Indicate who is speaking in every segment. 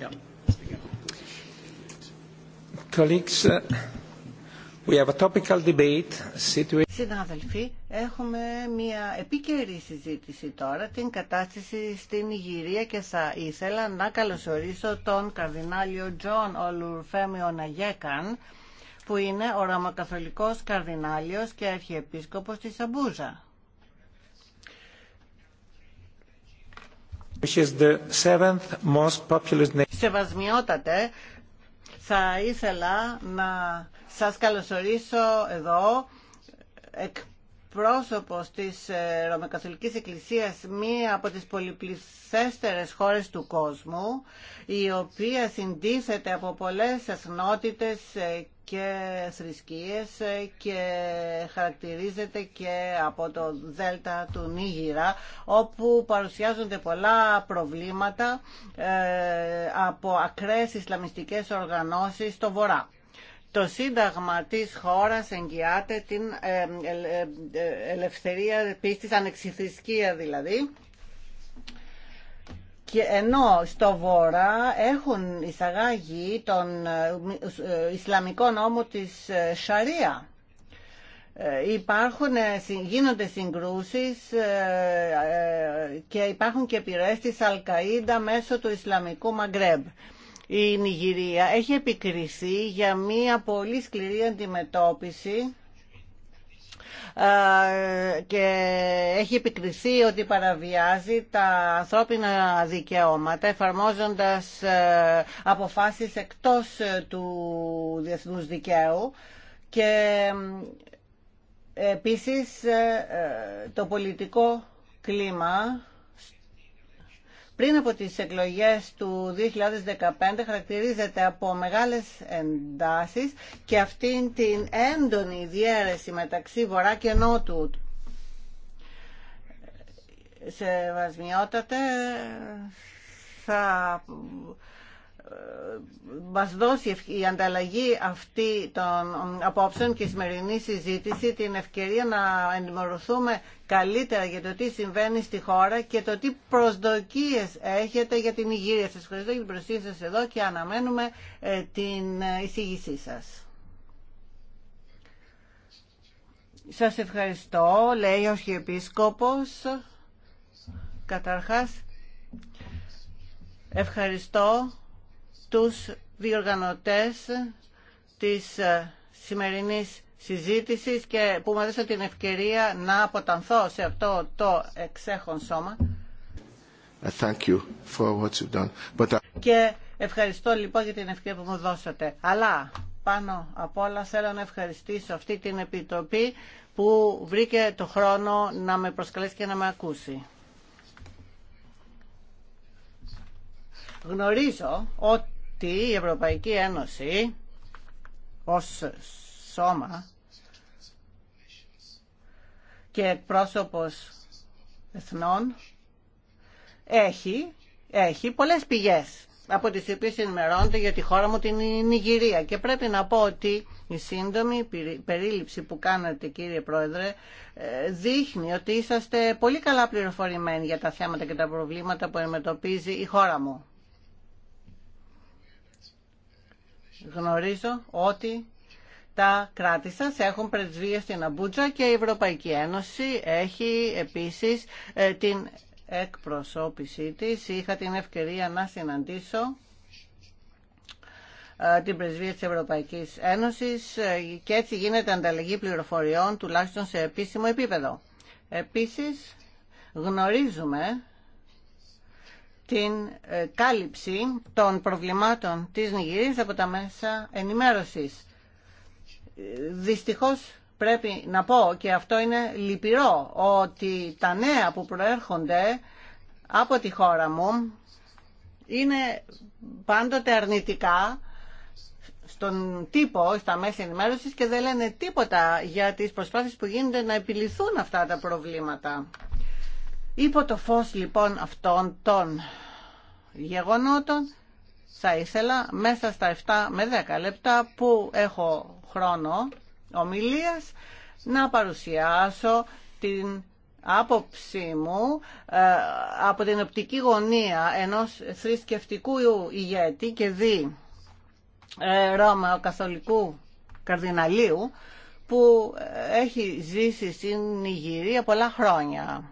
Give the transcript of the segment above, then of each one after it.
Speaker 1: Uh,
Speaker 2: Συνάδελφοι, έχουμε μια επίκαιρη συζήτηση τώρα, την κατάσταση στην Ιγυρία και θα ήθελα να καλωσορίσω τον καρδινάλιο Τζον Ολουρφέμιο Ναγέκαν, που είναι οραμακαθολικός καρδινάλιος και αρχιεπίσκοπος της Αμπούζα. Σεβασμιότατε, θα ήθελα να σας καλωσορίσω εδώ εκπρόσωπος της ε, Ρωμαϊκής Εκκλησίας, μία από τις πολυπληθέστερες χώρες του κόσμου, η οποία συντίθεται από πολλές εθνότητες ε, και θρησκείες και χαρακτηρίζεται και από το δέλτα του Νίγηρα όπου παρουσιάζονται πολλά προβλήματα ε, από ακραίες Ισλαμιστικές οργανώσεις στο Βορρά. Το Σύνταγμα της χώρας εγγυάται την ε, ε, ελευθερία πίστης, ανεξιθρησκεία δηλαδή, και ενώ στο Βόρα έχουν εισαγάγει τον ε, ε, Ισλαμικό νόμο της ε, Σαρία. Υπάρχουν, γίνονται συγκρούσεις και υπάρχουν και πειρές της Αλκαΐντα μέσω του Ισλαμικού Μαγκρέμπ. Η Νιγηρία έχει επικριθεί για μια πολύ σκληρή αντιμετώπιση και έχει επικριθεί ότι παραβιάζει τα ανθρώπινα δικαιώματα εφαρμόζοντας ε, αποφάσεις εκτός ε, του διεθνούς δικαίου και ε, επίσης το πολιτικό κλίμα πριν από τις εκλογές του 2015 χαρακτηρίζεται από μεγάλες εντάσεις και αυτήν την έντονη διαίρεση μεταξύ Βορρά και Νότου. Σε θα μας δώσει η ανταλλαγή αυτή των απόψεων και η σημερινή συζήτηση την ευκαιρία να ενημερωθούμε καλύτερα για το τι συμβαίνει στη χώρα και το τι προσδοκίες έχετε για την υγεία σας. Ευχαριστώ για την προσοχή σας εδώ και αναμένουμε ε, την ε, εισήγησή σας. Σας ευχαριστώ, λέει ο Αρχιεπίσκοπος. Καταρχάς, ευχαριστώ τους διοργανωτές της ε, σημερινής συζήτησης και που μου έδωσε την ευκαιρία να αποτανθώ σε αυτό το εξέχον σώμα.
Speaker 1: Ε, ε,
Speaker 2: και ευχαριστώ λοιπόν για την ευκαιρία που μου δώσατε. Αλλά πάνω απ' όλα θέλω να ευχαριστήσω αυτή την επιτροπή που βρήκε το χρόνο να με προσκαλέσει και να με ακούσει. Γνωρίζω ότι ότι η Ευρωπαϊκή Ένωση ως σώμα και εκπρόσωπος εθνών έχει, έχει πολλές πηγές από τις οποίες ενημερώνεται για τη χώρα μου την Νιγηρία και πρέπει να πω ότι η σύντομη περίληψη που κάνατε κύριε Πρόεδρε ε, δείχνει ότι είσαστε πολύ καλά πληροφορημένοι για τα θέματα και τα προβλήματα που αντιμετωπίζει η χώρα μου. Γνωρίζω ότι τα κράτη σας έχουν πρεσβεία στην Αμπούτζα και η Ευρωπαϊκή Ένωση έχει επίσης ε, την εκπροσώπησή της. Είχα την ευκαιρία να συναντήσω ε, την πρεσβεία της Ευρωπαϊκής Ένωσης ε, και έτσι γίνεται ανταλλαγή πληροφοριών τουλάχιστον σε επίσημο επίπεδο. Επίσης γνωρίζουμε την ε, κάλυψη των προβλημάτων της Νιγηρίας από τα μέσα ενημέρωσης. Δυστυχώς πρέπει να πω και αυτό είναι λυπηρό ότι τα νέα που προέρχονται από τη χώρα μου είναι πάντοτε αρνητικά στον τύπο, στα μέσα ενημέρωσης και δεν λένε τίποτα για τις προσπάθειες που γίνονται να επιληθούν αυτά τα προβλήματα. Υπό το φως λοιπόν αυτών των γεγονότων θα ήθελα μέσα στα 7 με 10 λεπτά που έχω χρόνο ομιλίας να παρουσιάσω την άποψή μου ε, από την οπτική γωνία ενός θρησκευτικού ηγέτη και δι ε, Ρώμα καθολικού καρδιναλίου που έχει ζήσει στην Ιγυρία πολλά χρόνια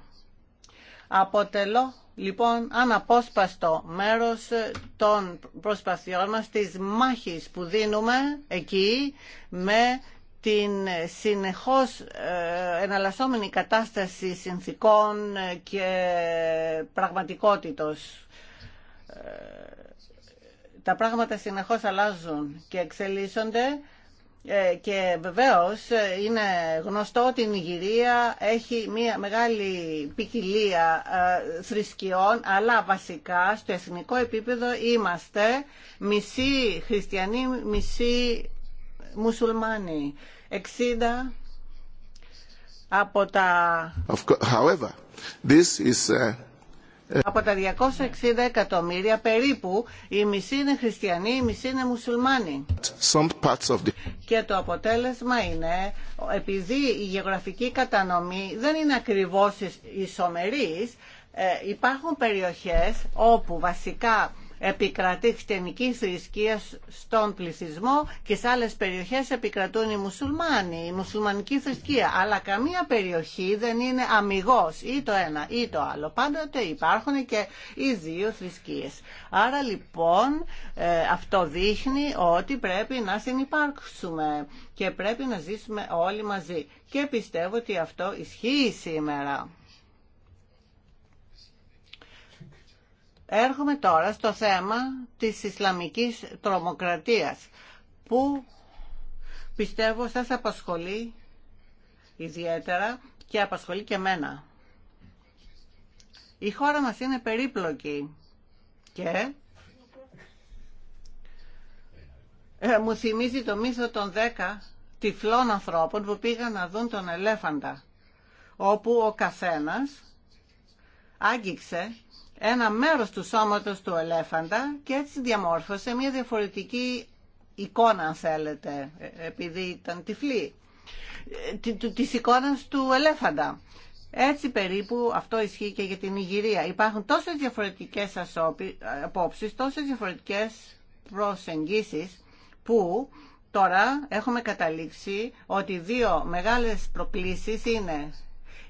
Speaker 2: αποτελώ λοιπόν αναπόσπαστο μέρος των προσπαθειών μας, της μάχης που δίνουμε εκεί με την συνεχώς ε, εναλλασσόμενη κατάσταση συνθήκων ε, και πραγματικότητος. Ε, τα πράγματα συνεχώς αλλάζουν και εξελίσσονται ε, και βεβαίως ε, είναι γνωστό ότι η Νιγηρία έχει μια μεγάλη ποικιλία ε, θρησκειών αλλά βασικά στο εθνικό επίπεδο είμαστε μισή χριστιανοί, μισή μουσουλμάνοι. 60 από τα... However, από τα 260 εκατομμύρια περίπου η μισή είναι χριστιανοί, η μισή είναι μουσουλμάνοι.
Speaker 3: Some parts of the...
Speaker 2: Και το αποτέλεσμα είναι, επειδή η γεωγραφική κατανομή δεν είναι ακριβώς ισομερής, ε, υπάρχουν περιοχές όπου βασικά επικρατεί χτενική θρησκεία στον πληθυσμό και σε άλλες περιοχές επικρατούν οι μουσουλμάνοι, η μουσουλμανική θρησκεία. Αλλά καμία περιοχή δεν είναι αμυγός ή το ένα ή το άλλο. Πάντοτε υπάρχουν και οι δύο θρησκείες. Άρα λοιπόν ε, αυτό δείχνει ότι πρέπει να συνεπάρξουμε και πρέπει να ζήσουμε όλοι μαζί. Και πιστεύω ότι αυτό ισχύει σήμερα. Έρχομαι τώρα στο θέμα της Ισλαμικής τρομοκρατίας που πιστεύω σας απασχολεί ιδιαίτερα και απασχολεί και μένα. Η χώρα μας είναι περίπλοκη και ε, μου θυμίζει το μύθο των 10 τυφλών ανθρώπων που πήγαν να δουν τον ελέφαντα όπου ο καθένας άγγιξε ένα μέρος του σώματος του ελέφαντα και έτσι διαμόρφωσε μια διαφορετική εικόνα αν θέλετε επειδή ήταν τυφλή ε, της εικόνας του ελέφαντα. Έτσι περίπου αυτό ισχύει και για την Ιγυρία. Υπάρχουν τόσες διαφορετικές απόψεις, τόσες διαφορετικές προσεγγίσεις που τώρα έχουμε καταλήξει ότι δύο μεγάλες προκλήσεις είναι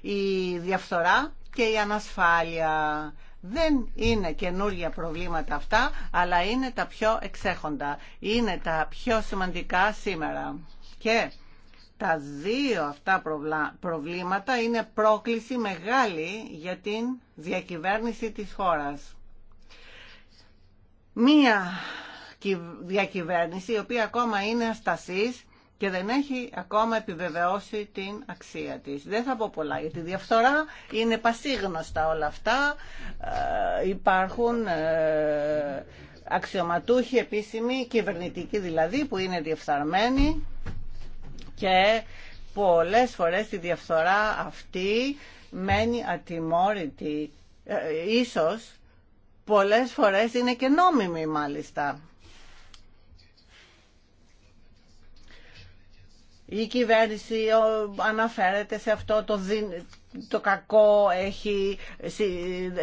Speaker 2: η διαφθορά και η ανασφάλεια. Δεν είναι καινούργια προβλήματα αυτά, αλλά είναι τα πιο εξέχοντα. Είναι τα πιο σημαντικά σήμερα. Και τα δύο αυτά προβλήματα είναι πρόκληση μεγάλη για την διακυβέρνηση της χώρας. Μία διακυβέρνηση η οποία ακόμα είναι αστασής και δεν έχει ακόμα επιβεβαιώσει την αξία της. Δεν θα πω πολλά για τη διαφθορά, είναι πασίγνωστα όλα αυτά, ε, υπάρχουν ε, αξιωματούχοι επίσημοι, κυβερνητικοί δηλαδή, που είναι διεφθαρμένοι και πολλές φορές τη διαφθορά αυτή μένει ατιμόρυτη. Ε, ε ίσως πολλές φορές είναι και νόμιμη μάλιστα. η κυβέρνηση αναφέρεται σε αυτό το, το κακό, έχει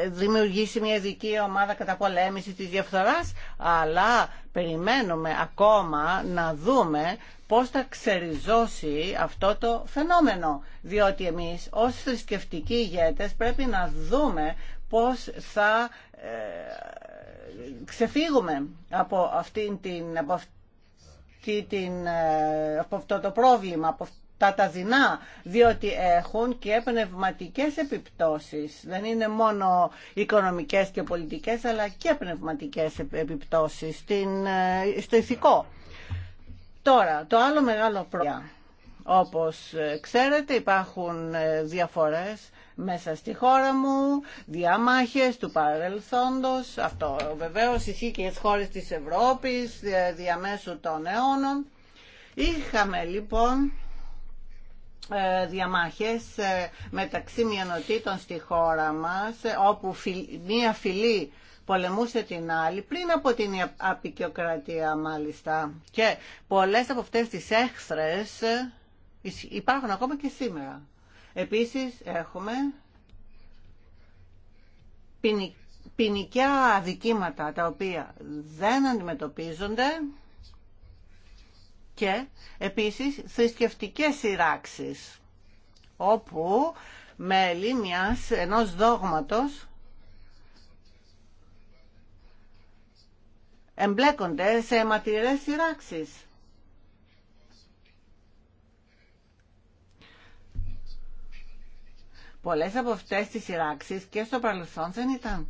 Speaker 2: δημιουργήσει μια ειδική ομάδα κατά πολέμηση της διαφθοράς, αλλά περιμένουμε ακόμα να δούμε πώς θα ξεριζώσει αυτό το φαινόμενο. Διότι εμείς ως θρησκευτικοί ηγέτες πρέπει να δούμε πώς θα ε, ξεφύγουμε από, αυτήν την, από την, ε, από αυτό το πρόβλημα, από τα δεινά, διότι έχουν και πνευματικές επιπτώσεις. Δεν είναι μόνο οικονομικές και πολιτικές, αλλά και πνευματικές επιπτώσεις στην, ε, στο ηθικό. Τώρα, το άλλο μεγάλο πρόβλημα. Όπως ε, ξέρετε υπάρχουν διαφορές μέσα στη χώρα μου, διαμάχες του παρελθόντος, αυτό βεβαίως ισχύει και στις χώρες της Ευρώπης διαμέσου των αιώνων. Είχαμε λοιπόν ε, διαμάχες ε, μεταξύ μειονοτήτων στη χώρα μας ε, όπου μία φυλή πολεμούσε την άλλη πριν από την απεικιοκρατία μάλιστα και πολλές από αυτές τις έχθρες υπάρχουν ακόμα και σήμερα. Επίσης έχουμε ποινικά αδικήματα τα οποία δεν αντιμετωπίζονται και επίσης θρησκευτικέ σειράξεις όπου μέλη μιας ενός δόγματος εμπλέκονται σε αιματηρές σειράξεις. Πολλές από αυτές τις σειράξεις και στο παρελθόν δεν ήταν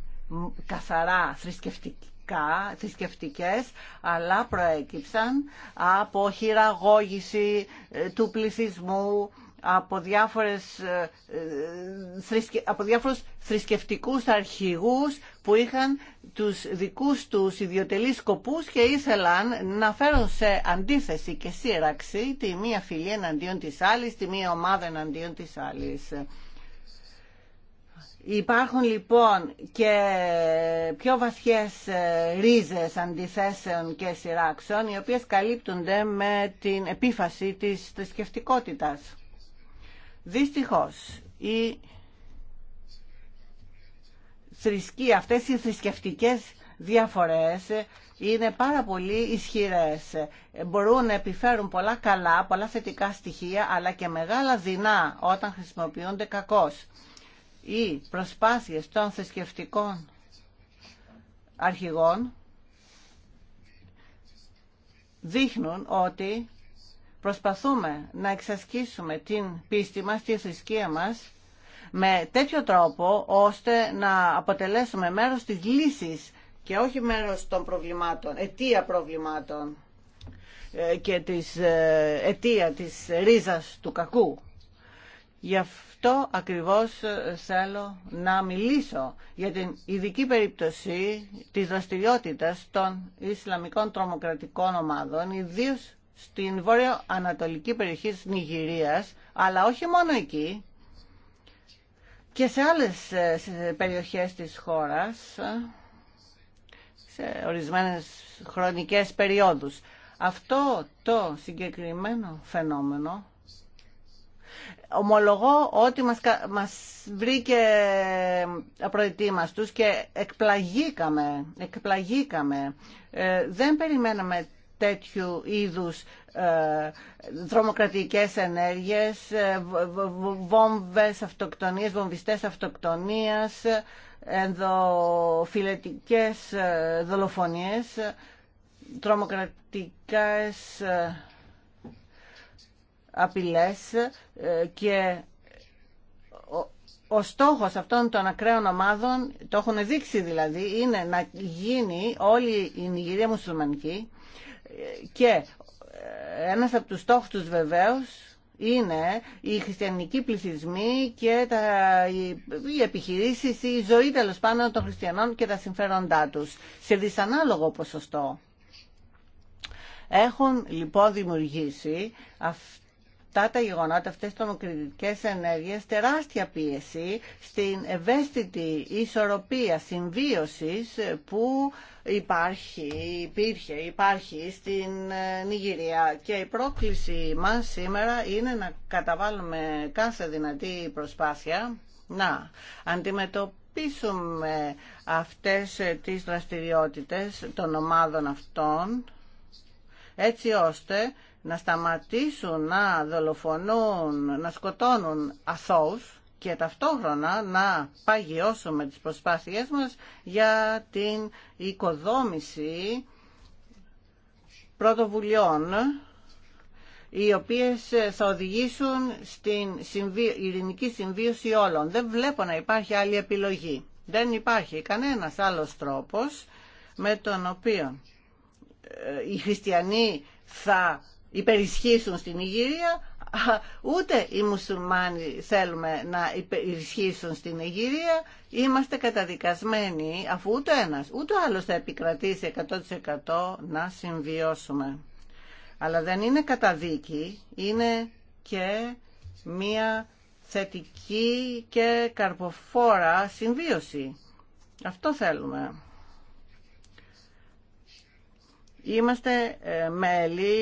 Speaker 2: καθαρά θρησκευτικά, θρησκευτικές, αλλά προέκυψαν από χειραγώγηση ε, του πληθυσμού, από, διάφορες, ε, ε, από διάφορους θρησκευτικούς αρχηγούς που είχαν τους δικούς τους ιδιωτελείς σκοπούς και ήθελαν να φέρουν σε αντίθεση και σύραξη τη μία φυλή εναντίον της άλλης, τη μία ομάδα εναντίον της άλλης. Υπάρχουν λοιπόν και πιο βαθιές ε, ρίζες αντιθέσεων και σειράξεων οι οποίες καλύπτονται με την επίφαση της θρησκευτικότητα. Δυστυχώς η αυτές οι θρησκευτικές διαφορές είναι πάρα πολύ ισχυρές. Μπορούν να επιφέρουν πολλά καλά, πολλά θετικά στοιχεία αλλά και μεγάλα δεινά όταν χρησιμοποιούνται κακώς οι προσπάθειες των θρησκευτικών αρχηγών δείχνουν ότι προσπαθούμε να εξασκήσουμε την πίστη μας, τη θρησκεία μας με τέτοιο τρόπο ώστε να αποτελέσουμε μέρος της λύσης και όχι μέρος των προβλημάτων, αιτία προβλημάτων ε, και της ε, αιτία της ρίζας του κακού. Γι' αυτό ακριβώς ε, θέλω να μιλήσω για την ειδική περίπτωση της δραστηριότητα των Ισλαμικών τρομοκρατικών ομάδων, ιδίω στην βόρειο-ανατολική περιοχή της Νιγηρίας, αλλά όχι μόνο εκεί, και σε άλλες ε, περιοχές της χώρας, ε, σε ορισμένες χρονικές περιόδους. Αυτό το συγκεκριμένο φαινόμενο Ομολογώ ότι μας, μας βρήκε απροετοίμαστους και εκπλαγήκαμε, εκπλαγήκαμε. Ε, δεν περιμέναμε τέτοιου είδους ε, δρομοκρατικές ενέργειες, ε, βόμβες αυτοκτονίες βομβιστές αυτοκτονίας, ενδοφιλετικές ε, δολοφονίες, τρομοκρατικές απειλές ε, και ο στόχος αυτών των ακραίων ομάδων, το έχουν δείξει δηλαδή, είναι να γίνει όλη η Νιγηρία μουσουλμανική ε, και ε, ένας από τους στόχους τους βεβαίως είναι οι χριστιανικοί πληθυσμοί και τα, οι, οι επιχειρήσεις, η ζωή τέλο πάντων των χριστιανών και τα συμφέροντά τους σε δυσανάλογο ποσοστό. Έχουν λοιπόν δημιουργήσει αυτό αυτά τα γεγονότα, αυτές τις τρομοκριτικές ενέργειες, τεράστια πίεση στην ευαίσθητη ισορροπία συμβίωσης που υπάρχει, υπήρχε, υπάρχει στην ε, Νιγηρία. Και η πρόκληση μας σήμερα είναι να καταβάλουμε κάθε δυνατή προσπάθεια να αντιμετωπίσουμε αυτές τις δραστηριότητες των ομάδων αυτών έτσι ώστε να σταματήσουν να δολοφονούν, να σκοτώνουν αθώους και ταυτόχρονα να παγιώσουμε τις προσπάθειές μας για την οικοδόμηση πρωτοβουλειών οι οποίες θα οδηγήσουν στην ειρηνική συμβίωση όλων. Δεν βλέπω να υπάρχει άλλη επιλογή. Δεν υπάρχει κανένας άλλος τρόπος με τον οποίο ε, οι χριστιανοί θα υπερισχύσουν στην Ιγυρία, ούτε οι μουσουλμάνοι θέλουμε να υπερισχύσουν στην Ιγυρία, είμαστε καταδικασμένοι, αφού ούτε ένας, ούτε άλλος θα επικρατήσει 100% να συμβιώσουμε. Αλλά δεν είναι καταδίκη, είναι και μία θετική και καρποφόρα συμβίωση. Αυτό θέλουμε. Είμαστε ε, μέλη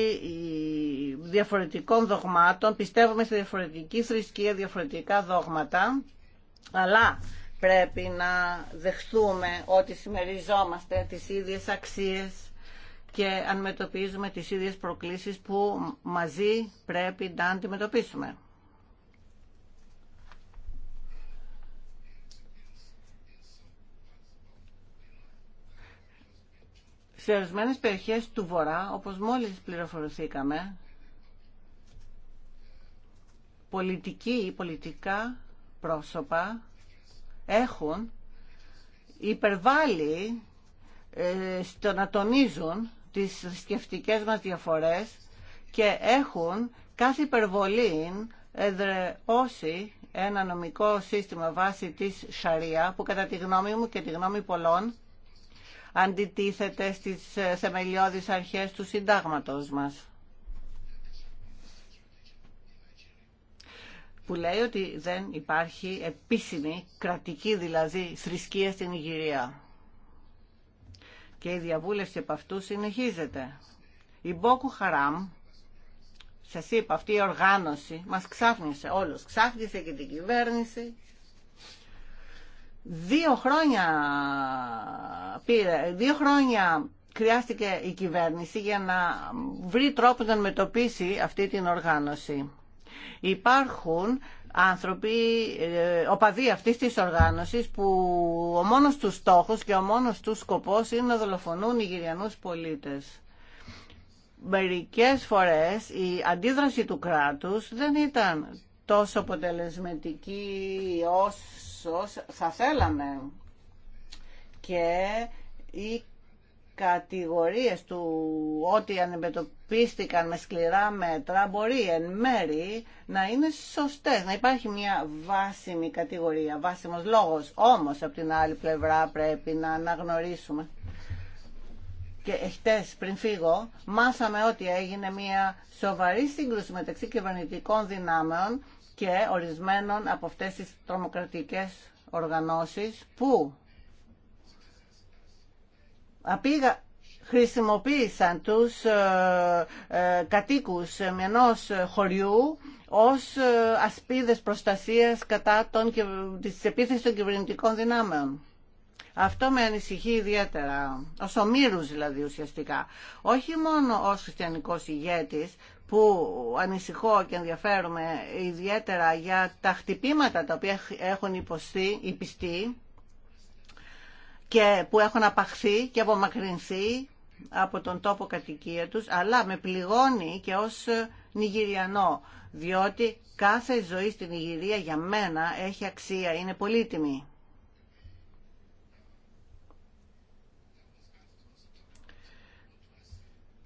Speaker 2: διαφορετικών δογμάτων, πιστεύουμε σε διαφορετική θρησκεία, διαφορετικά δόγματα, αλλά πρέπει να δεχθούμε ότι συμμεριζόμαστε τις ίδιες αξίες και αντιμετωπίζουμε τις ίδιες προκλήσεις που μαζί πρέπει να αντιμετωπίσουμε. σε ορισμένε περιοχές του Βορρά, όπως μόλις πληροφορηθήκαμε, πολιτικοί ή πολιτικά πρόσωπα έχουν υπερβάλλει ε, στο να τονίζουν τις σκεφτικές μας διαφορές και έχουν κάθε υπερβολή εδρεώσει ένα νομικό σύστημα βάσει της Σαρία που κατά τη γνώμη μου και τη γνώμη πολλών αντιτίθεται στις ε, θεμελιώδεις αρχές του συντάγματος μας. που λέει ότι δεν υπάρχει επίσημη κρατική δηλαδή θρησκεία στην Ιγυρία. Και η διαβούλευση από αυτού συνεχίζεται. Η Μπόκου Χαράμ, σα είπα, αυτή η οργάνωση μας ξάφνισε όλους. Ξάφνισε και την κυβέρνηση Δύο χρόνια, πήρε, δύο χρόνια χρειάστηκε η κυβέρνηση για να βρει τρόπο να μετοπίσει αυτή την οργάνωση. Υπάρχουν άνθρωποι, ε, οπαδοί αυτής της οργάνωσης που ο μόνος τους στόχος και ο μόνος τους σκοπός είναι να δολοφονούν γυριανούς πολίτες. Μερικές φορές η αντίδραση του κράτους δεν ήταν τόσο αποτελεσματική ως ίσως θα θέλαμε και οι κατηγορίες του ότι αντιμετωπίστηκαν με σκληρά μέτρα μπορεί εν μέρη να είναι σωστές, να υπάρχει μια βάσιμη κατηγορία, βάσιμος λόγος. Όμως από την άλλη πλευρά πρέπει να αναγνωρίσουμε. Και χτες πριν φύγω μάθαμε ότι έγινε μια σοβαρή σύγκρουση μεταξύ κυβερνητικών δυνάμεων και ορισμένων από αυτές τις τρομοκρατικές οργανώσεις που απήγα, χρησιμοποίησαν τους ε, ε, κατοίκους χωριού ως ε, ασπίδες προστασίας κατά των, της επίθεσης των κυβερνητικών δυνάμεων. Αυτό με ανησυχεί ιδιαίτερα, ως ομήρους δηλαδή ουσιαστικά. Όχι μόνο ως χριστιανικός ηγέτης, που ανησυχώ και ενδιαφέρομαι ιδιαίτερα για τα χτυπήματα τα οποία έχουν υποστεί, πιστοί και που έχουν απαχθεί και απομακρυνθεί από τον τόπο κατοικία τους, αλλά με πληγώνει και ως Νιγηριανό, διότι κάθε ζωή στην Νιγηρία για μένα έχει αξία, είναι πολύτιμη.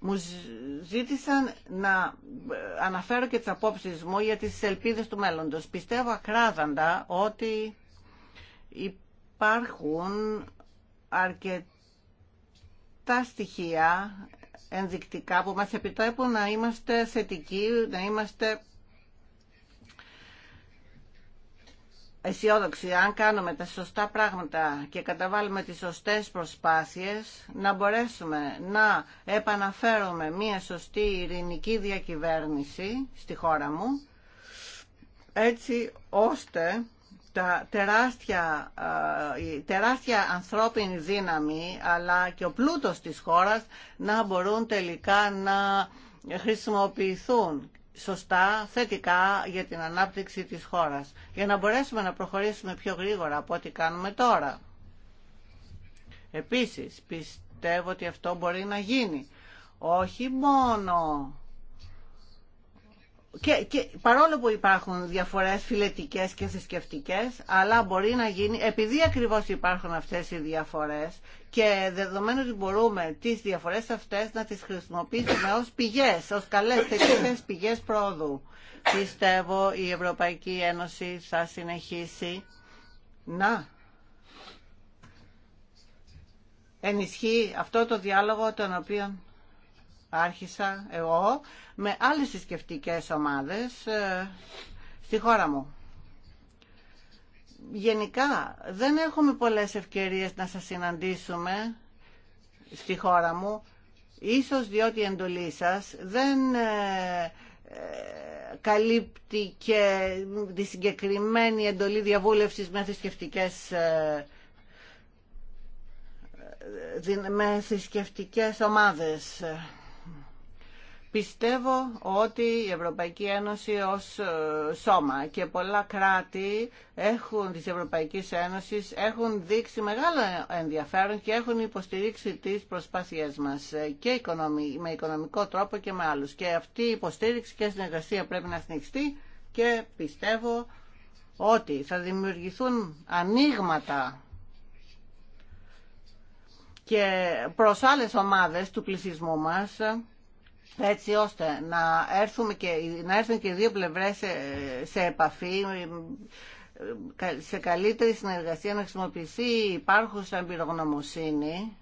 Speaker 2: μου ζήτησαν να ε, αναφέρω και τις απόψεις μου για τις ελπίδες του μέλλοντος. Πιστεύω ακράδαντα ότι υπάρχουν αρκετά στοιχεία ενδεικτικά που μας επιτρέπουν να είμαστε θετικοί, να είμαστε αισιόδοξη αν κάνουμε τα σωστά πράγματα και καταβάλουμε τις σωστές προσπάθειες να μπορέσουμε να επαναφέρουμε μια σωστή ειρηνική διακυβέρνηση στη χώρα μου έτσι ώστε τα τεράστια, η τεράστια ανθρώπινη δύναμη αλλά και ο πλούτος της χώρας να μπορούν τελικά να χρησιμοποιηθούν σωστά, θετικά για την ανάπτυξη της χώρας, για να μπορέσουμε να προχωρήσουμε πιο γρήγορα από ό,τι κάνουμε τώρα. Επίσης, πιστεύω ότι αυτό μπορεί να γίνει. Όχι μόνο και, και, παρόλο που υπάρχουν διαφορές φιλετικές και θρησκευτικέ, αλλά μπορεί να γίνει, επειδή ακριβώς υπάρχουν αυτές οι διαφορές και δεδομένου ότι μπορούμε τις διαφορές αυτές να τις χρησιμοποιήσουμε ως πηγές, ως καλές θετικές πηγές πρόοδου. Πιστεύω η Ευρωπαϊκή Ένωση θα συνεχίσει να ενισχύει αυτό το διάλογο τον οποίο άρχισα εγώ με άλλες συσκευτικέ ομάδες ε, στη χώρα μου. Γενικά δεν έχουμε πολλές ευκαιρίες να σας συναντήσουμε στη χώρα μου, ίσως διότι η εντολή σας δεν ε, ε, καλύπτει και τη συγκεκριμένη εντολή διαβούλευσης με θρησκευτικέ με θρησκευτικές ομάδες. Πιστεύω ότι η Ευρωπαϊκή Ένωση ως ε, σώμα και πολλά κράτη έχουν, της Ευρωπαϊκής Ένωσης έχουν δείξει μεγάλο ενδιαφέρον και έχουν υποστηρίξει τις προσπάθειές μας ε, και με οικονομικό τρόπο και με άλλους. Και αυτή η υποστήριξη και συνεργασία πρέπει να συνεχιστεί και πιστεύω ότι θα δημιουργηθούν ανοίγματα και προς άλλες ομάδες του πληθυσμού μας έτσι ώστε να, έρθουμε και, να έρθουν και οι δύο πλευρές σε, επαφή σε καλύτερη συνεργασία να χρησιμοποιηθεί η υπάρχουσα εμπειρογνωμοσύνη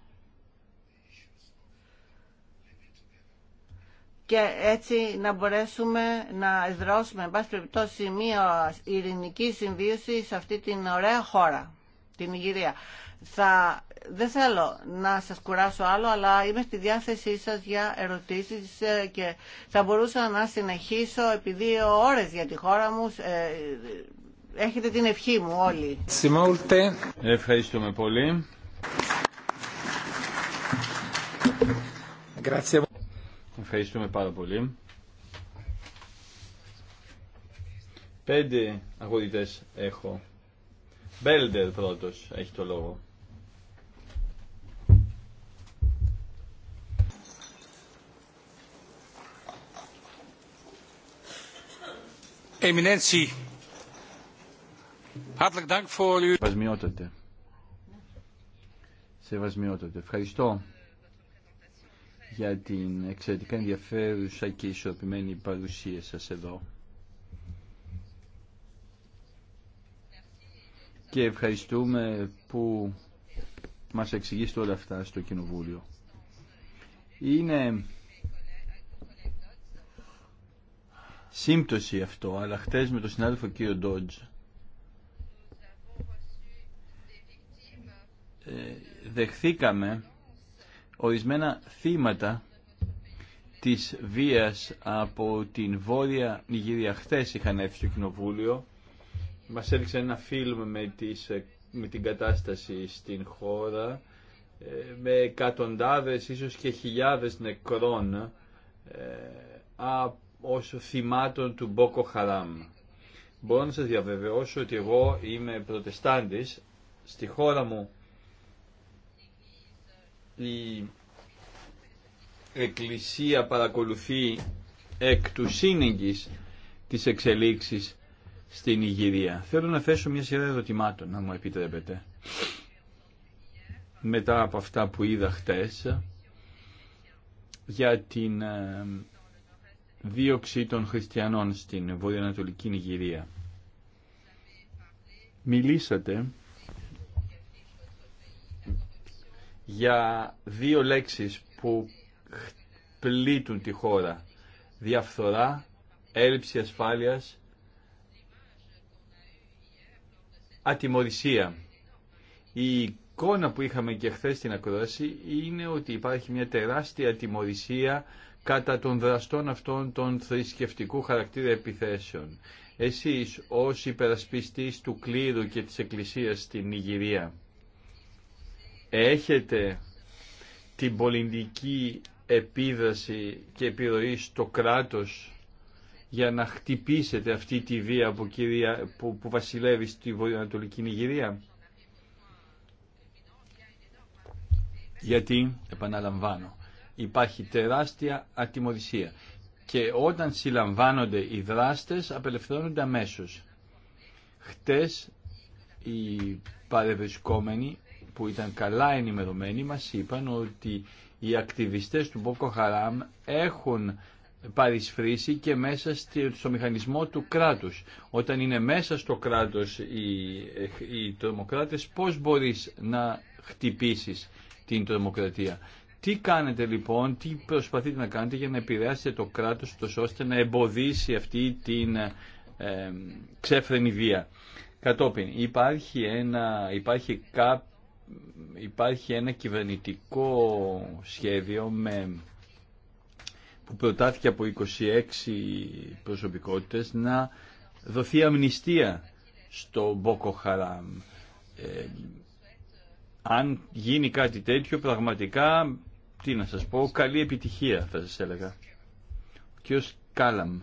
Speaker 2: και έτσι να μπορέσουμε να εδρώσουμε, εν πάση περιπτώσει, μια ειρηνική συμβίωση σε αυτή την ωραία χώρα, την Ιγυρία. Θα, δεν θέλω να σας κουράσω άλλο, αλλά είμαι στη διάθεσή σας για ερωτήσεις ε, και θα μπορούσα να συνεχίσω επειδή ώρες για τη χώρα μου. Ε, έχετε την ευχή μου όλοι.
Speaker 4: Ευχαριστούμε πολύ. Ευχαριστούμε πάρα πολύ. Πέντε αγωγητές έχω. Μπέλντερ πρώτος έχει το λόγο. Ευχαριστώ για την εξαιρετικά ενδιαφέρουσα και ισορροπημένη παρουσία σας εδώ. Και ευχαριστούμε που μας εξηγήσετε όλα αυτά στο Κοινοβούλιο. Είναι σύμπτωση αυτό, αλλά χτε με τον συνάδελφο κύριο Ντότζ ε, δεχθήκαμε ορισμένα θύματα της βίας από την Βόρεια Νιγηρία. Χθες είχαν έρθει στο Κοινοβούλιο. Μας έδειξε ένα φιλμ με, τις, με την κατάσταση στην χώρα ε, με εκατοντάδες ίσως και χιλιάδες νεκρών από ε, ως θυμάτων του Μπόκο Χαράμ. Μπορώ να σας διαβεβαιώσω ότι εγώ είμαι προτεστάντης. Στη χώρα μου η Εκκλησία παρακολουθεί εκ του σύνεγγης της εξελίξεις στην Ιγυρία. Θέλω να θέσω μια σειρά ερωτημάτων, να μου επιτρέπετε. Μετά από αυτά που είδα χτες, για την ε, δίωξη των χριστιανών στην βορειοανατολική Νιγηρία. Μιλήσατε για δύο λέξεις που πλήττουν τη χώρα. Διαφθορά, έλλειψη ασφάλειας, ατιμορρησία. Η εικόνα που είχαμε και χθε στην ακρόαση είναι ότι υπάρχει μια τεράστια ατιμορρησία κατά των δραστών αυτών των θρησκευτικού χαρακτήρα επιθέσεων. Εσείς ως υπερασπιστής του κλήρου και της Εκκλησίας στην Ιγυρία έχετε την πολιτική επίδραση και επιρροή στο κράτος για να χτυπήσετε αυτή τη βία που, βασιλεύει στη βορειοανατολική Νιγηρία. Γιατί, επαναλαμβάνω, Υπάρχει τεράστια ατιμορρυσία Και όταν συλλαμβάνονται οι δράστες, απελευθερώνονται αμέσω. Χτες οι παρευρισκόμενοι που ήταν καλά ενημερωμένοι μας είπαν ότι οι ακτιβιστές του Μπόκο Χαράμ έχουν παρισφρήσει και μέσα στο μηχανισμό του κράτους. Όταν είναι μέσα στο κράτος οι, οι τρομοκράτες, πώς μπορείς να χτυπήσεις την τρομοκρατία. Τι κάνετε λοιπόν, τι προσπαθείτε να κάνετε για να επηρεάσετε το κράτος τόσο ώστε να εμποδίσει αυτή την ε, ξέφρενη βία. Κατόπιν υπάρχει ένα, υπάρχει κά, υπάρχει ένα κυβερνητικό σχέδιο με, που προτάθηκε από 26 προσωπικότητες να δοθεί αμνηστία στο Μπόκο Χαράμ. Ε, αν γίνει κάτι τέτοιο, πραγματικά τι να σας πω, καλή επιτυχία θα σας έλεγα. Ο κύριος Κάλαμ.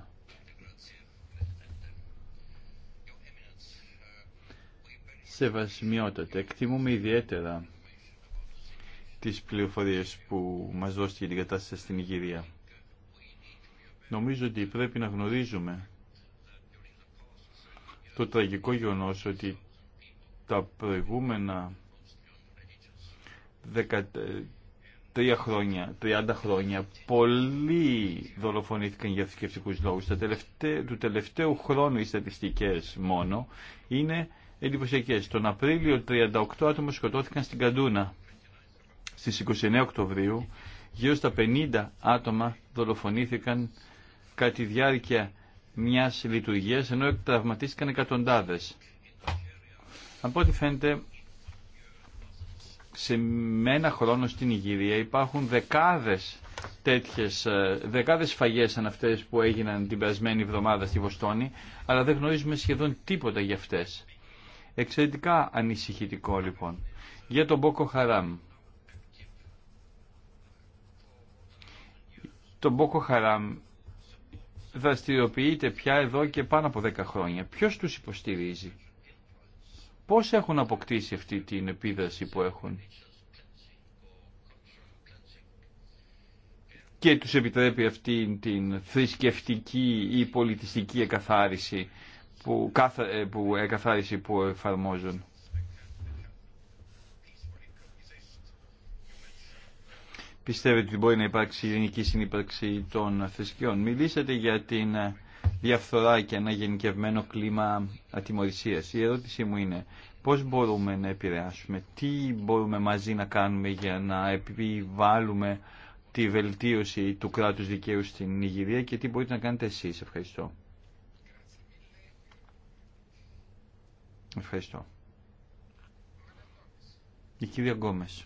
Speaker 4: Σεβασμιότατε, εκτιμούμε ιδιαίτερα τις πληροφορίες που μας δώσετε για την κατάσταση στην Ιγυρία. Νομίζω ότι πρέπει να γνωρίζουμε το τραγικό γεγονός ότι τα προηγούμενα τρία χρόνια, 30 χρόνια, πολλοί δολοφονήθηκαν για θρησκευτικού λόγου. του τελευταίου χρόνου οι στατιστικέ μόνο είναι εντυπωσιακέ. Τον Απρίλιο 38 άτομα σκοτώθηκαν στην Καντούνα. Στι 29 Οκτωβρίου γύρω στα 50 άτομα δολοφονήθηκαν κατά τη διάρκεια μιας λειτουργίας ενώ τραυματίστηκαν εκατοντάδε. Από ό,τι φαίνεται σε ένα χρόνο στην Ιγυρία υπάρχουν δεκάδες τέτοιες, ε, δεκάδες φαγές σαν αυτές που έγιναν την περασμένη εβδομάδα στη Βοστόνη, αλλά δεν γνωρίζουμε σχεδόν τίποτα για αυτές. Εξαιρετικά ανησυχητικό λοιπόν. Για τον Μπόκο Χαράμ. Το Μπόκο Χαράμ δραστηριοποιείται πια εδώ και πάνω από 10 χρόνια. Ποιος τους υποστηρίζει. Πώς έχουν αποκτήσει αυτή την επίδραση που έχουν. Και τους επιτρέπει αυτή την θρησκευτική ή πολιτιστική εκαθάριση που, ε, που, εκαθάριση που εφαρμόζουν. Πιστεύετε ότι μπορεί να υπάρξει ειρηνική συνύπαρξη των θρησκειών. Μιλήσατε για την ε, διαφθορά και ένα γενικευμένο κλίμα ατιμορρησίας. Η ερώτησή μου είναι πώς μπορούμε να επηρεάσουμε, τι μπορούμε μαζί να κάνουμε για να επιβάλλουμε τη βελτίωση του κράτους δικαίου στην Νιγηρία και τι μπορείτε να κάνετε εσείς. Ευχαριστώ. Ευχαριστώ. Η κυρία Γκόμες.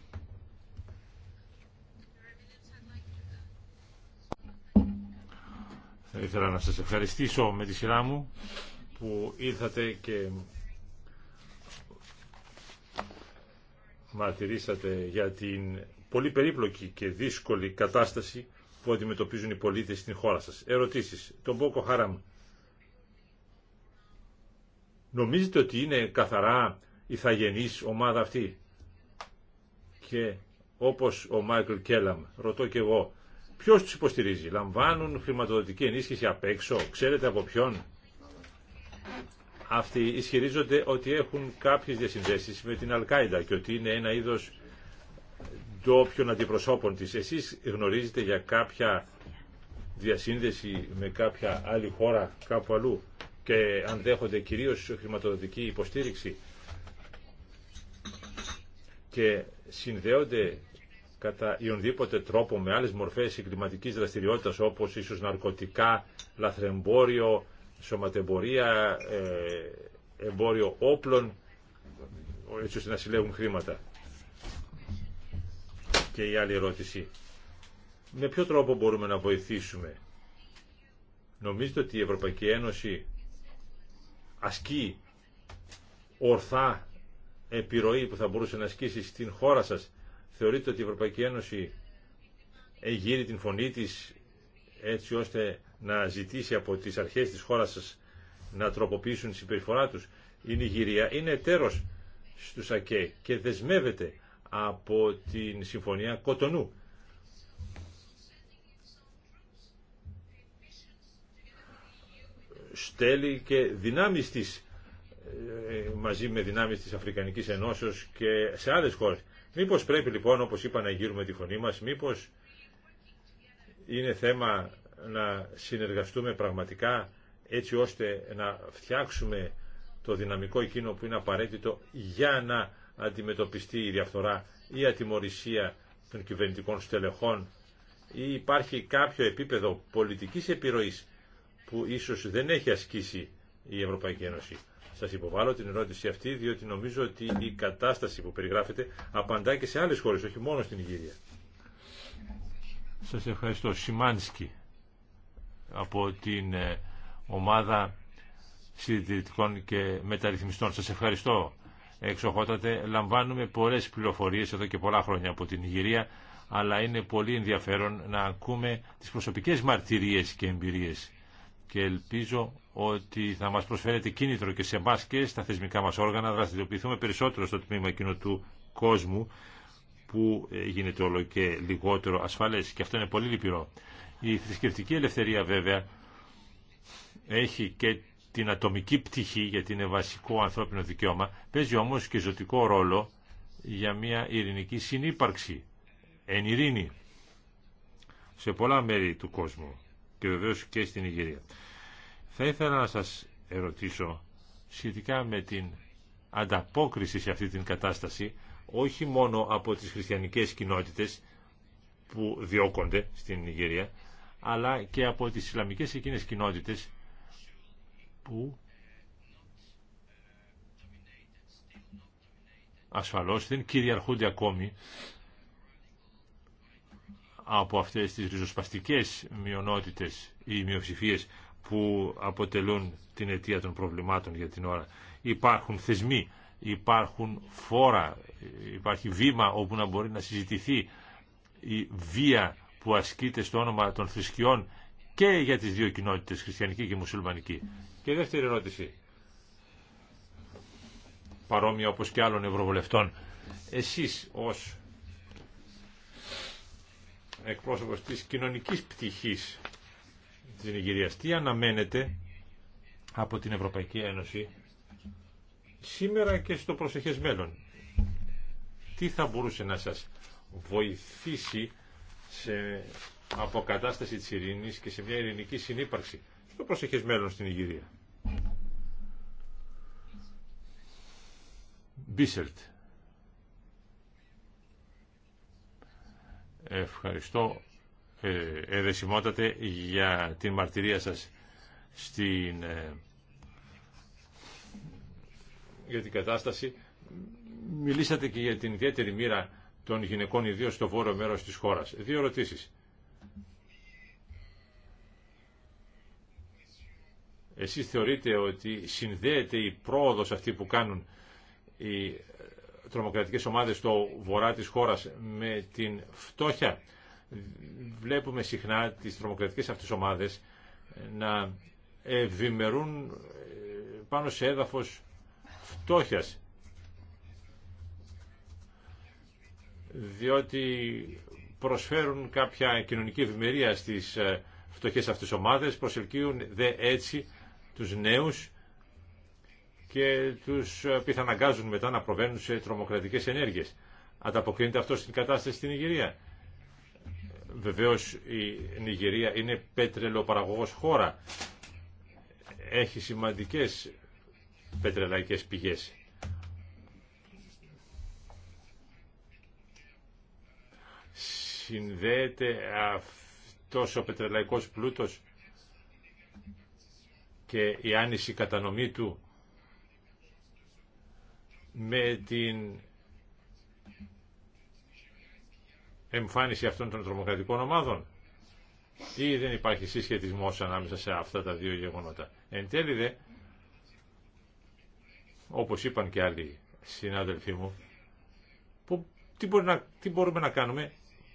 Speaker 4: Θα ήθελα να σας ευχαριστήσω
Speaker 5: με τη σειρά μου που ήρθατε και μαρτυρήσατε για την πολύ περίπλοκη και δύσκολη κατάσταση που αντιμετωπίζουν οι πολίτες στην χώρα σας. Ερωτήσεις. Τον Μπόκο Χάραμ. Νομίζετε ότι είναι καθαρά ηθαγενής ομάδα αυτή. Και όπως ο Μάικλ Κέλαμ, ρωτώ και εγώ, Ποιο του υποστηρίζει, λαμβάνουν χρηματοδοτική ενίσχυση απ' έξω, ξέρετε από ποιον. Αυτοί ισχυρίζονται ότι έχουν κάποιες διασυνδέσεις με την Αλκάιντα και ότι είναι ένα είδος ντόπιων αντιπροσώπων της. Εσείς γνωρίζετε για κάποια διασύνδεση με κάποια άλλη χώρα κάπου αλλού και αν δέχονται κυρίως χρηματοδοτική υποστήριξη και συνδέονται κατά ιονδήποτε τρόπο με άλλες μορφές εγκληματικής δραστηριότητας όπως ίσως ναρκωτικά, λαθρεμπόριο, σωματεμπορία, ε, εμπόριο όπλων, έτσι ώστε να συλλέγουν χρήματα. Και η άλλη ερώτηση. Με ποιο τρόπο μπορούμε να βοηθήσουμε. Νομίζετε ότι η Ευρωπαϊκή Ένωση ασκεί ορθά επιρροή που θα μπορούσε να ασκήσει στην χώρα σας Θεωρείτε ότι η Ευρωπαϊκή Ένωση εγείρει την φωνή της έτσι ώστε να ζητήσει από τις αρχές της χώρας σας να τροποποιήσουν τη συμπεριφορά τους. Η Νιγηρία είναι εταίρος στους ΑΚΕ και δεσμεύεται από την Συμφωνία Κοτονού. Στέλνει και δυνάμεις της ε, μαζί με δυνάμεις της Αφρικανικής Ενώσεως και σε άλλες χώρες. Μήπως πρέπει λοιπόν, όπως είπα, να γύρουμε τη φωνή μας, μήπως είναι θέμα να συνεργαστούμε πραγματικά έτσι ώστε να φτιάξουμε το δυναμικό εκείνο που είναι απαραίτητο για να αντιμετωπιστεί η διαφθορά ή η ατιμορρησία των κυβερνητικών στελεχών ή υπάρχει κάποιο επίπεδο πολιτικής επιρροής που ίσως δεν έχει ασκήσει η Ευρωπαϊκή Ένωση σα υποβάλλω την ερώτηση αυτή διότι νομίζω ότι η κατάσταση που περιγράφεται απαντά και σε άλλες χώρες, όχι μόνο στην Ιγυρία. Σα ευχαριστώ. Σιμάνσκι από την ε, ομάδα συντηρητικών και μεταρρυθμιστών. Σας ευχαριστώ εξοχότατε. Λαμβάνουμε πολλές πληροφορίες εδώ και πολλά χρόνια από την Ιγυρία, αλλά είναι πολύ ενδιαφέρον να ακούμε τι προσωπικέ μαρτυρίε και εμπειρίες και ελπίζω ότι θα μας προσφέρετε κίνητρο και σε εμά και στα θεσμικά μας όργανα να δραστηριοποιηθούμε περισσότερο στο τμήμα εκείνο του κόσμου που ε, γίνεται όλο και λιγότερο ασφαλές και αυτό είναι πολύ λυπηρό. Η θρησκευτική ελευθερία βέβαια έχει και την ατομική πτυχή γιατί είναι βασικό ανθρώπινο δικαίωμα παίζει όμως και ζωτικό ρόλο για μια ειρηνική συνύπαρξη εν ειρήνη σε πολλά μέρη του κόσμου και βεβαίω και στην Ιγυρία. Θα ήθελα να σας ερωτήσω σχετικά με την ανταπόκριση σε αυτή την κατάσταση όχι μόνο από τις χριστιανικές κοινότητες που διώκονται στην Ιγυρία αλλά και από τις Ισλαμικές εκείνες κοινότητες που ασφαλώς δεν κυριαρχούνται ακόμη από αυτές τις ριζοσπαστικές μειονότητες ή μειοψηφίες που αποτελούν την αιτία των προβλημάτων για την ώρα. Υπάρχουν θεσμοί, υπάρχουν φόρα, υπάρχει βήμα όπου να μπορεί να συζητηθεί η βία που ασκείται στο όνομα των θρησκειών και για τις δύο κοινότητες, χριστιανική και μουσουλμανική. Και δεύτερη ερώτηση, παρόμοια όπως και άλλων ευρωβουλευτών, εσείς ως εκπρόσωπος της κοινωνικής πτυχής της Νιγηρίας. Τι αναμένεται από την Ευρωπαϊκή Ένωση σήμερα και στο προσεχές μέλλον. Τι θα μπορούσε να σας βοηθήσει σε αποκατάσταση της ειρήνης και σε μια ειρηνική συνύπαρξη στο προσεχές μέλλον στην Ιγυρία. Μπίσελτ. Ευχαριστώ ε, για την μαρτυρία σας στην, ε, για την κατάσταση. Μιλήσατε και για την ιδιαίτερη μοίρα των γυναικών ιδίως στο βόρειο μέρος της χώρας. Δύο ερωτήσεις. Εσείς θεωρείτε ότι συνδέεται η πρόοδος αυτή που κάνουν οι τρομοκρατικές ομάδες στο βορρά της χώρας με την φτώχεια. Βλέπουμε συχνά τις τρομοκρατικές αυτές ομάδες να ευημερούν ε, πάνω σε έδαφος φτώχειας. Διότι προσφέρουν κάποια κοινωνική ευημερία στις ε, φτωχές αυτές ομάδες, προσελκύουν δε έτσι τους νέους και τους πιθαναγκάζουν μετά να προβαίνουν σε τρομοκρατικές ενέργειες. Ανταποκρίνεται αυτό στην κατάσταση στην Ιγυρία. Βεβαίως η Νιγηρία είναι πετρελοπαραγωγός χώρα. Έχει σημαντικές πετρελαϊκές πηγές. Συνδέεται αυτός ο πετρελαϊκός πλούτος και η άνηση κατανομή του με την εμφάνιση αυτών των τρομοκρατικών ομάδων ή δεν υπάρχει συσχετισμός ανάμεσα σε αυτά τα δύο γεγονότα. Εν τέλει δε, όπως είπαν και άλλοι συνάδελφοί μου, τι, τι μπορούμε να κάνουμε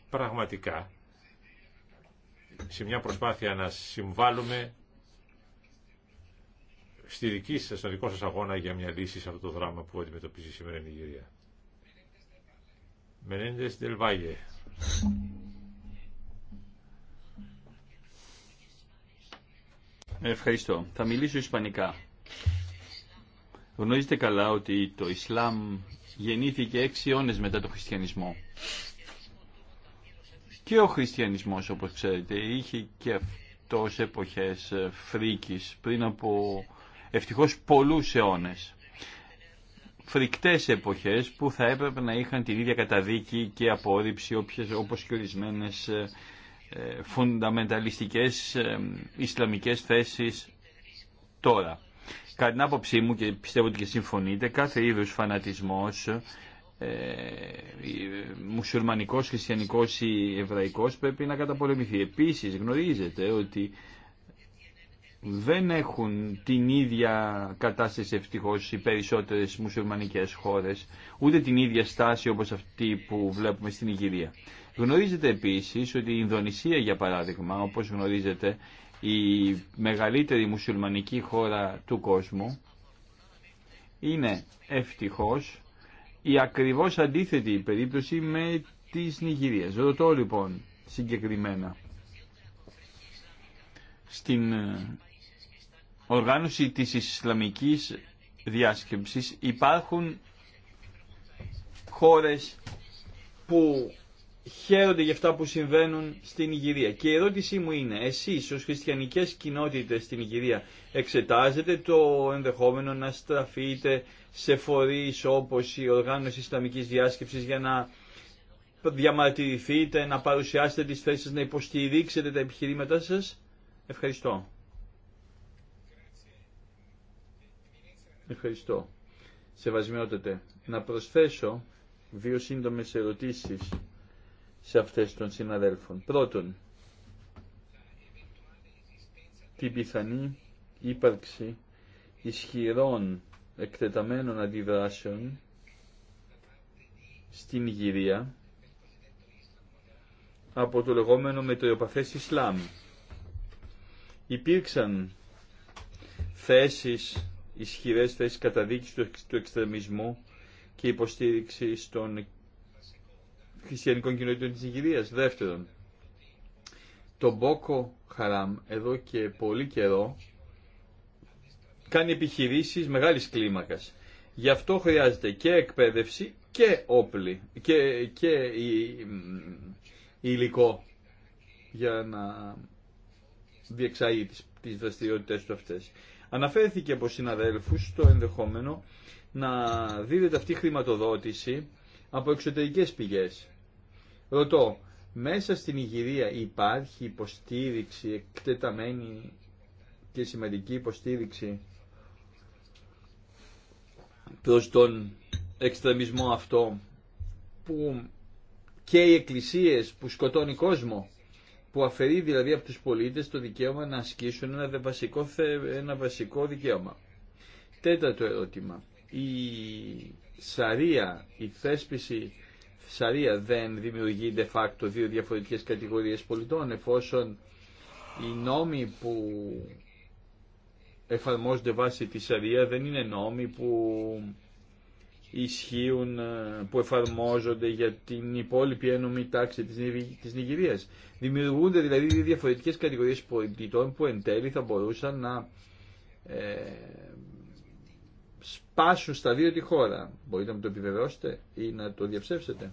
Speaker 5: πραγματικά σε μια προσπάθεια να συμβάλλουμε στη δική σας, στον δικό σας αγώνα για μια λύση σε αυτό το δράμα που αντιμετωπίζει σήμερα η Νιγηρία. Μενέντες Δελβάγε.
Speaker 4: Ευχαριστώ. Θα μιλήσω ισπανικά. Γνωρίζετε καλά ότι το Ισλάμ γεννήθηκε έξι αιώνες μετά το χριστιανισμό. Και ο χριστιανισμός, όπως ξέρετε, είχε και αυτός εποχές φρίκης πριν από ευτυχώς πολλούς αιώνες. Φρικτές εποχές που θα έπρεπε να είχαν την ίδια καταδίκη και απόρριψη όποιες, όπως και ορισμένε ε, ε, φονταμενταλιστικές ε, ισλαμικές θέσεις τώρα. Κατά την άποψή μου και πιστεύω ότι και συμφωνείτε, κάθε είδους φανατισμός, ε, μουσουλμανικός, χριστιανικός ή εβραϊκός πρέπει να καταπολεμηθεί. Επίσης γνωρίζετε ότι δεν έχουν την ίδια κατάσταση ευτυχώς οι περισσότερες μουσουλμανικές χώρες, ούτε την ίδια στάση όπως αυτή που βλέπουμε στην Ιγυρία. Γνωρίζετε επίσης ότι η Ινδονησία για παράδειγμα, όπως γνωρίζετε, η μεγαλύτερη μουσουλμανική χώρα του κόσμου, είναι ευτυχώς η ακριβώς αντίθετη περίπτωση με της Νιγηρίας. Ρωτώ λοιπόν συγκεκριμένα στην οργάνωση της Ισλαμικής διάσκεψης υπάρχουν χώρες που χαίρονται για αυτά που συμβαίνουν στην Ιγυρία. Και η ερώτησή μου είναι, εσείς ως χριστιανικές κοινότητες στην Ιγυρία εξετάζετε το ενδεχόμενο να στραφείτε σε φορείς όπως η Οργάνωση Ισλαμικής Διάσκεψης για να διαμαρτυρηθείτε, να παρουσιάσετε τις θέσεις, να υποστηρίξετε τα επιχειρήματά σας. Ευχαριστώ. Ευχαριστώ. Σεβασμιότατε, να προσθέσω δύο σύντομες ερωτήσεις σε αυτές των συναδέλφων. Πρώτον, την πιθανή ύπαρξη ισχυρών εκτεταμένων αντιδράσεων στην Ιγυρία από το λεγόμενο μετριοπαθές Ισλάμ. Υπήρξαν θέσεις ισχυρές θέσεις καταδίκης του εξτρεμισμού και υποστήριξη των χριστιανικών κοινότητων της Ιγυρίας. Δεύτερον, το Μπόκο Χαράμ εδώ και πολύ καιρό κάνει επιχειρήσεις μεγάλης κλίμακας. Γι' αυτό χρειάζεται και εκπαίδευση και όπλη και, και υλικό για να διεξάγει τις, τις δραστηριότητες του αυτές. Αναφέρθηκε από συναδέλφους το ενδεχόμενο να δίδεται αυτή η χρηματοδότηση από εξωτερικές πηγές. Ρωτώ, μέσα στην Ιγυρία υπάρχει υποστήριξη, εκτεταμένη και σημαντική υποστήριξη προς τον εξτρεμισμό αυτό που και οι εκκλησίες που σκοτώνει κόσμο που αφαιρεί δηλαδή από τους πολίτες το δικαίωμα να ασκήσουν ένα βασικό, ένα βασικό δικαίωμα. Τέταρτο ερώτημα. Η σαρία, η θέσπιση σαρία δεν δημιουργεί de facto δύο διαφορετικές κατηγορίες πολιτών εφόσον οι νόμοι που εφαρμόζονται βάσει τη σαρία δεν είναι νόμοι που ισχύουν, ε, που εφαρμόζονται για την υπόλοιπη ένωμη τάξη της Νιγηρίας. Δημιουργούνται δηλαδή διαφορετικές κατηγορίες πολιτητών που εν τέλει θα μπορούσαν να ε, σπάσουν στα δύο τη χώρα. Μπορείτε να μου το επιβεβαιώσετε ή να το διαψεύσετε.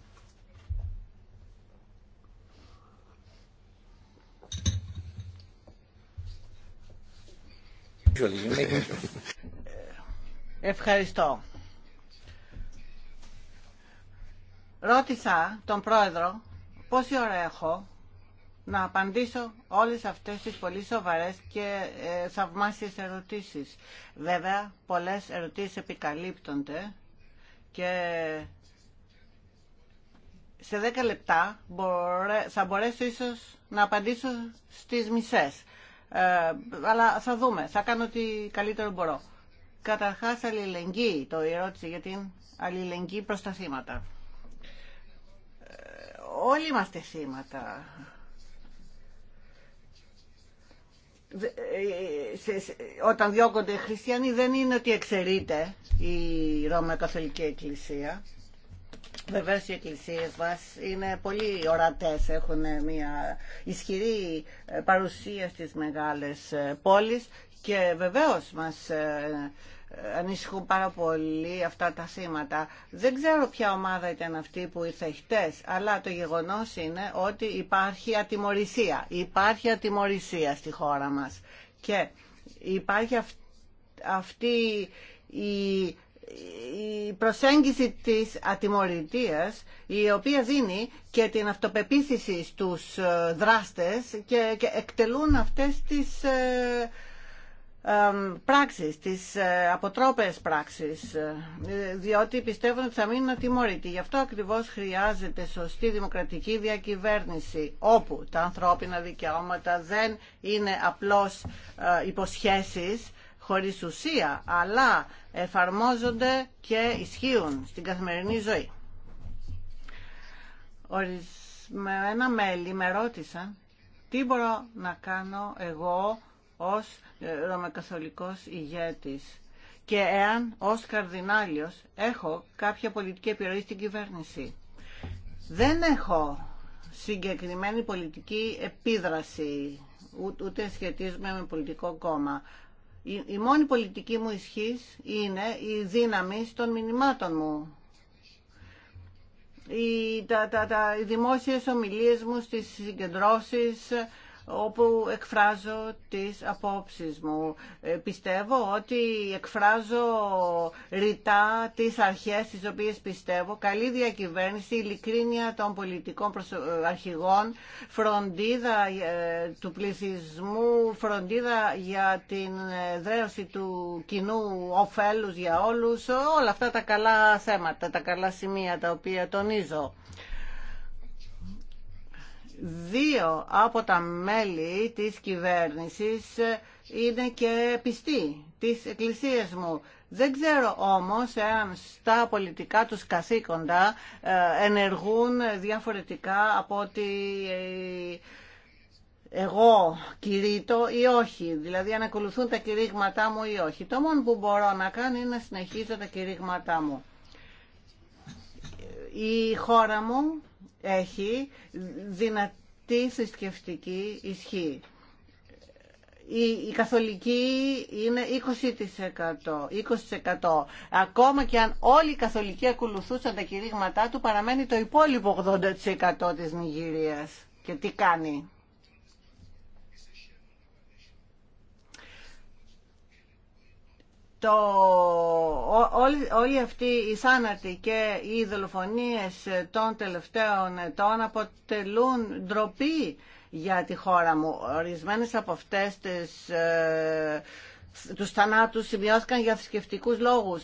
Speaker 2: Ευχαριστώ. Ρώτησα τον πρόεδρο πόση ώρα έχω να απαντήσω όλες αυτές τις πολύ σοβαρές και ε, θαυμάσιες ερωτήσεις. Βέβαια, πολλές ερωτήσεις επικαλύπτονται και σε 10 λεπτά θα μπορέσω ίσως να απαντήσω στις μισές. Ε, αλλά θα δούμε, θα κάνω ό,τι καλύτερο μπορώ. Καταρχάς, αλληλεγγύη, το ερώτηση για την αλληλεγγύη προς τα θύματα όλοι είμαστε θύματα. Ε, όταν διώκονται οι χριστιανοί δεν είναι ότι εξαιρείται η Ρώμα Καθολική Εκκλησία. Βεβαίω οι εκκλησίε μα είναι πολύ ορατέ, έχουν μια ισχυρή ε, παρουσία στι μεγάλε ε, πόλει και βεβαίω μα ανησυχούν πάρα πολύ αυτά τα σήματα. Δεν ξέρω ποια ομάδα ήταν αυτή που ήρθε χτες, αλλά το γεγονός είναι ότι υπάρχει ατιμορρησία. Υπάρχει ατιμορρησία στη χώρα μας. Και υπάρχει αυτή η προσέγγιση της ατιμορρητίας η οποία δίνει και την αυτοπεποίθηση στους ε, δράστες και, εκτελούν αυτές τις ε, πράξεις, τις ε, αποτρόπες πράξεις, ε, διότι πιστεύουν ότι θα μείνουν ατιμόρυτοι. Γι' αυτό ακριβώς χρειάζεται σωστή δημοκρατική διακυβέρνηση, όπου τα ανθρώπινα δικαιώματα δεν είναι απλώς ε, υποσχέσεις χωρίς ουσία, αλλά εφαρμόζονται και ισχύουν στην καθημερινή ζωή. Ορισμένα μέλη με ρώτησαν τι μπορώ να κάνω εγώ ως ε, Ρωμακαθολικός ηγέτης και εάν ως καρδινάλιος έχω κάποια πολιτική επιρροή στην κυβέρνηση. Δεν έχω συγκεκριμένη πολιτική επίδραση, ούτε σχετίζομαι με πολιτικό κόμμα. Η μόνη πολιτική μου ισχύς είναι η δύναμη των μηνυμάτων μου. Οι, τα, τα, τα, οι δημόσιες ομιλίες μου στις συγκεντρώσεις, όπου εκφράζω τις απόψεις μου. Ε, πιστεύω ότι εκφράζω ρητά τις αρχές τις οποίες πιστεύω. Καλή διακυβέρνηση, ειλικρίνεια των πολιτικών ε, αρχηγών, φροντίδα ε, του πληθυσμού, φροντίδα για την δρέωση του κοινού ωφέλους για όλους, όλα αυτά τα καλά θέματα, τα καλά σημεία τα οποία τονίζω δύο από τα μέλη της κυβέρνησης είναι και πιστοί της εκκλησίας μου. Δεν ξέρω όμως εάν στα πολιτικά τους καθήκοντα ε, ενεργούν διαφορετικά από ότι ε, εγώ κηρύττω ή όχι, δηλαδή αν ακολουθούν τα κηρύγματά μου ή όχι. Το μόνο που μπορώ να κάνω είναι να συνεχίζω τα κηρύγματά μου. Η χώρα μου έχει δυνατή θρησκευτική ισχύ. Η, καθολική είναι 20%, 20%. Ακόμα και αν όλοι οι καθολικοί ακολουθούσαν τα κηρύγματά του, παραμένει το υπόλοιπο 80% της Νιγηρίας. Και τι κάνει το, ό, όλοι, αυτοί οι θάνατοι και οι δολοφονίες των τελευταίων ετών αποτελούν ντροπή για τη χώρα μου. Ορισμένες από αυτές τις, ε, τους θανάτους σημειώθηκαν για θρησκευτικού λόγους.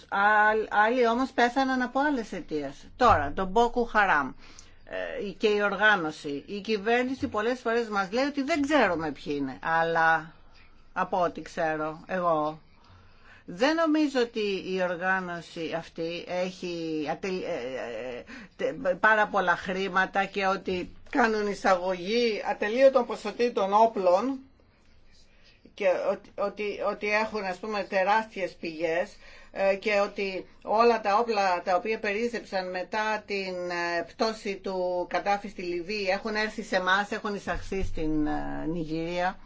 Speaker 2: άλλοι όμως πέθαναν από άλλες αιτίες. Τώρα, το Μπόκου Χαράμ ε, και η οργάνωση. Η κυβέρνηση πολλές φορές μας λέει ότι δεν ξέρουμε ποιοι είναι, αλλά από ό,τι ξέρω εγώ δεν νομίζω ότι η οργάνωση αυτή έχει ε, ε, πάρα πολλά χρήματα και ότι κάνουν εισαγωγή ατελείωτων ποσοτήτων όπλων και ότι, ότι έχουν ας πούμε τεράστιες πηγές ε, και ότι όλα τα όπλα τα οποία περίζεψαν μετά την πτώση του κατάφη στη Λιβύη έχουν έρθει σε εμά, έχουν εισαχθεί στην Νιγηρία.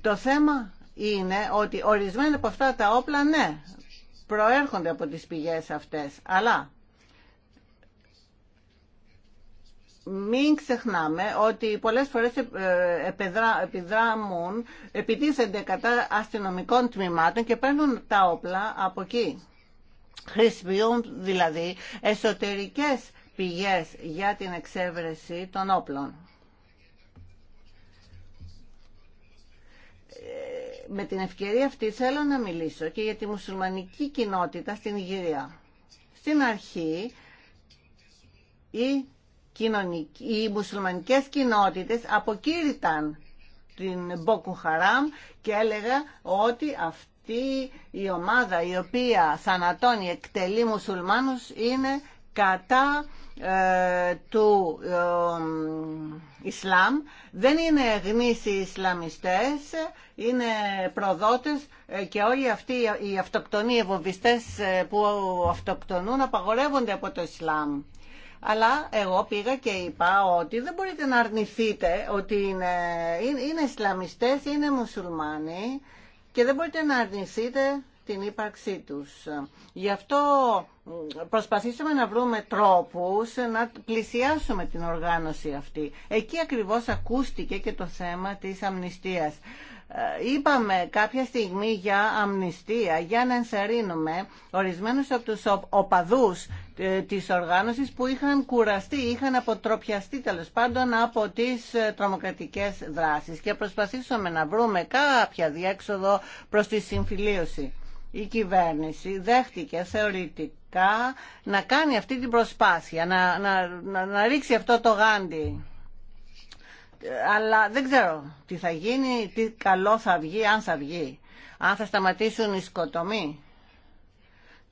Speaker 2: Το θέμα είναι ότι ορισμένα από αυτά τα όπλα, ναι, προέρχονται από τις πηγές αυτές, αλλά μην ξεχνάμε ότι πολλές φορές ε, επιδράμουν, επιτίθενται κατά αστυνομικών τμήματων και παίρνουν τα όπλα από εκεί. Χρησιμοποιούν δηλαδή εσωτερικές πηγές για την εξέβρεση των όπλων με την ευκαιρία αυτή θέλω να μιλήσω και για τη μουσουλμανική κοινότητα στην Ιγυρία. Στην αρχή οι, οι μουσουλμανικές κοινότητες αποκήρυταν την Μπόκου Χαράμ και έλεγα ότι αυτή η ομάδα η οποία θανατώνει εκτελεί μουσουλμάνους είναι κατά ε, του ε, ε, Ισλάμ δεν είναι γνήσιοι Ισλαμιστές είναι προδότες και όλοι αυτοί οι αυτοκτονοί ευωβιστές που αυτοκτονούν απαγορεύονται από το Ισλάμ αλλά εγώ πήγα και είπα ότι δεν μπορείτε να αρνηθείτε ότι είναι, είναι Ισλαμιστές, είναι μουσουλμάνοι και δεν μπορείτε να αρνηθείτε την ύπαρξή τους. Γι' αυτό προσπαθήσαμε να βρούμε τρόπους να πλησιάσουμε την οργάνωση αυτή. Εκεί ακριβώς ακούστηκε και το θέμα της αμνηστίας. Ε, είπαμε κάποια στιγμή για αμνηστία, για να ενσαρρύνουμε ορισμένους από τους οπαδούς ε, της οργάνωσης που είχαν κουραστεί, είχαν αποτροπιαστεί τέλο πάντων από τις ε, τρομοκρατικές δράσεις και προσπαθήσαμε να βρούμε κάποια διέξοδο προς τη συμφιλίωση. Η κυβέρνηση δέχτηκε θεωρητική να κάνει αυτή την προσπάθεια, να, να, να, να ρίξει αυτό το γάντι. Αλλά δεν ξέρω τι θα γίνει, τι καλό θα βγει, αν θα βγει. Αν θα σταματήσουν οι σκοτομοί,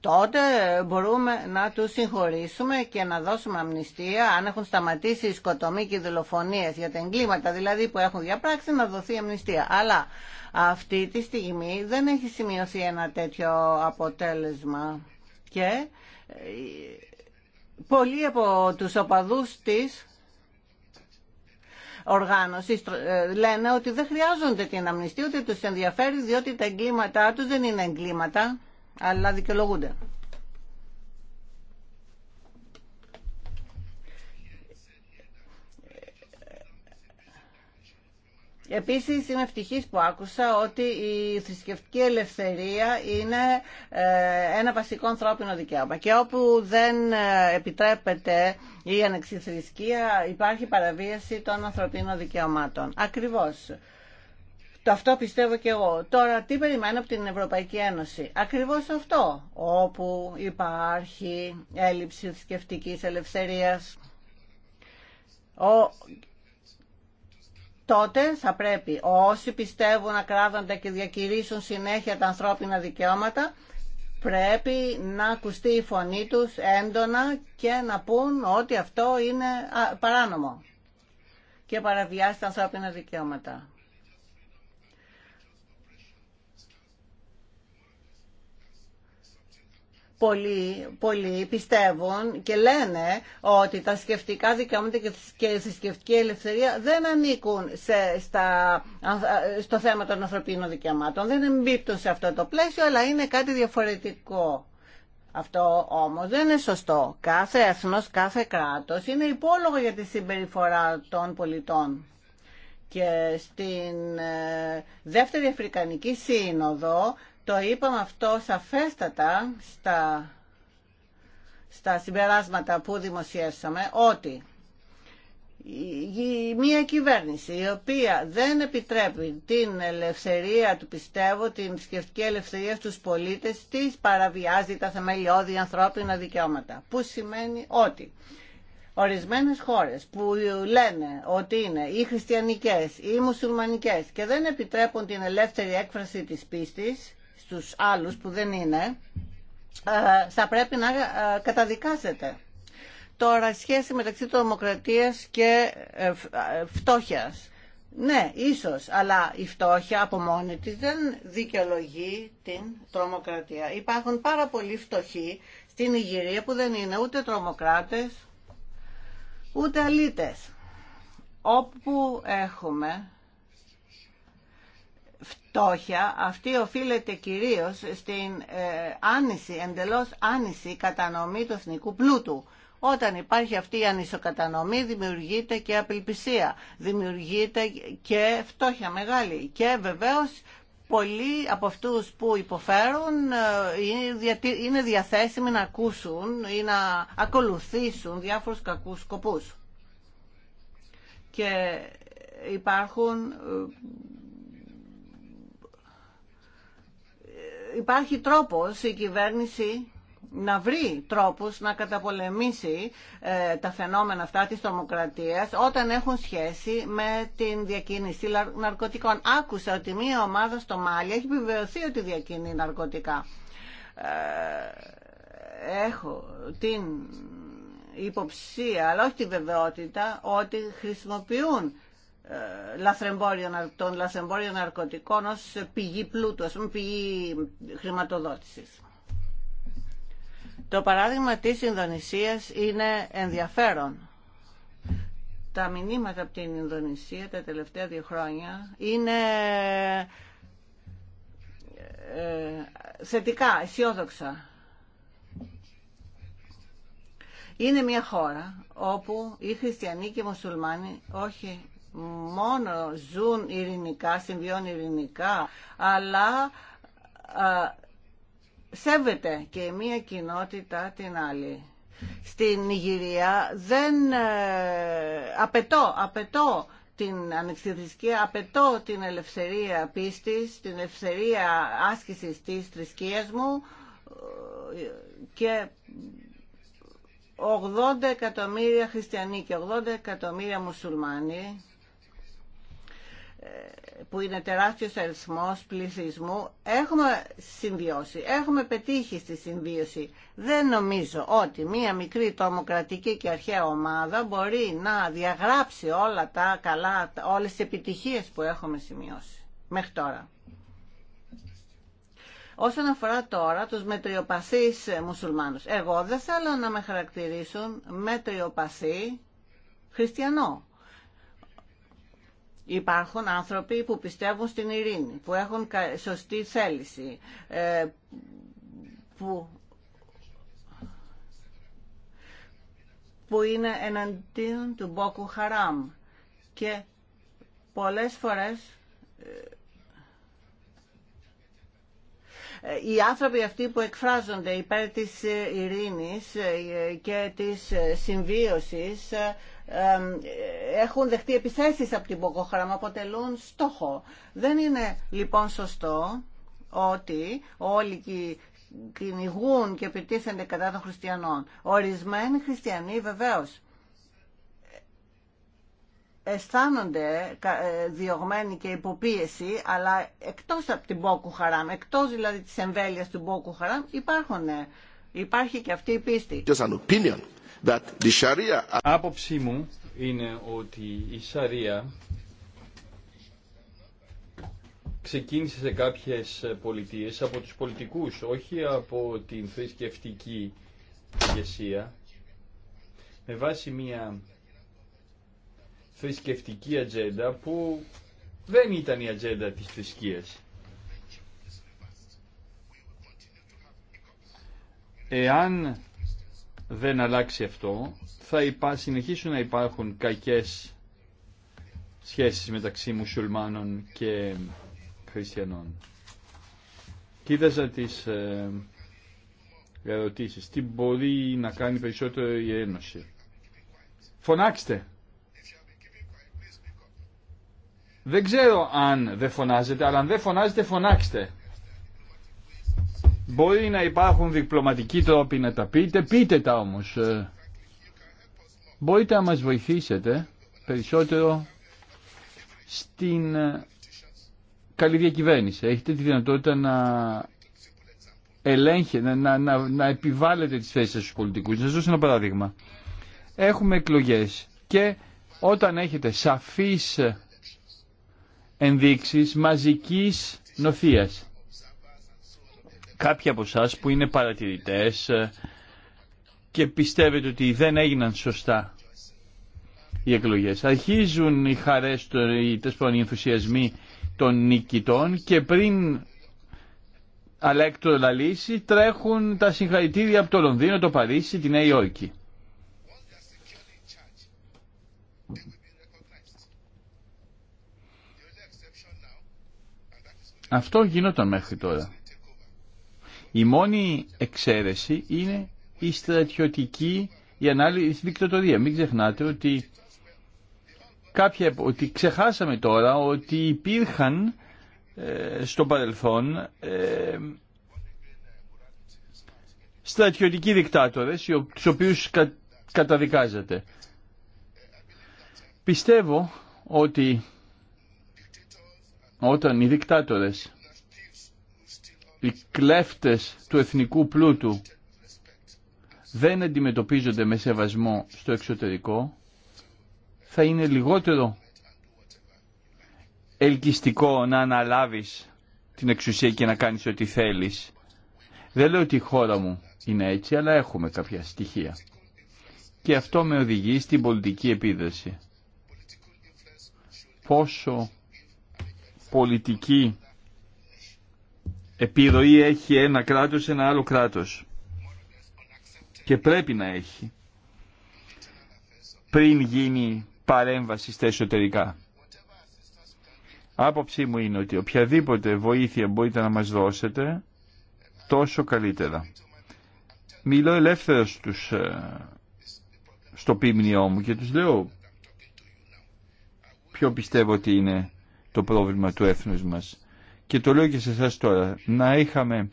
Speaker 2: τότε μπορούμε να τους συγχωρήσουμε και να δώσουμε αμνηστία αν έχουν σταματήσει οι σκοτομοί και οι δολοφονίες για τα εγκλήματα δηλαδή που έχουν διαπράξει να δοθεί αμνηστία. Αλλά αυτή τη στιγμή δεν έχει σημειωθεί ένα τέτοιο αποτέλεσμα και ε, πολλοί από τους οπαδούς της οργάνωσης ε, λένε ότι δεν χρειάζονται την αμνηστία ούτε τους ενδιαφέρει διότι τα εγκλήματά τους δεν είναι εγκλήματα αλλά δικαιολογούνται. Επίσης είμαι ευτυχής που άκουσα ότι η θρησκευτική ελευθερία είναι ε, ένα βασικό ανθρώπινο δικαίωμα και όπου δεν ε, επιτρέπεται η ανεξιθρησκεία υπάρχει παραβίαση των ανθρωπίνων δικαιωμάτων. Ακριβώς. Το αυτό πιστεύω και εγώ. Τώρα τι περιμένω από την Ευρωπαϊκή Ένωση. Ακριβώς αυτό. Όπου υπάρχει έλλειψη θρησκευτικής ελευθερίας τότε θα πρέπει όσοι πιστεύουν να κράβονται και διακηρύσουν συνέχεια τα ανθρώπινα δικαιώματα πρέπει να ακουστεί η φωνή τους έντονα και να πούν ότι αυτό είναι παράνομο και παραβιάσει τα ανθρώπινα δικαιώματα. πολλοί, πολλοί πιστεύουν και λένε ότι τα σκεφτικά δικαιώματα και η θρησκευτική ελευθερία δεν ανήκουν σε, στα, στο θέμα των ανθρωπίνων δικαιωμάτων. Δεν εμπίπτουν σε αυτό το πλαίσιο, αλλά είναι κάτι διαφορετικό. Αυτό όμως δεν είναι σωστό. Κάθε έθνος, κάθε κράτος είναι υπόλογο για τη συμπεριφορά των πολιτών. Και στην ε, Δεύτερη Αφρικανική Σύνοδο το είπαμε αυτό σαφέστατα στα, στα συμπεράσματα που δημοσιεύσαμε ότι μια κυβέρνηση η οποία δεν επιτρέπει την ελευθερία του πιστεύω, την θρησκευτική ελευθερία στους πολίτες της παραβιάζει τα θεμελιώδη ανθρώπινα δικαιώματα που σημαίνει ότι ορισμένες χώρες που λένε ότι είναι οι χριστιανικές, ή μουσουλμανικές και δεν επιτρέπουν την ελεύθερη έκφραση της πίστης στους άλλους που δεν είναι, ε, θα πρέπει να ε, καταδικάσετε. Τώρα, σχέση μεταξύ τρομοκρατίας και ε, φτώχειας. Ναι, ίσως, αλλά η φτώχεια από μόνη της δεν δικαιολογεί την τρομοκρατία. Υπάρχουν πάρα πολλοί φτωχοί στην Ιγυρία που δεν είναι ούτε τρομοκράτες, ούτε αλήτες. Όπου έχουμε φτώχεια, αυτή οφείλεται κυρίως στην ε, άνηση, εντελώς άνηση κατανομή του εθνικού πλούτου. Όταν υπάρχει αυτή η ανισοκατανομή δημιουργείται και απελπισία, δημιουργείται και φτώχεια μεγάλη και βεβαίως πολλοί από αυτούς που υποφέρουν ε, είναι διαθέσιμοι να ακούσουν ή να ακολουθήσουν διάφορους κακούς σκοπούς. Και υπάρχουν ε, υπάρχει τρόπος η κυβέρνηση να βρει τρόπους να καταπολεμήσει ε, τα φαινόμενα αυτά της τρομοκρατίας όταν έχουν σχέση με την διακίνηση ναρκωτικών. Άκουσα ότι μία ομάδα στο Μάλι έχει επιβεβαιωθεί ότι διακίνει ναρκωτικά. Ε, έχω την υποψία, αλλά όχι τη βεβαιότητα, ότι χρησιμοποιούν ε, των λαθρεμπόριων ναρκωτικών ως πηγή πλούτου, ας πούμε πηγή χρηματοδότησης. Το παράδειγμα της Ινδονησίας είναι ενδιαφέρον. Τα μηνύματα από την Ινδονησία τα τελευταία δύο χρόνια είναι ε, θετικά, αισιόδοξα. Είναι μια χώρα όπου οι χριστιανοί και οι μουσουλμάνοι όχι μόνο ζουν ειρηνικά, συμβιώνουν ειρηνικά, αλλά σέβεται και μία κοινότητα την άλλη. Στην Νιγηρία δεν ε, απαιτώ, απαιτώ την ανεξιδρυσκεία, απαιτώ την ελευθερία πίστης, την ελευθερία άσκησης της θρησκείας μου και 80 εκατομμύρια χριστιανοί και 80 εκατομμύρια μουσουλμάνοι που είναι τεράστιος αριθμός πληθυσμού, έχουμε συμβιώσει, έχουμε πετύχει στη συμβίωση. Δεν νομίζω ότι μία μικρή τρομοκρατική και αρχαία ομάδα μπορεί να διαγράψει όλα τα καλά, όλες τις επιτυχίες που έχουμε σημειώσει μέχρι τώρα. Όσον αφορά τώρα τους μετριοπαθείς μουσουλμάνους, εγώ δεν θέλω να με χαρακτηρίσουν μετριοπαθή χριστιανό. Υπάρχουν άνθρωποι που πιστεύουν στην ειρήνη, που έχουν σωστή θέληση, ε, που, που είναι εναντίον του Μπόκου Χαράμ και πολλές φορές ε, ε, οι άνθρωποι αυτοί που εκφράζονται υπέρ της ειρήνης και της συμβίωσης έχουν δεχτεί επιθέσεις από την Μποκοχαράμ, αποτελούν στόχο. Δεν είναι λοιπόν σωστό ότι όλοι κυνηγούν και επιτίθενται κατά των χριστιανών. Ορισμένοι χριστιανοί βεβαίως αισθάνονται ε, διωγμένοι και υποπίεση, αλλά εκτός από την Μπόκου Χαράμ, εκτός δηλαδή της εμβέλειας του Μπόκου υπάρχουν, υπάρχει και αυτή η πίστη.
Speaker 4: an opinion that Άποψή μου είναι ότι η Σαρία ξεκίνησε σε κάποιες πολιτείες από τους πολιτικούς, όχι από την θρησκευτική ηγεσία, με βάση μια θρησκευτική ατζέντα που δεν ήταν η ατζέντα της θρησκείας. Εάν δεν αλλάξει αυτό, θα υπά, συνεχίσουν να υπάρχουν κακές σχέσεις μεταξύ μουσουλμάνων και χριστιανών. Κοίταζα τις ε, ερωτήσει: Τι μπορεί να κάνει περισσότερο η Ένωση. Φωνάξτε. Δεν ξέρω αν δεν φωνάζετε, αλλά αν δεν φωνάζετε φωνάξτε. Μπορεί να υπάρχουν διπλωματικοί τρόποι να τα πείτε, πείτε τα όμως. Ε. Μπορείτε να μας βοηθήσετε περισσότερο στην ε, καλή διακυβέρνηση. Έχετε τη δυνατότητα να ελέγχετε, να, να, να επιβάλλετε τις θέσεις στους πολιτικούς. Να σας δώσω ένα παράδειγμα. Έχουμε εκλογές και όταν έχετε σαφείς ενδείξεις μαζικής νοθείας κάποιοι από εσά που είναι παρατηρητές ε, και πιστεύετε ότι δεν έγιναν σωστά οι εκλογές. Αρχίζουν οι χαρές, οι ενθουσιασμοί των νικητών και πριν αλέκτρο λαλήσει τρέχουν τα συγχαρητήρια από το Λονδίνο, το Παρίσι, τη Νέα Υόρκη. Αυτό γινόταν μέχρι τώρα. Η μόνη εξαίρεση είναι η στρατιωτική, η ανάλυση δικτατορία. Μην ξεχνάτε ότι, κάποια, ότι ξεχάσαμε τώρα ότι υπήρχαν ε, στο παρελθόν ε, στρατιωτικοί δικτάτορες, τους οποίους κα, καταδικάζεται. Πιστεύω ότι όταν οι δικτάτορες οι κλέφτες του εθνικού πλούτου δεν αντιμετωπίζονται με σεβασμό στο εξωτερικό, θα είναι λιγότερο ελκυστικό να αναλάβεις την εξουσία και να κάνεις ό,τι θέλεις. Δεν λέω ότι η χώρα μου είναι έτσι, αλλά έχουμε κάποια στοιχεία. Και αυτό με οδηγεί στην πολιτική επίδραση. Πόσο πολιτική επιρροή έχει ένα κράτος ένα άλλο κράτος. Και πρέπει να έχει πριν γίνει παρέμβαση στα εσωτερικά. Άποψή μου είναι ότι οποιαδήποτε βοήθεια μπορείτε να μας δώσετε, τόσο καλύτερα. Μιλώ ελεύθερα στους, ε, στο πίμνιό μου και τους λέω ποιο πιστεύω ότι είναι το πρόβλημα του έθνους μας και το λέω και σε εσά τώρα, να είχαμε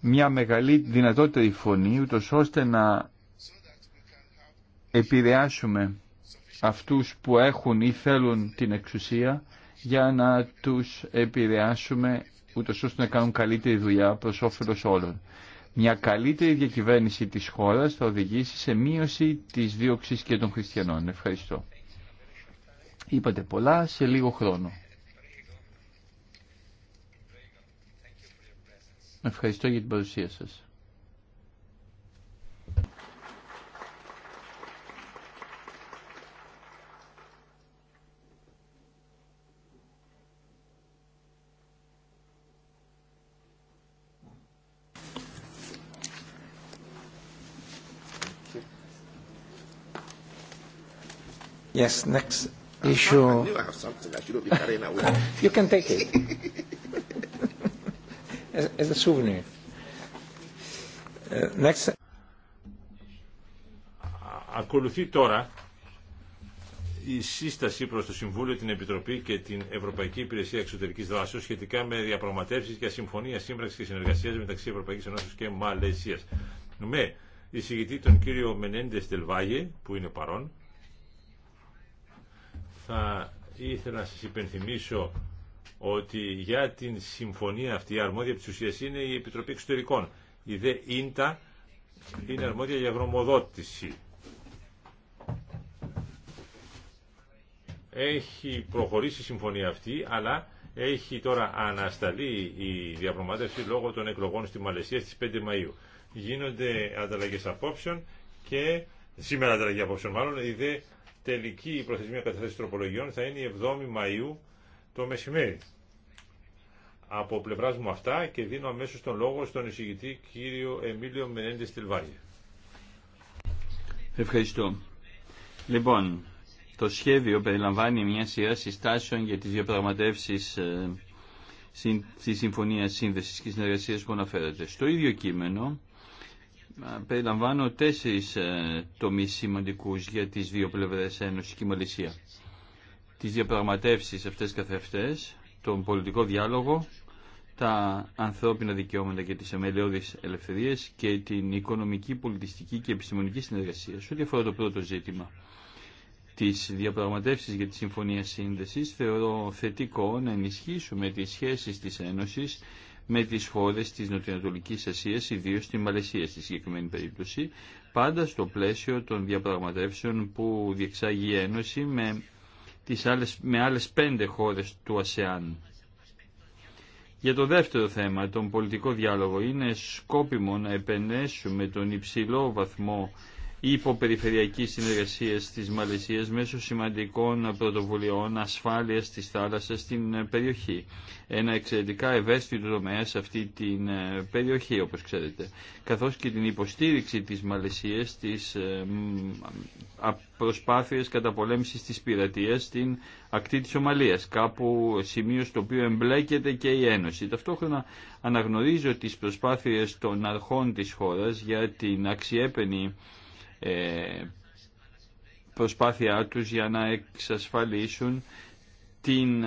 Speaker 4: μια μεγαλή η φωνή, ούτως ώστε να επηρεάσουμε αυτούς που έχουν ή θέλουν την εξουσία για να τους επηρεάσουμε ούτως ώστε να κάνουν καλύτερη δουλειά προς όφελος όλων. Μια καλύτερη διακυβέρνηση της χώρας θα οδηγήσει σε μείωση της δίωξης και των χριστιανών. Ευχαριστώ. Είπατε πολλά σε λίγο χρόνο. Ευχαριστώ για την παρουσία σας.
Speaker 1: Yes, next issue. I knew I have something I should be carrying away. you can take it as a souvenir. Uh, next.
Speaker 5: Ακολουθεί τώρα η σύσταση προς το Συμβούλιο, την Επιτροπή και την Ευρωπαϊκή Υπηρεσία Εξωτερικής Δράσης σχετικά με διαπραγματεύσεις για συμφωνία σύμπραξης και συνεργασίας μεταξύ Ευρωπαϊκής Ενώσης και Μαλαισίας. Με εισηγητή τον κύριο Μενέντες Τελβάγε, που είναι παρόν, θα ήθελα να σας υπενθυμίσω ότι για την συμφωνία αυτή η αρμόδια της ουσίας είναι η Επιτροπή Εξωτερικών. Η δε ίντα είναι αρμόδια για γνωμοδότηση. Έχει προχωρήσει η συμφωνία αυτή, αλλά έχει τώρα ανασταλεί η διαπραγμάτευση λόγω των εκλογών στη Μαλαισία στις 5 Μαΐου. Γίνονται ανταλλαγές απόψεων και σήμερα ανταλλαγή απόψεων μάλλον η δε τελική προθεσμία καταθέσεις τροπολογιών θα είναι η 7η Μαΐου το μεσημέρι. Από πλευράς μου αυτά και δίνω αμέσω τον λόγο στον εισηγητή κύριο Εμίλιο Μενέντε Τιλβάρια.
Speaker 4: Ευχαριστώ. Λοιπόν, το σχέδιο περιλαμβάνει μια σειρά συστάσεων για τις διαπραγματεύσεις ε, τη Συμφωνία Σύνδεσης και συνεργασία που αναφέρεται. Στο ίδιο κείμενο περιλαμβάνω τέσσερις ε, τομείς σημαντικούς για τις δύο πλευρές Ένωση και Μαλισσία τις διαπραγματεύσεις αυτές καθευτές, τον πολιτικό διάλογο, τα ανθρώπινα δικαιώματα και τις αμελαιώδεις ελευθερίες και την οικονομική, πολιτιστική και επιστημονική συνεργασία. Σε ό,τι αφορά το πρώτο ζήτημα τις διαπραγματεύσεις για τη Συμφωνία Σύνδεσης, θεωρώ θετικό να ενισχύσουμε τις σχέσεις της Ένωσης με τις χώρες της Νοτιοανατολικής Ασίας, ιδίως τη Μαλαισία στη συγκεκριμένη περίπτωση, πάντα στο πλαίσιο των διαπραγματεύσεων που διεξάγει η Ένωση με τις άλλες, με άλλες πέντε χώρες του ΑΣΕΑΝ. Για το δεύτερο θέμα, τον πολιτικό διάλογο, είναι σκόπιμο να επενέσουμε τον υψηλό βαθμό υποπεριφερειακή συνεργασία στις Μαλαισίας μέσω σημαντικών πρωτοβουλειών ασφάλειας της θάλασσας στην ε, περιοχή. Ένα εξαιρετικά ευαίσθητο τομέα σε αυτή την ε, περιοχή, όπως ξέρετε, καθώς και την υποστήριξη της Μαλαισίας της ε, προσπάθειες καταπολέμησης της πειρατείας στην ακτή της Ομαλίας, κάπου σημείο στο οποίο εμπλέκεται και η Ένωση. Ταυτόχρονα αναγνωρίζω τις προσπάθειες των αρχών της χώρας για την αξιέπαινη ε, προσπάθειά τους για να εξασφαλίσουν την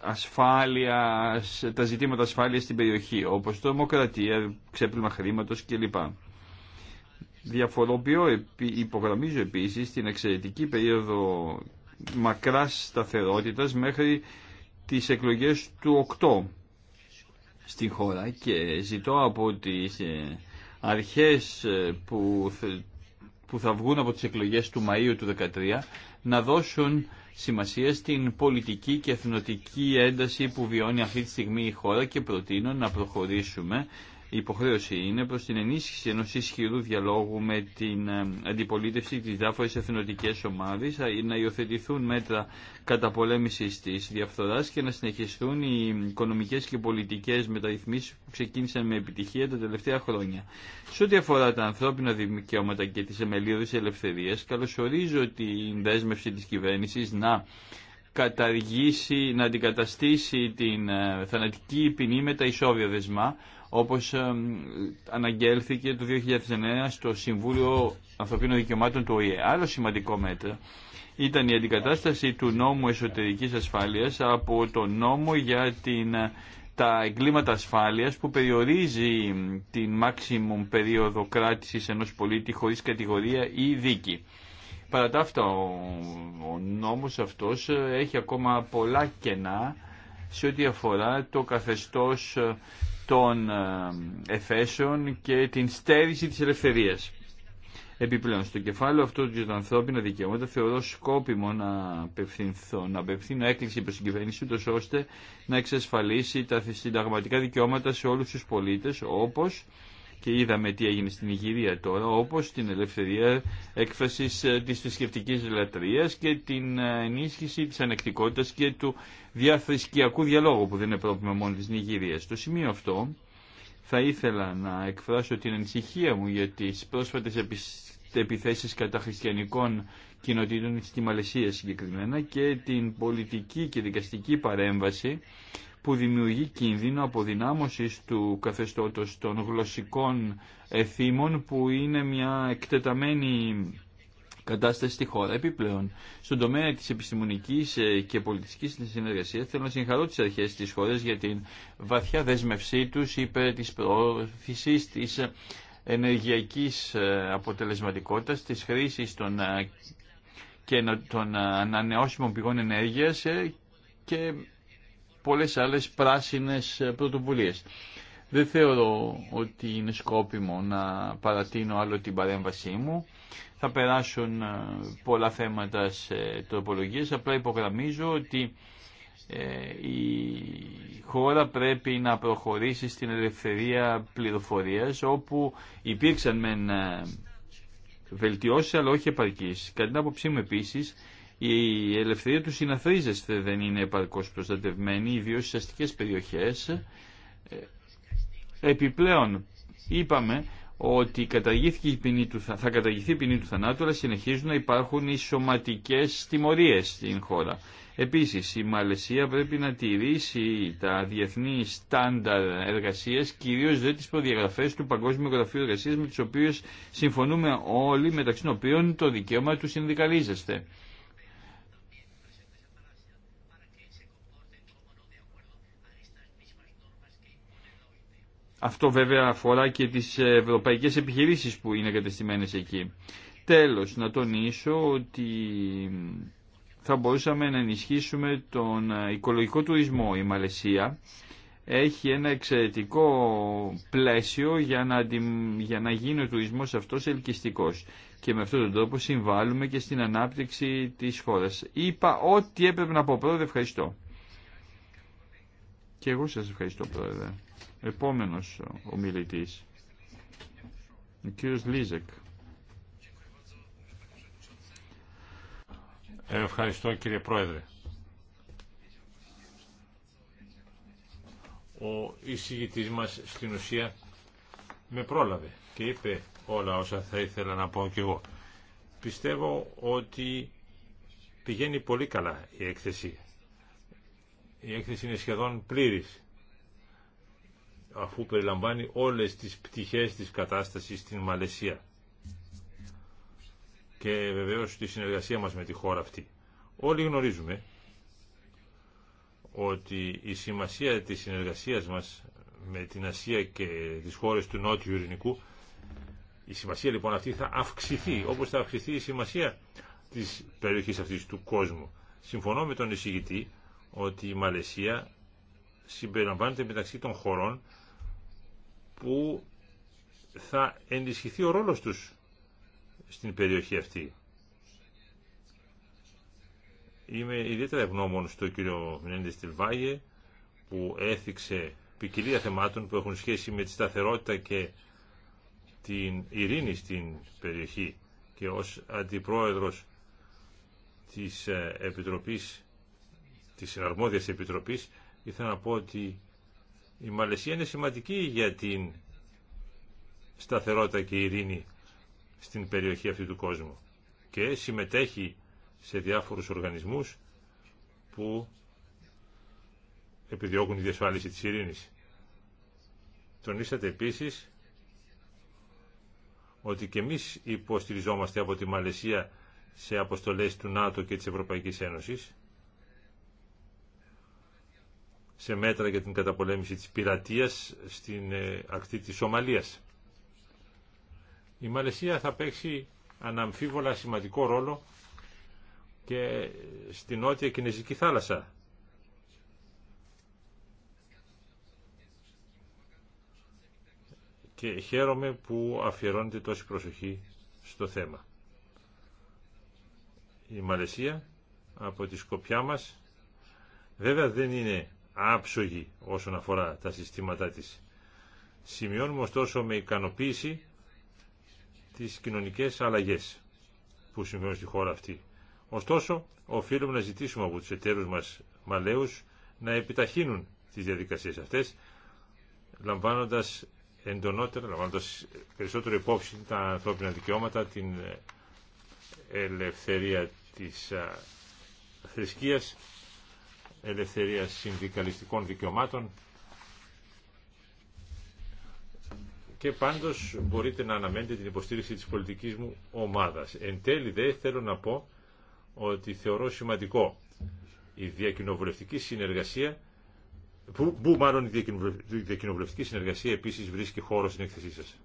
Speaker 4: ασφάλεια, τα ζητήματα ασφάλειας στην περιοχή, όπως το δημοκρατία ξέπλυμα χρήματος κλπ. Διαφοροποιώ, υπογραμμίζω επίσης την εξαιρετική περίοδο μακράς σταθερότητας μέχρι τις εκλογές του 8 στην χώρα και ζητώ από τις ε, αρχές ε, που, που θα βγουν από τις εκλογές του Μαΐου του 2013 να δώσουν σημασία στην πολιτική και εθνοτική ένταση που βιώνει αυτή τη στιγμή η χώρα και προτείνω να προχωρήσουμε η υποχρέωση είναι προ την ενίσχυση ενό ισχυρού διαλόγου με την ε, αντιπολίτευση της διάφορε εθνοτικές ομάδε, ε, να υιοθετηθούν μέτρα καταπολέμηση τη διαφθορά και να συνεχιστούν οι οικονομικέ και πολιτικέ μεταρρυθμίσεις που ξεκίνησαν με επιτυχία τα τελευταία χρόνια. Σε ό,τι αφορά τα ανθρώπινα δικαιώματα και τι εμελίδε ελευθερία, καλωσορίζω την δέσμευση τη κυβέρνηση να καταργήσει, να αντικαταστήσει την ε, θανατική ποινή με τα ισόβια δεσμά, όπως αναγγέλθηκε το 2009 στο Συμβούλιο Ανθρωπίνων Δικαιωμάτων του ΟΗΕ. Άλλο σημαντικό μέτρο ήταν η αντικατάσταση του νόμου εσωτερικής ασφάλειας από το νόμο για την, τα εγκλήματα ασφάλειας που περιορίζει την maximum περίοδο κράτησης ενός πολίτη χωρίς κατηγορία ή δίκη. Παρά τα αυτά ο, ο νόμος αυτός έχει ακόμα πολλά κενά σε ό,τι αφορά το καθεστώς των ε, εφέσεων και την στέρηση της ελευθερίας. Επιπλέον, στο κεφάλαιο αυτό του τα ανθρώπινα δικαιώματα θεωρώ σκόπιμο να απευθυνθώ, να απευθύνω έκκληση προς την κυβέρνηση, ώστε να εξασφαλίσει τα συνταγματικά δικαιώματα σε όλους τους πολίτες, όπως και είδαμε τι έγινε στην Ιγυρία τώρα, όπως την ελευθερία έκφρασης ε, της θρησκευτική λατρείας και την ε, ενίσχυση της ανεκτικότητας και του διαθρησκιακού διαλόγου που δεν είναι πρόβλημα μόνο της Νιγηρίας. Στο σημείο αυτό θα ήθελα να εκφράσω την ανησυχία μου για τις πρόσφατες επιθέσεις κατά χριστιανικών κοινοτήτων στη Μαλαισία συγκεκριμένα και την πολιτική και δικαστική παρέμβαση που δημιουργεί κίνδυνο αποδυνάμωσης του καθεστώτος των γλωσσικών εθήμων που είναι μια εκτεταμένη κατάσταση στη χώρα. Επιπλέον, στον τομέα της επιστημονικής ε, και πολιτιστικής συνεργασίας θέλω να συγχαρώ τις αρχές της χώρας για την βαθιά δέσμευσή τους υπέρ της προώθησης της ενεργειακής ε, αποτελεσματικότητας, της χρήσης των, ε, και των ανανεώσιμων πηγών ενέργειας και πολλές άλλες πράσινες ε, πρωτοβουλίες. Δεν θεωρώ ότι είναι σκόπιμο να παρατείνω άλλο την παρέμβασή μου. Θα περάσουν ε, πολλά θέματα σε τροπολογίες. Απλά υπογραμμίζω ότι ε, η χώρα πρέπει να προχωρήσει στην ελευθερία πληροφορίας όπου υπήρξαν μεν βελτιώσει αλλά όχι επαρκείς. Κατά την άποψή μου επίσης η ελευθερία του συναθρίζεστε δεν είναι επαρκώ προστατευμένη, ιδίω στι αστικέ περιοχές. Ε, επιπλέον, είπαμε ότι καταργήθηκε η ποινή του, θα καταργηθεί η ποινή του θανάτου, αλλά συνεχίζουν να υπάρχουν οι σωματικέ τιμωρίε στην χώρα. Επίση, η Μαλαισία πρέπει να τηρήσει τα διεθνή στάνταρ εργασία κυρίω δε τι προδιαγραφέ του Παγκόσμιου Γραφείου Εργασία με τι οποίε συμφωνούμε όλοι, μεταξύ των οποίων το δικαίωμα του συνδικαλίζεσθε. Αυτό βέβαια αφορά και τις ευρωπαϊκές επιχειρήσεις που είναι κατεστημένες εκεί. Τέλος, να τονίσω ότι θα μπορούσαμε να ενισχύσουμε τον οικολογικό τουρισμό. Η Μαλαισία έχει ένα εξαιρετικό πλαίσιο για να, για να γίνει ο τουρισμός αυτός ελκυστικός. Και με αυτόν τον τρόπο συμβάλλουμε και στην ανάπτυξη της χώρας. Είπα ό,τι έπρεπε να πω πρόεδρε. Ευχαριστώ. Και εγώ σας ευχαριστώ πρόεδρε. Επόμενος ομιλητής, ο κύριος Λίζεκ.
Speaker 5: Ευχαριστώ κύριε Πρόεδρε. Ο εισηγητής μας στην ουσία με πρόλαβε και είπε όλα όσα θα ήθελα να πω κι εγώ. Πιστεύω ότι πηγαίνει πολύ καλά η έκθεση. Η έκθεση είναι σχεδόν πλήρης αφού περιλαμβάνει όλες τις πτυχές της κατάστασης στην Μαλαισία και βεβαίως τη συνεργασία μας με τη χώρα αυτή. Όλοι γνωρίζουμε ότι η σημασία της συνεργασίας μας με την Ασία και τις χώρες του Νότιου Ειρηνικού η σημασία λοιπόν αυτή θα αυξηθεί όπως θα αυξηθεί η σημασία της περιοχής αυτής του κόσμου. Συμφωνώ με τον εισηγητή ότι η Μαλαισία συμπεριλαμβάνεται μεταξύ των χωρών που θα ενισχυθεί ο ρόλος τους στην περιοχή αυτή. Είμαι ιδιαίτερα ευγνώμων στον κύριο Μινέντε Τιλβάγε που έθιξε ποικιλία θεμάτων που έχουν σχέση με τη σταθερότητα και την ειρήνη στην περιοχή και ως αντιπρόεδρος της ε, Επιτροπής της Αρμόδιας Επιτροπής ήθελα να πω ότι η Μαλαισία είναι σημαντική για την σταθερότητα και ειρήνη στην περιοχή αυτή του κόσμου και συμμετέχει σε διάφορους οργανισμούς που επιδιώκουν τη διασφάλιση της ειρήνης. Τονίσατε επίσης ότι και εμείς υποστηριζόμαστε από τη Μαλαισία σε αποστολές του ΝΑΤΟ και της Ευρωπαϊκής Ένωσης σε μέτρα για την καταπολέμηση της πειρατείας στην ε, ακτή της Σομαλίας. Η Μαλαισία θα παίξει αναμφίβολα σημαντικό ρόλο και στη νότια Κινέζικη θάλασσα. Και χαίρομαι που αφιερώνεται τόση προσοχή στο θέμα. Η Μαλαισία από τη σκοπιά μας βέβαια δεν είναι άψογη όσον αφορά τα συστήματά της. Σημειώνουμε ωστόσο με ικανοποίηση τις κοινωνικές αλλαγές που συμβαίνουν στη χώρα αυτή. Ωστόσο, οφείλουμε να ζητήσουμε από τους εταίρους μας Μαλαίους να επιταχύνουν τις διαδικασίες αυτές, λαμβάνοντας εντονότερα, λαμβάνοντας περισσότερο υπόψη τα ανθρώπινα δικαιώματα, την ε, ελευθερία της ε, θρησκείας Ελευθερία συνδικαλιστικών δικαιωμάτων και πάντως μπορείτε να αναμένετε την υποστήριξη της πολιτικής μου ομάδας. Εν τέλει δε θέλω να πω ότι θεωρώ σημαντικό η διακοινοβουλευτική συνεργασία που, που μάλλον η διακοινοβουλευτική συνεργασία επίσης βρίσκει χώρο στην έκθεσή σας.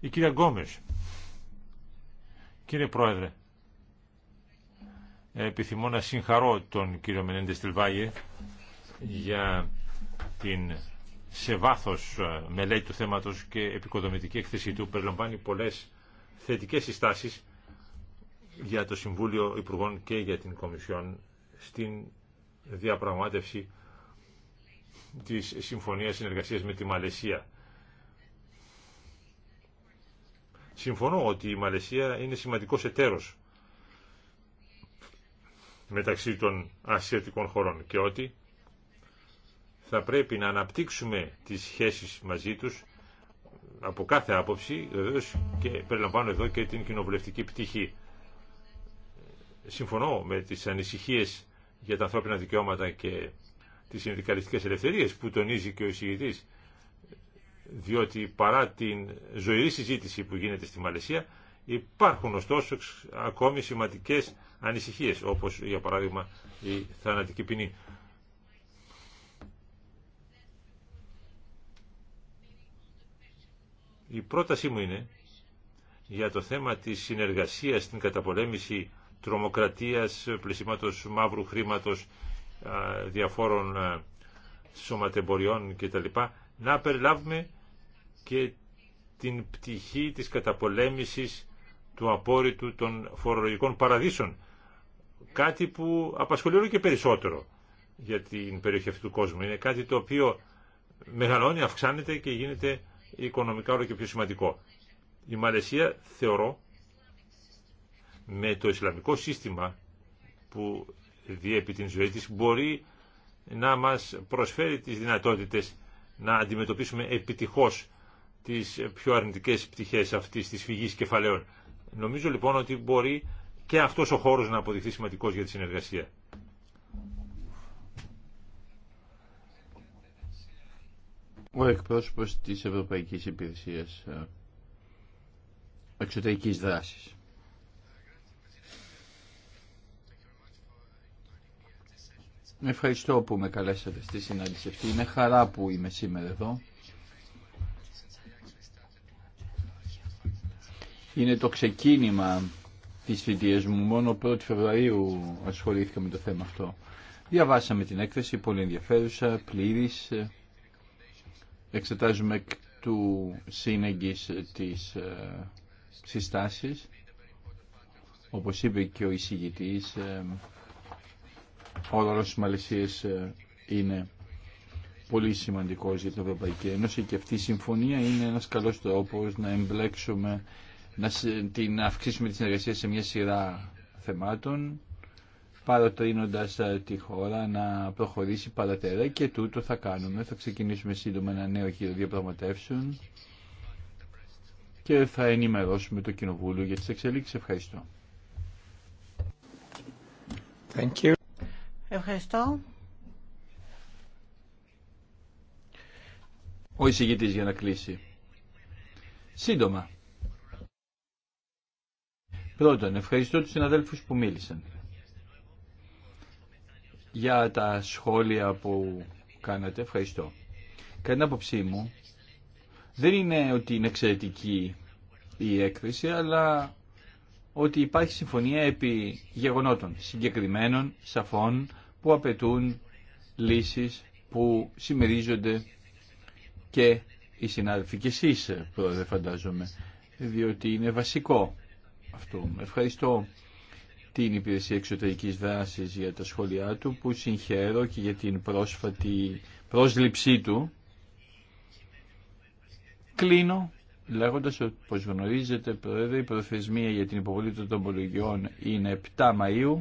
Speaker 5: Η κυρία Γκόμες. Κύριε Πρόεδρε, επιθυμώ να συγχαρώ τον κύριο Μενέντε Τελβάγε για την σε βάθος ε, μελέτη του θέματος και επικοδομητική εκθεσή του περιλαμβάνει πολλές θετικές συστάσεις για το Συμβούλιο Υπουργών και για την Κομισιόν στην διαπραγμάτευση της Συμφωνίας Συνεργασίας με τη Μαλαισία. Συμφωνώ ότι η Μαλαισία είναι σημαντικός εταίρος μεταξύ των ασιατικών χωρών και ότι θα πρέπει να αναπτύξουμε τις σχέσεις μαζί τους από κάθε άποψη, βεβαίω και περιλαμβάνω εδώ και την κοινοβουλευτική πτυχή. Συμφωνώ με τις ανησυχίες για τα ανθρώπινα δικαιώματα και τις συνδικαλιστικές ελευθερίες που τονίζει και ο εισηγητής, διότι παρά την ζωηρή συζήτηση που γίνεται στη Μαλαισία, Υπάρχουν ωστόσο ακόμη σημαντικές ανησυχίες, όπως για παράδειγμα η θανατική ποινή. Η πρότασή μου είναι για το θέμα της συνεργασίας στην καταπολέμηση τρομοκρατίας, πλησίματος μαύρου χρήματος, διαφόρων σωματεμποριών κτλ. να περιλάβουμε και την πτυχή της καταπολέμησης του απόρριτου των φορολογικών παραδείσων. Κάτι που απασχολεί όλο και περισσότερο για την περιοχή αυτού του κόσμου. Είναι κάτι το οποίο μεγαλώνει, αυξάνεται και γίνεται οικονομικά όλο και πιο σημαντικό. Η Μαλαισία θεωρώ με το Ισλαμικό σύστημα που διέπει την ζωή της μπορεί να μας προσφέρει τις δυνατότητες να αντιμετωπίσουμε επιτυχώς τις πιο αρνητικές πτυχές αυτής της φυγής κεφαλαίων. Νομίζω λοιπόν ότι μπορεί και αυτός ο χώρος να αποδειχθεί σημαντικός για τη συνεργασία.
Speaker 4: Ο εκπρόσωπος της Ευρωπαϊκής Υπηρεσίας ε, Εξωτερικής Δράσης. Ευχαριστώ που με καλέσατε στη συνάντηση αυτή. Είναι χαρά που είμαι σήμερα εδώ. Είναι το ξεκίνημα της θητείας μου. Μόνο 1η Φεβρουαρίου ασχολήθηκα με το θέμα αυτό. Διαβάσαμε την έκθεση, πολύ ενδιαφέρουσα, πλήρης. Εξετάζουμε εκ του σύνεγγης της ε, συστάσεις. Όπως είπε και ο εισηγητής, ε, ο ρόλος της Μαλαισίας ε, είναι πολύ σημαντικός για την Ευρωπαϊκή Ένωση και αυτή η συμφωνία είναι ένας καλός τρόπος να εμπλέξουμε να την αυξήσουμε τη συνεργασία σε μια σειρά θεμάτων παροτρύνοντας ε, τη χώρα να προχωρήσει παρατέρα και τούτο θα κάνουμε. Θα ξεκινήσουμε σύντομα ένα νέο γύρο διαπραγματεύσεων και θα ενημερώσουμε το Κοινοβούλιο για τις εξελίξεις. Ευχαριστώ. Thank you.
Speaker 2: Ευχαριστώ.
Speaker 4: Ο εισηγητής για να κλείσει. Σύντομα. Πρώτον, ευχαριστώ τους συναδέλφους που μίλησαν για τα σχόλια που κάνατε. Ευχαριστώ. Κατά την άποψή μου, δεν είναι ότι είναι εξαιρετική η έκθεση, αλλά ότι υπάρχει συμφωνία επί γεγονότων συγκεκριμένων, σαφών, που απαιτούν λύσεις που συμμερίζονται και οι συνάδελφοι και εσείς, πρόεδρε, φαντάζομαι, διότι είναι βασικό αυτού. Ευχαριστώ την Υπηρεσία Εξωτερικής Δράσης για τα σχόλιά του που συγχαίρω και για την πρόσφατη πρόσληψή του. Κλείνω λέγοντας ότι, όπως γνωρίζετε, Πρόεδρε, η προθεσμία για την υποβολή των τομπολογιών είναι 7 Μαΐου.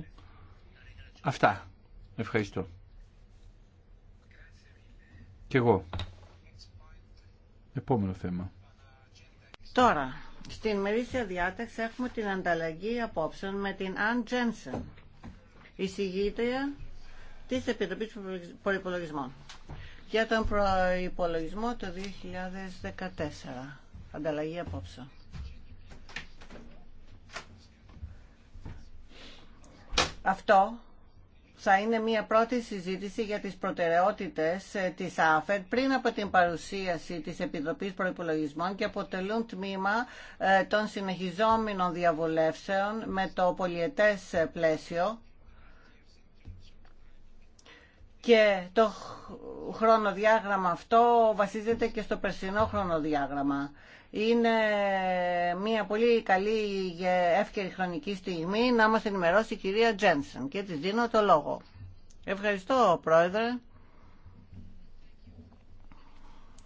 Speaker 4: Αυτά. Ευχαριστώ. και εγώ. Επόμενο θέμα.
Speaker 2: Τώρα, στην μερίσια διάταξη έχουμε την ανταλλαγή απόψεων με την Αν Τζένσεν, εισηγήτρια τη Επιτροπή προπολογισμών. για τον προπολογισμό το 2014. Ανταλλαγή απόψεων. Αυτό θα είναι μια πρώτη συζήτηση για τις προτεραιότητες ε, της ΑΦΕΤ πριν από την παρουσίαση της Επιτροπής Προϋπολογισμών και αποτελούν τμήμα ε, των συνεχιζόμενων διαβουλεύσεων με το πολιετές ε, πλαίσιο και το χρονοδιάγραμμα αυτό βασίζεται και στο περσινό χρονοδιάγραμμα είναι μια πολύ καλή και εύκαιρη χρονική στιγμή να μας ενημερώσει η κυρία Τζένσεν και της δίνω το λόγο. Ευχαριστώ πρόεδρε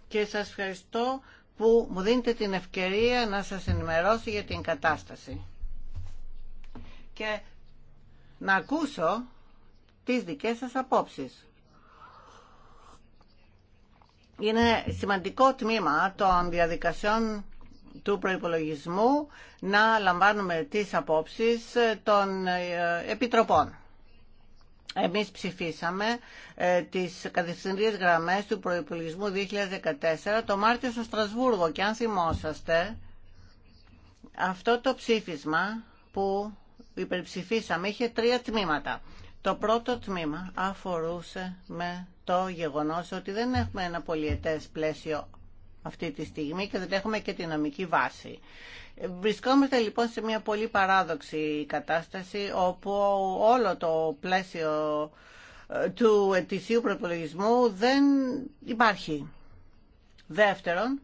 Speaker 2: και σας ευχαριστώ που μου δίνετε την ευκαιρία να σας ενημερώσω για την κατάσταση και να ακούσω τις δικές σας απόψεις είναι σημαντικό τμήμα των διαδικασιών του προϋπολογισμού να λαμβάνουμε τις απόψεις των ε, επιτροπών. Εμείς ψηφίσαμε ε, τις κατευθυντήριες γραμμές του προϋπολογισμού 2014 το Μάρτιο στο Στρασβούργο και αν θυμόσαστε αυτό το ψήφισμα που υπερψηφίσαμε είχε τρία τμήματα. Το πρώτο τμήμα αφορούσε με το γεγονός ότι δεν έχουμε ένα πολιετές πλαίσιο αυτή τη στιγμή και δεν έχουμε και τη νομική βάση. Βρισκόμαστε λοιπόν σε μια πολύ παράδοξη κατάσταση όπου όλο το πλαίσιο ε, του ετησίου προπολογισμού δεν υπάρχει. Δεύτερον,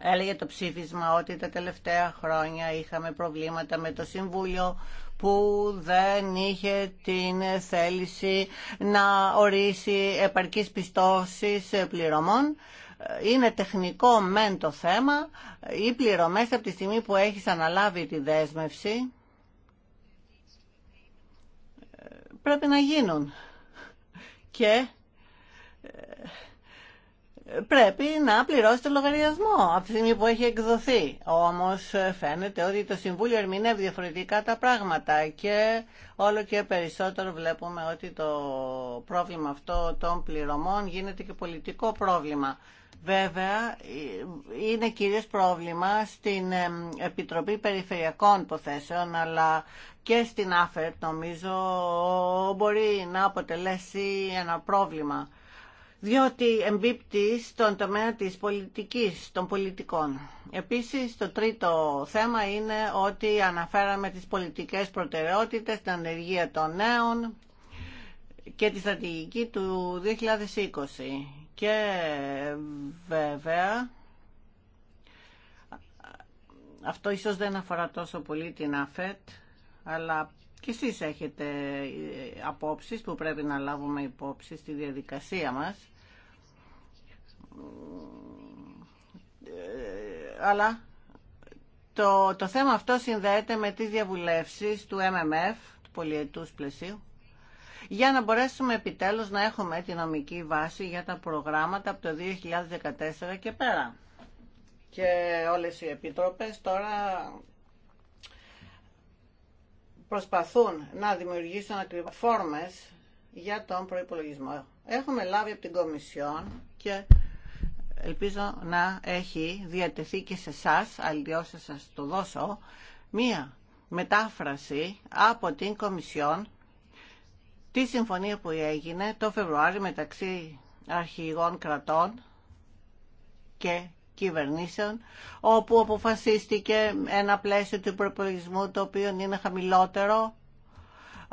Speaker 2: έλεγε το ψήφισμα ότι τα τελευταία χρόνια είχαμε προβλήματα με το Συμβούλιο, που δεν είχε την θέληση να ορίσει επαρκής πιστώσης πληρωμών. Είναι τεχνικό μεν το θέμα. Οι πληρωμές από τη στιγμή που έχεις αναλάβει τη δέσμευση ε, πρέπει να γίνουν. Και ε, πρέπει να πληρώσει το λογαριασμό από τη στιγμή που έχει εκδοθεί. Όμως ε, φαίνεται ότι το Συμβούλιο ερμηνεύει διαφορετικά τα πράγματα και όλο και περισσότερο βλέπουμε ότι το πρόβλημα αυτό των πληρωμών γίνεται και πολιτικό πρόβλημα. Βέβαια, ε, είναι κυρίως πρόβλημα στην ε, Επιτροπή Περιφερειακών Υποθέσεων, αλλά και στην ΑΦΕΤ νομίζω μπορεί να αποτελέσει ένα πρόβλημα διότι εμπίπτει στον τομέα της πολιτικής, των πολιτικών. Επίσης, το τρίτο θέμα είναι ότι αναφέραμε τις πολιτικές προτεραιότητες, την ανεργία των νέων και τη στρατηγική του 2020. Και βέβαια, αυτό ίσως δεν αφορά τόσο πολύ την ΑΦΕΤ, αλλά και εσείς έχετε ε, απόψεις που πρέπει να λάβουμε υπόψη στη διαδικασία μας. Ε, αλλά το, το θέμα αυτό συνδέεται με τις διαβουλεύσεις του MMF, του πολιετούς πλαισίου, για να μπορέσουμε επιτέλους να έχουμε τη νομική βάση για τα προγράμματα από το 2014 και πέρα. Και όλες οι επιτροπές τώρα προσπαθούν να δημιουργήσουν ακριβώς φόρμες για τον προϋπολογισμό. Έχουμε λάβει από την Κομισιόν και ελπίζω να έχει διατεθεί και σε εσά, αλλιώ θα σας το δώσω, μία μετάφραση από την Κομισιόν τη συμφωνία που έγινε το Φεβρουάριο μεταξύ αρχηγών κρατών και κυβερνήσεων, όπου αποφασίστηκε ένα πλαίσιο του προπολογισμού το οποίο είναι χαμηλότερο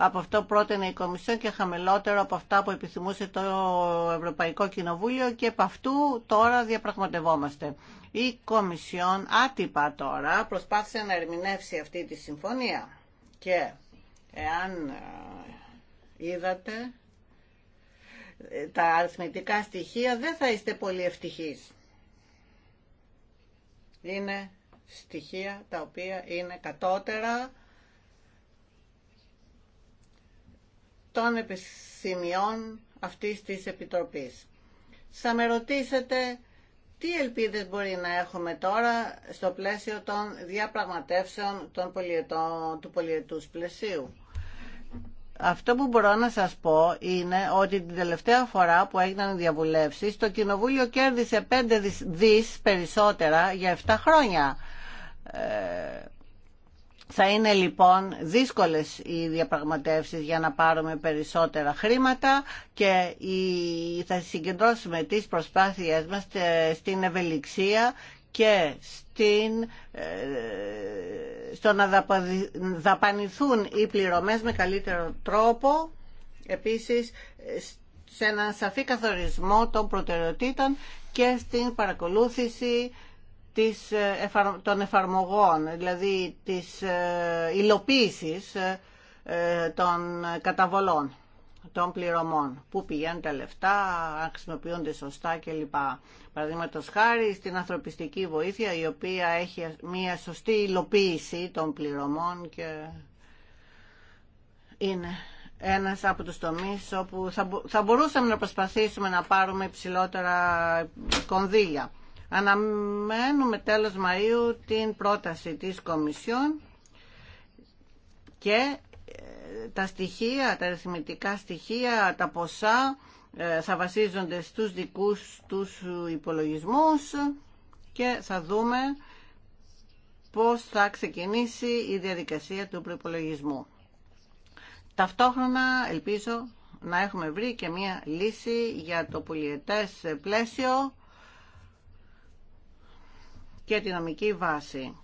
Speaker 2: από αυτό πρότεινε η Κομισιόν και χαμηλότερο από αυτά που επιθυμούσε το Ευρωπαϊκό Κοινοβούλιο και από αυτού τώρα διαπραγματευόμαστε. Η Κομισιόν άτυπα τώρα προσπάθησε να ερμηνεύσει αυτή τη συμφωνία και εάν ε, είδατε ε, τα αριθμητικά στοιχεία δεν θα είστε πολύ ευτυχείς. Είναι στοιχεία τα οποία είναι κατώτερα των επισημειών αυτής της Επιτροπής. Θα με ρωτήσετε τι ελπίδες μπορεί να έχουμε τώρα στο πλαίσιο των διαπραγματεύσεων των πολιετών, του πολιετούς πλαισίου. Αυτό που μπορώ να σας πω είναι ότι την τελευταία φορά που έγιναν διαβουλεύσεις το Κοινοβούλιο κέρδισε 5 δις περισσότερα για 7 χρόνια. Ε, θα είναι λοιπόν δύσκολες οι διαπραγματεύσεις για να πάρουμε περισσότερα χρήματα και θα συγκεντρώσουμε τις προσπάθειές μας ε, στην ευελιξία και στην, ε, στο να δαπανηθούν οι πληρωμές με καλύτερο τρόπο, επίσης σε έναν σαφή καθορισμό των προτεραιοτήτων και στην παρακολούθηση ε, των εφαρμογών, δηλαδή της ε, υλοποίησης ε, των καταβολών, των πληρωμών, που πηγαίνουν τα λεφτά, αν χρησιμοποιούνται σωστά κλπ. Παραδείγματο χάρη στην ανθρωπιστική βοήθεια, η οποία έχει μια σωστή υλοποίηση των πληρωμών και είναι ένας από τους τομείς όπου θα μπορούσαμε να προσπαθήσουμε να πάρουμε υψηλότερα κονδύλια. Αναμένουμε τέλος Μαΐου την πρόταση της Κομισιόν και ε, τα στοιχεία, τα αριθμητικά στοιχεία, τα ποσά ε, θα βασίζονται στους δικούς τους υπολογισμούς και θα δούμε πώς θα ξεκινήσει η διαδικασία του προϋπολογισμού. Ταυτόχρονα ελπίζω να έχουμε βρει και μία λύση για το πολιετές πλαίσιο και τη νομική βάση.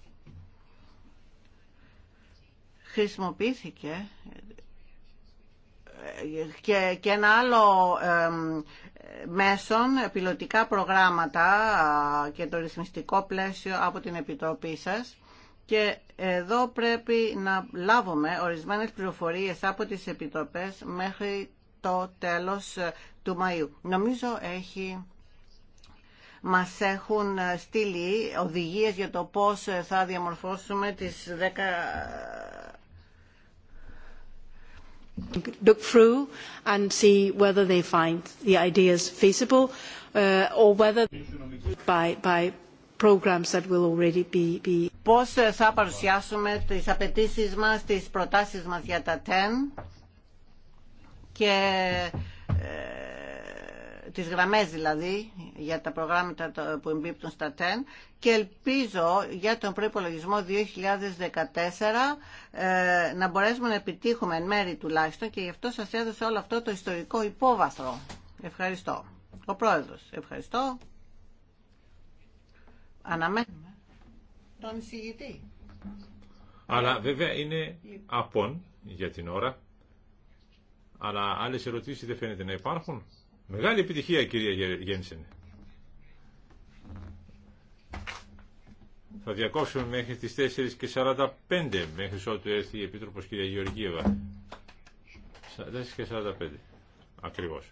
Speaker 2: Χρησιμοποιήθηκε ε, και, και ένα άλλο μέσον, πιλωτικά προγράμματα ε, και το ρυθμιστικό πλαίσιο από την Επιτροπή σας. Και εδώ πρέπει να λάβουμε ορισμένες πληροφορίες από τις Επιτροπές μέχρι το τέλος ε, του Μαΐου. Νομίζω έχει μας έχουν στείλει οδηγίες για το πώς θα διαμορφώσουμε τις 10 look through and see whether they find the ideas feasible uh, or whether by by programs that will already be. Πώς θα παρουσιάσουμε τις απαιτήσεις μας, τις προτάσεις μας για τα 10 και ε, τις γραμμές δηλαδή για τα προγράμματα που εμπίπτουν στα ΤΕΝ και ελπίζω για τον προϋπολογισμό 2014 ε, να μπορέσουμε να επιτύχουμε εν μέρη τουλάχιστον και γι' αυτό σας έδωσα όλο αυτό το ιστορικό υπόβαθρο. Ευχαριστώ. Ο Πρόεδρος, ευχαριστώ. Αναμένουμε τον εισηγητή.
Speaker 5: Αλλά βέβαια είναι απόν για την ώρα. Αλλά άλλες ερωτήσεις δεν φαίνεται να υπάρχουν. Μεγάλη επιτυχία κυρία Γένσεν. Θα διακόψουμε μέχρι τις 4.45 μέχρι ότου έρθει η Επίτροπος κυρία Γεωργίευα. 4.45 ακριβώς.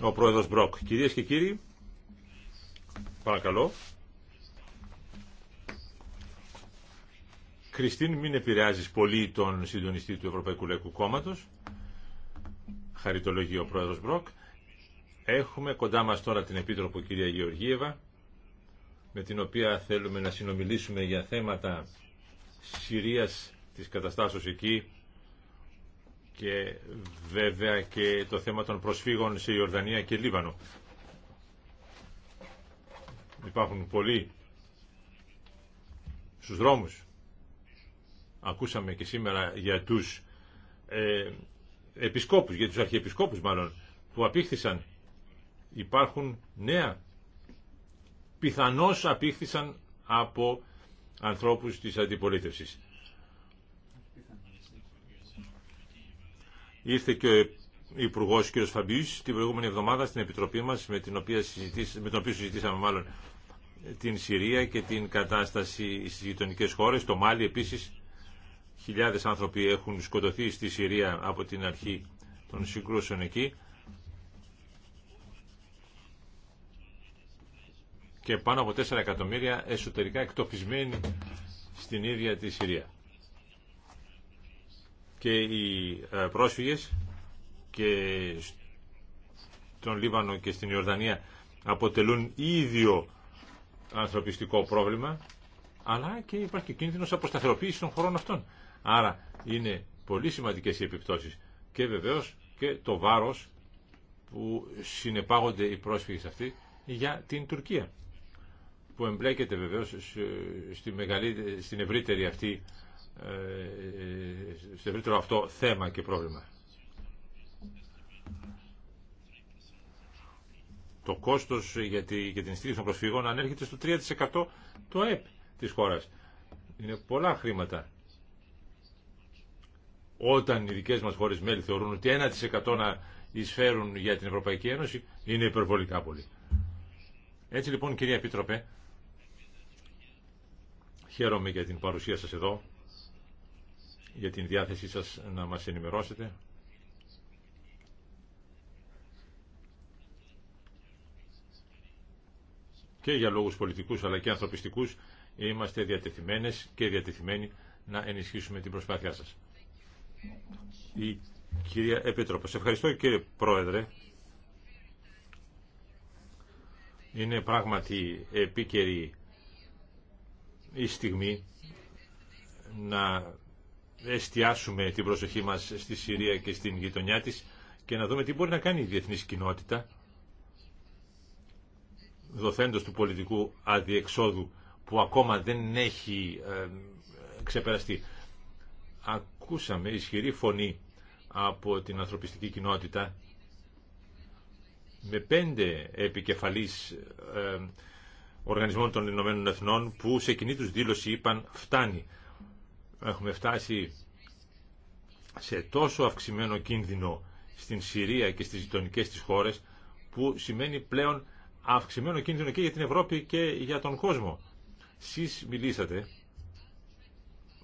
Speaker 5: Ο πρόεδρος Μπροκ. Κυρίες και κύριοι, παρακαλώ. Κριστίν, μην επηρεάζει πολύ τον συντονιστή του Ευρωπαϊκού Λαϊκού Κόμματος. Χαριτολογεί ο πρόεδρος Μπροκ. Έχουμε κοντά μας τώρα την Επίτροπο κυρία Γεωργίευα, με την οποία θέλουμε να συνομιλήσουμε για θέματα Συρίας, της καταστάσεως εκεί, και βέβαια και το θέμα των προσφύγων σε Ιορδανία και Λίβανο. Υπάρχουν πολλοί στους δρόμους. Ακούσαμε και σήμερα για τους ε, επισκόπους, για τους αρχιεπισκόπους μάλλον, που απήχθησαν. Υπάρχουν νέα. Πιθανώς απήχθησαν από ανθρώπους της αντιπολίτευσης. Ήρθε και ο Υπουργό κ. Φαμπίου την προηγούμενη εβδομάδα στην Επιτροπή μα, με, την οποία τον οποίο συζητήσαμε μάλλον την Συρία και την κατάσταση στι γειτονικέ χώρε. Το Μάλι επίση. Χιλιάδε άνθρωποι έχουν σκοτωθεί στη Συρία από την αρχή των συγκρούσεων εκεί. και πάνω από 4 εκατομμύρια εσωτερικά εκτοπισμένοι στην ίδια τη Συρία και οι ε, πρόσφυγες και στον Λίβανο και στην Ιορδανία αποτελούν ίδιο ανθρωπιστικό πρόβλημα αλλά και υπάρχει και κίνδυνος αποσταθεροποίησης των χωρών αυτών. Άρα είναι πολύ σημαντικές οι επιπτώσεις και βεβαίως και το βάρος που συνεπάγονται οι πρόσφυγες αυτοί για την Τουρκία που εμπλέκεται βεβαίως στη μεγαλύτερη, στην ευρύτερη αυτή ε, ε, ε, σε ευρύτερο αυτό θέμα και πρόβλημα. Το κόστος για, την στήριξη των προσφύγων ανέρχεται στο 3% το ΕΠ της χώρας. Είναι πολλά χρήματα. Όταν οι δικές μας χώρες μέλη θεωρούν ότι 1% να εισφέρουν για την Ευρωπαϊκή Ένωση, είναι υπερβολικά πολύ. Έτσι λοιπόν κυρία Επίτροπε, χαίρομαι για την παρουσία σας εδώ για την διάθεσή σας να μας ενημερώσετε. Και για λόγους πολιτικούς αλλά και ανθρωπιστικούς είμαστε διατεθειμένες και διατεθειμένοι να ενισχύσουμε την προσπάθειά σας. Η κυρία Επίτροπος. Ευχαριστώ κύριε Πρόεδρε. Είναι πράγματι επίκαιρη η στιγμή να εστιάσουμε την προσοχή μας στη Συρία και στην γειτονιά της και να δούμε τι μπορεί να κάνει η διεθνής κοινότητα δοθέντος του πολιτικού αδιεξόδου που ακόμα δεν έχει ε, ξεπεραστεί. Ακούσαμε ισχυρή φωνή από την ανθρωπιστική κοινότητα με πέντε επικεφαλής ε, οργανισμών των Ηνωμένων Εθνών που σε κοινή τους δήλωση είπαν φτάνει. Έχουμε φτάσει σε τόσο αυξημένο κίνδυνο στην Συρία και στις γειτονικέ της χώρες που σημαίνει πλέον αυξημένο κίνδυνο και για την Ευρώπη και για τον κόσμο. Σεις μιλήσατε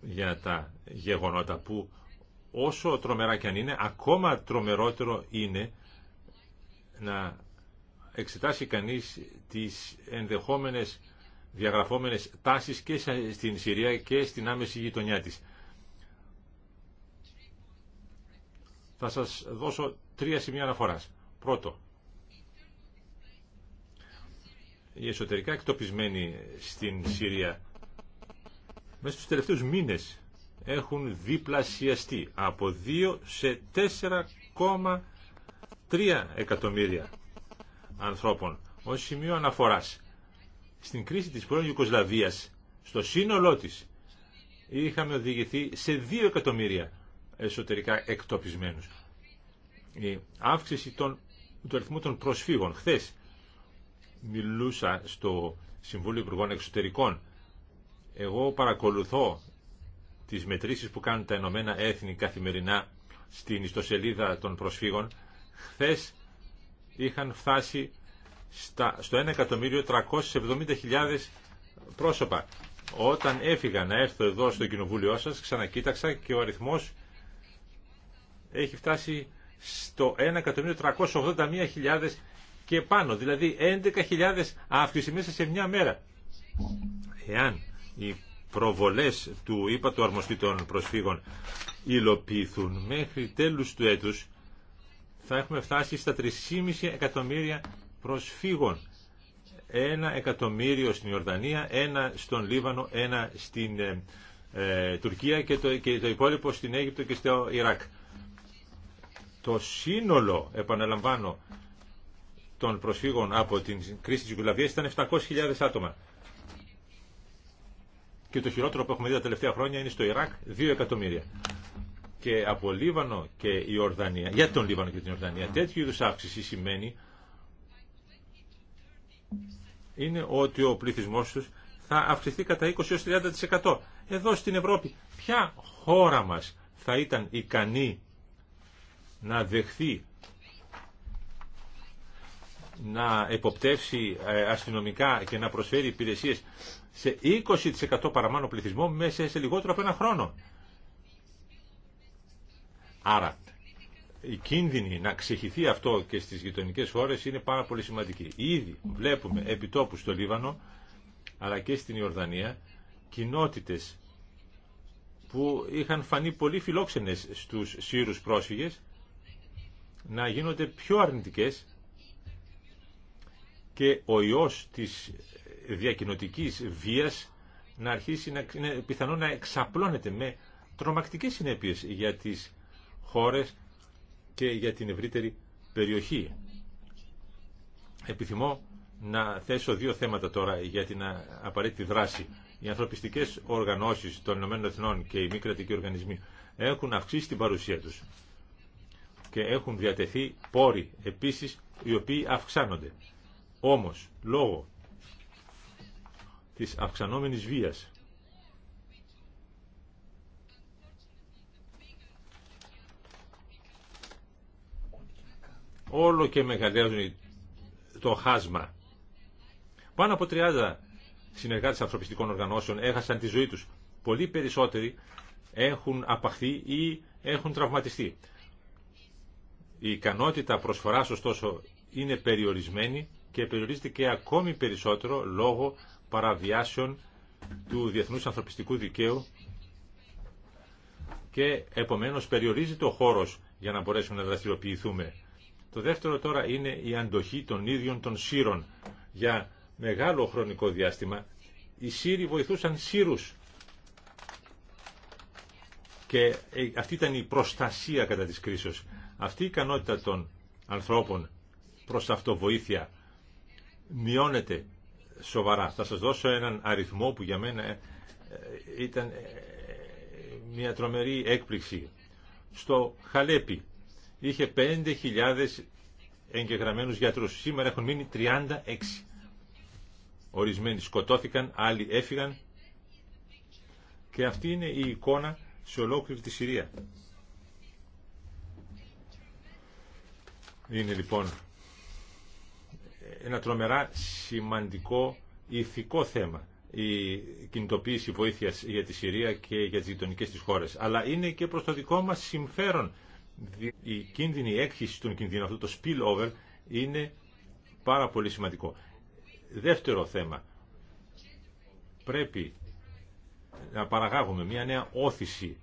Speaker 5: για τα γεγονότα που όσο τρομερά κι αν είναι, ακόμα τρομερότερο είναι να εξετάσει κανείς τις ενδεχόμενες διαγραφόμενες τάσεις και στην Συρία και στην άμεση γειτονιά της. Θα σας δώσω τρία σημεία αναφοράς. Πρώτο, οι εσωτερικά εκτοπισμένοι στην Συρία μέσα στους τελευταίους μήνες έχουν διπλασιαστεί από 2 σε 4,3 εκατομμύρια ανθρώπων ως σημείο αναφοράς στην κρίση της πρώην Ιουκοσλαβίας, στο σύνολό της, είχαμε οδηγηθεί σε 2 εκατομμύρια εσωτερικά εκτοπισμένους. Η αύξηση των, του αριθμού των προσφύγων. Χθε, μιλούσα στο Συμβούλιο Υπουργών Εξωτερικών. Εγώ παρακολουθώ τις μετρήσεις που κάνουν τα Ηνωμένα Έθνη καθημερινά στην ιστοσελίδα των προσφύγων. χθε είχαν φτάσει στο 1.370.000 πρόσωπα. Όταν έφυγα να έρθω εδώ στο κοινοβούλιο σας, ξανακοίταξα και ο αριθμός έχει φτάσει στο 1.381.000 και πάνω, δηλαδή 11.000 αύξηση μέσα σε μια μέρα. Εάν οι προβολές του ΥΠΑ του αρμοστή των προσφύγων υλοποιηθούν μέχρι τέλους του έτους, θα έχουμε φτάσει στα 3,5 εκατομμύρια προσφύγων. Ένα εκατομμύριο στην Ιορδανία, ένα στον Λίβανο, ένα στην ε, ε, Τουρκία και το, και το υπόλοιπο στην Αίγυπτο και στο Ιράκ. Το σύνολο, επαναλαμβάνω, των προσφύγων από την κρίση της Ιουγκλαβίας ήταν 700.000 άτομα. Και το χειρότερο που έχουμε δει τα τελευταία χρόνια είναι στο Ιράκ 2 εκατομμύρια. Και από Λίβανο και η Ορδανία, για τον Λίβανο και την Ορδανία, τέτοιου είδου αύξηση σημαίνει είναι ότι ο πληθυσμός τους θα αυξηθεί κατά 20-30%. Εδώ στην Ευρώπη ποια χώρα μας θα ήταν ικανή να δεχθεί να εποπτεύσει ε, αστυνομικά και να προσφέρει υπηρεσίες σε 20% παραπάνω πληθυσμό μέσα σε λιγότερο από ένα χρόνο. Άρα η κίνδυνη να ξεχυθεί αυτό και στις γειτονικές χώρες είναι πάρα πολύ σημαντική. Ήδη βλέπουμε επιτόπου στο Λίβανο αλλά και στην Ιορδανία κοινότητες που είχαν φανεί πολύ φιλόξενες στους Σύρους πρόσφυγες να γίνονται πιο αρνητικές και ο ιός της διακοινωτικής βίας να αρχίσει να είναι πιθανό να εξαπλώνεται με τρομακτικές συνέπειες για τις χώρες και για την ευρύτερη περιοχή. Επιθυμώ να θέσω δύο θέματα τώρα για την απαραίτητη δράση. Οι ανθρωπιστικές οργανώσεις των ΗΠΑ και οι μη κρατικοί οργανισμοί έχουν αυξήσει την παρουσία τους και έχουν διατεθεί πόροι επίσης οι οποίοι αυξάνονται. Όμως, λόγω της αυξανόμενης βίας όλο και μεγαλύτερο το χάσμα. Πάνω από 30 συνεργάτες ανθρωπιστικών οργανώσεων έχασαν τη ζωή τους. Πολύ περισσότεροι έχουν απαχθεί ή έχουν τραυματιστεί. Η ικανότητα προσφοράς ωστόσο είναι περιορισμένη και περιορίζεται και ακόμη περισσότερο λόγω παραβιάσεων του διεθνούς ανθρωπιστικού δικαίου και επομένως περιορίζεται ο χώρος για να μπορέσουμε να δραστηριοποιηθούμε. Το δεύτερο τώρα είναι η αντοχή των ίδιων των σύρων. Για μεγάλο χρονικό διάστημα οι σύροι βοηθούσαν σύρους και ε, αυτή ήταν η προστασία κατά της κρίσης. Αυτή η ικανότητα των ανθρώπων προς αυτοβοήθεια μειώνεται σοβαρά. Θα σας δώσω έναν αριθμό που για μένα ε, ήταν ε, μια τρομερή έκπληξη. Στο Χαλέπι είχε 5.000 εγγεγραμμένους γιατρούς. Σήμερα έχουν μείνει 36. Ορισμένοι σκοτώθηκαν, άλλοι έφυγαν. Και αυτή είναι η εικόνα σε ολόκληρη τη Συρία. Είναι λοιπόν ένα τρομερά σημαντικό ηθικό θέμα η κινητοποίηση βοήθειας για τη Συρία και για τις γειτονικές της χώρες. Αλλά είναι και προς το δικό μας συμφέρον η κίνδυνη έκχυση των κινδύνων, αυτό το spillover, είναι πάρα πολύ σημαντικό. Δεύτερο θέμα. Πρέπει να παραγάγουμε μια νέα όθηση,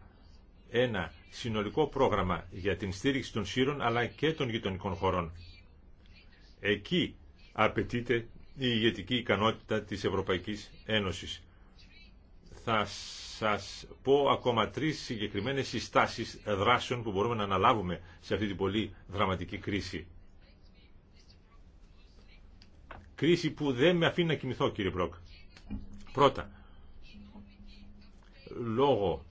Speaker 5: ένα συνολικό πρόγραμμα για την στήριξη των σύρων αλλά και των γειτονικών χωρών. Εκεί απαιτείται η ηγετική ικανότητα της Ευρωπαϊκής Ένωσης. Θα σας πω ακόμα τρεις συγκεκριμένες συστάσεις δράσεων που μπορούμε να αναλάβουμε σε αυτή την πολύ δραματική κρίση. Κρίση που δεν με αφήνει να κοιμηθώ κύριε Μπρόκ Πρώτα, λόγω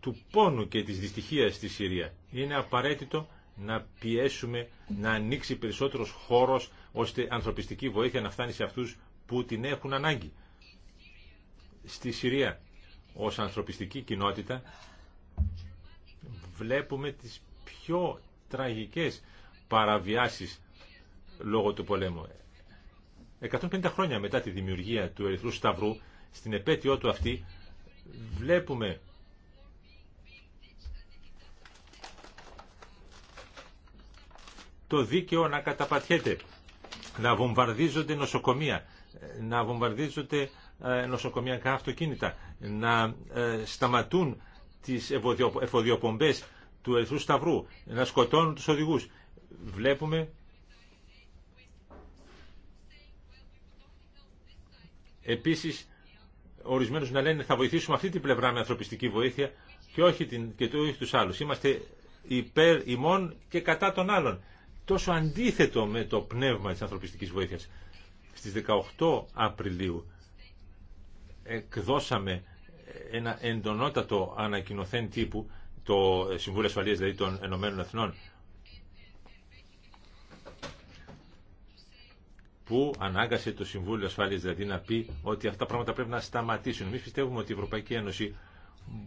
Speaker 5: του πόνου και της δυστυχίας στη Συρία είναι απαραίτητο να πιέσουμε να ανοίξει περισσότερος χώρος ώστε ανθρωπιστική βοήθεια να φτάνει σε αυτούς που την έχουν ανάγκη στη Συρία ως ανθρωπιστική κοινότητα βλέπουμε τις πιο τραγικές παραβιάσεις λόγω του πολέμου. 150 χρόνια μετά τη δημιουργία του Ερυθρού Σταυρού, στην επέτειό του αυτή, βλέπουμε το δίκαιο να καταπατιέται, να βομβαρδίζονται νοσοκομεία, να βομβαρδίζονται ε, νοσοκομιακά αυτοκίνητα, να ε, σταματούν τις εφοδιοπομπές του Ερυθρού Σταυρού, να σκοτώνουν τους οδηγούς. Βλέπουμε επίσης ορισμένους να λένε θα βοηθήσουμε αυτή την πλευρά με ανθρωπιστική βοήθεια και όχι, την, και το, όχι τους άλλους. Είμαστε υπέρ ημών και κατά των άλλων. Τόσο αντίθετο με το πνεύμα της ανθρωπιστικής βοήθειας. Στις 18 Απριλίου εκδώσαμε ένα εντονότατο ανακοινωθέν τύπου το Συμβούλιο Ασφαλείας δηλαδή των Ενωμένων Εθνών που ανάγκασε το Συμβούλιο Ασφάλειας δηλαδή να πει ότι αυτά τα πράγματα πρέπει να σταματήσουν. Εμείς πιστεύουμε ότι η Ευρωπαϊκή Ένωση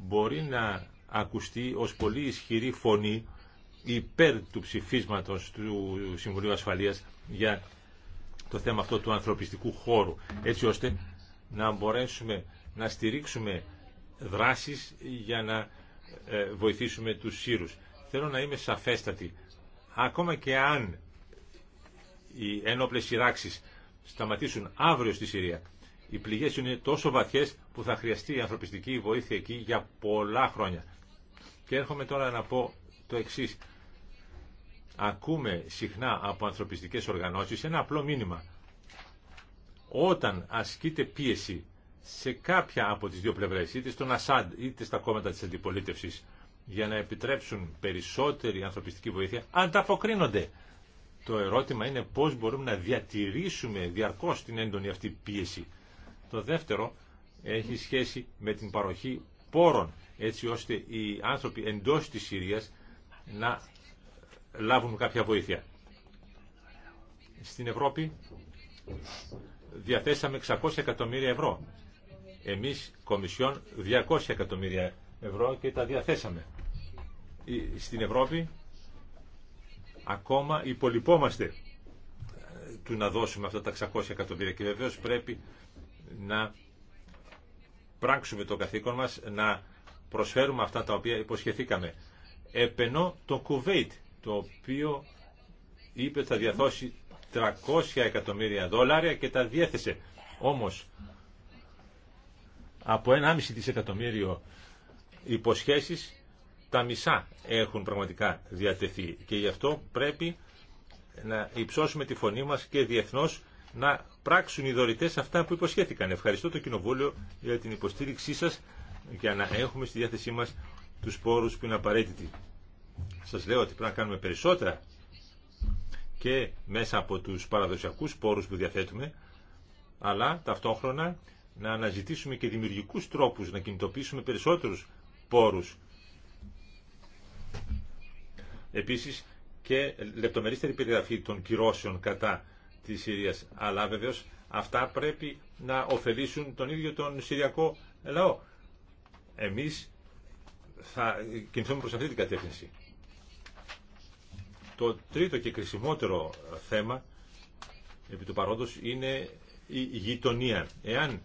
Speaker 5: μπορεί να ακουστεί ως πολύ ισχυρή φωνή υπέρ του ψηφίσματος του Συμβουλίου Ασφαλείας για το θέμα αυτό του ανθρωπιστικού χώρου, έτσι ώστε να μπορέσουμε να στηρίξουμε δράσεις για να ε, βοηθήσουμε τους σύρους. Θέλω να είμαι σαφέστατη. Ακόμα και αν οι ένοπλες σειράξεις σταματήσουν αύριο στη Συρία, οι πληγές είναι τόσο βαθιές που θα χρειαστεί η ανθρωπιστική βοήθεια εκεί για πολλά χρόνια. Και έρχομαι τώρα να πω το εξής. Ακούμε συχνά από ανθρωπιστικές οργανώσεις ένα απλό μήνυμα όταν ασκείται πίεση σε κάποια από τις δύο πλευρές, είτε στον Ασάντ είτε στα κόμματα της αντιπολίτευσης, για να επιτρέψουν περισσότερη ανθρωπιστική βοήθεια, ανταποκρίνονται. Το ερώτημα είναι πώς μπορούμε να διατηρήσουμε διαρκώς την έντονη αυτή πίεση. Το δεύτερο έχει σχέση με την παροχή πόρων, έτσι ώστε οι άνθρωποι εντός της Συρίας να λάβουν κάποια βοήθεια. Στην Ευρώπη διαθέσαμε 600 εκατομμύρια ευρώ. Εμείς, Κομισιόν, 200 εκατομμύρια ευρώ και τα διαθέσαμε. Στην Ευρώπη ακόμα υπολοιπόμαστε ε, του να δώσουμε αυτά τα 600 εκατομμύρια και βεβαίως πρέπει να πράξουμε το καθήκον μας να προσφέρουμε αυτά τα οποία υποσχεθήκαμε. Επενώ το Κουβέιτ, το οποίο είπε θα διαθώσει 300 εκατομμύρια δολάρια και τα διέθεσε. Όμως από 1,5 δισεκατομμύριο υποσχέσεις τα μισά έχουν πραγματικά διατεθεί και γι' αυτό πρέπει να υψώσουμε τη φωνή μας και διεθνώς να πράξουν οι δωρητές αυτά που υποσχέθηκαν. Ευχαριστώ το Κοινοβούλιο για την υποστήριξή σας για να έχουμε στη διάθεσή μας τους πόρους που είναι απαραίτητοι. Σας λέω ότι πρέπει να κάνουμε περισσότερα και μέσα από τους παραδοσιακούς πόρους που διαθέτουμε, αλλά ταυτόχρονα να αναζητήσουμε και δημιουργικούς τρόπους να κινητοποιήσουμε περισσότερους πόρους. Επίσης και λεπτομερίστερη περιγραφή των κυρώσεων κατά της Συρίας. Αλλά βεβαίως αυτά πρέπει να ωφελήσουν τον ίδιο τον Συριακό λαό. Εμείς θα κινηθούμε προς αυτή την κατεύθυνση. Το τρίτο και κρισιμότερο θέμα επί του παρόντος είναι η γειτονία. Εάν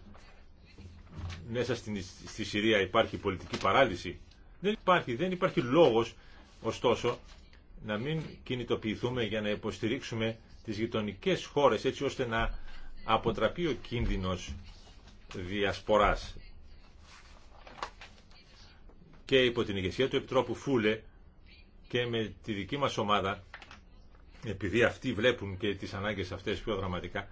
Speaker 5: μέσα στην, στη Συρία υπάρχει πολιτική παράλυση, δεν υπάρχει, δεν υπάρχει λόγος ωστόσο να μην κινητοποιηθούμε για να υποστηρίξουμε τις γειτονικέ χώρες έτσι ώστε να αποτραπεί ο κίνδυνος διασποράς. Και υπό την ηγεσία του Επιτρόπου Φούλε και με τη δική μας ομάδα, επειδή αυτοί βλέπουν και τις ανάγκες αυτές πιο δραματικά,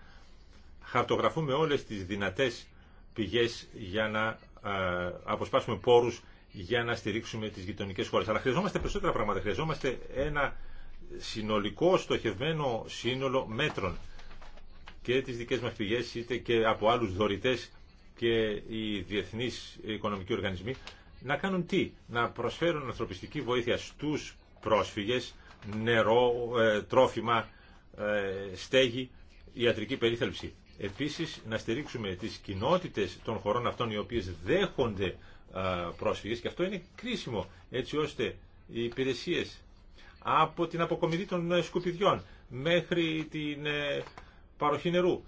Speaker 5: χαρτογραφούμε όλες τις δυνατές πηγές για να ε, αποσπάσουμε πόρους για να στηρίξουμε τις γειτονικές χώρες. Αλλά χρειαζόμαστε περισσότερα πράγματα. Χρειαζόμαστε ένα συνολικό στοχευμένο σύνολο μέτρων και τις δικές μας πηγές είτε και από άλλους δωρητές και οι διεθνείς οικονομικοί οργανισμοί να κάνουν τι, να προσφέρουν ανθρωπιστική βοήθεια στους πρόσφυγες, νερό, ε, τρόφιμα, ε, στέγη, ιατρική περίθαλψη. Επίσης να στηρίξουμε τις κοινότητες των χωρών αυτών οι οποίες δέχονται πρόσφυγες και αυτό είναι κρίσιμο έτσι ώστε οι υπηρεσίες από την αποκομιδή των ε, σκουπιδιών μέχρι την παροχή νερού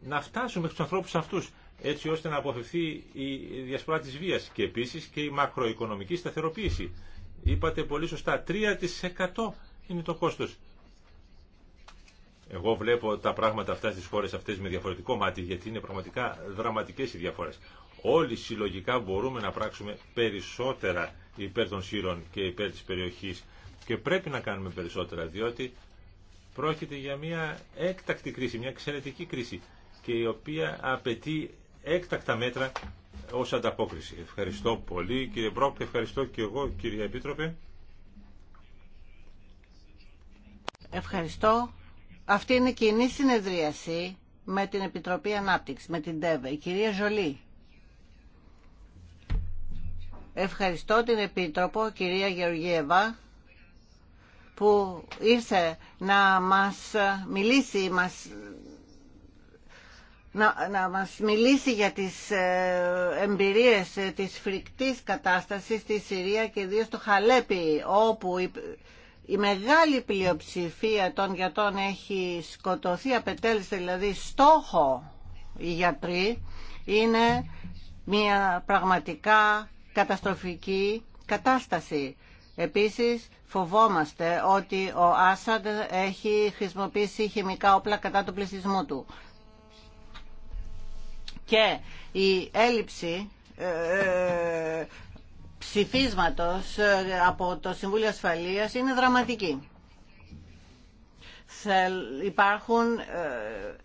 Speaker 5: να φτάσουμε στους ανθρώπους αυτούς έτσι ώστε να αποφευθεί η διασπορά της βίας και επίσης και η μακροοικονομική σταθεροποίηση Είπατε πολύ σωστά, 3% είναι το κόστος. Εγώ βλέπω τα πράγματα αυτά στις χώρες αυτές με διαφορετικό μάτι, γιατί είναι πραγματικά δραματικές οι διαφορές. Όλοι συλλογικά μπορούμε να πράξουμε περισσότερα υπέρ των σύρων και υπέρ της περιοχής και πρέπει να κάνουμε περισσότερα, διότι πρόκειται για μια έκτακτη κρίση, μια εξαιρετική κρίση και η οποία απαιτεί έκτακτα μέτρα ως ανταπόκριση. Ευχαριστώ πολύ κύριε Μπρόκ, ευχαριστώ και εγώ κύριε Επίτροπε.
Speaker 2: Ευχαριστώ. Αυτή είναι κοινή συνεδρίαση με την Επιτροπή Ανάπτυξη, με την ΤΕΒΕ. Η κυρία Ζολή. Ευχαριστώ την Επίτροπο, κυρία Γεωργίεβα, που ήρθε να μας μιλήσει, μας να, να μας μιλήσει για τις ε, εμπειρίες ε, της φρικτής κατάστασης στη Συρία και ιδίως στο Χαλέπι, όπου η, μεγάλη πλειοψηφία των γιατών έχει σκοτωθεί, απετέλεσε δηλαδή στόχο οι γιατροί, είναι μια πραγματικά καταστροφική κατάσταση. Επίσης φοβόμαστε ότι ο Άσαντ έχει χρησιμοποιήσει χημικά όπλα κατά του πληθυσμού του και η έλλειψη ε, ε ψηφίσματος ε, από το Συμβούλιο Ασφαλείας είναι δραματική. Υπάρχουν ε,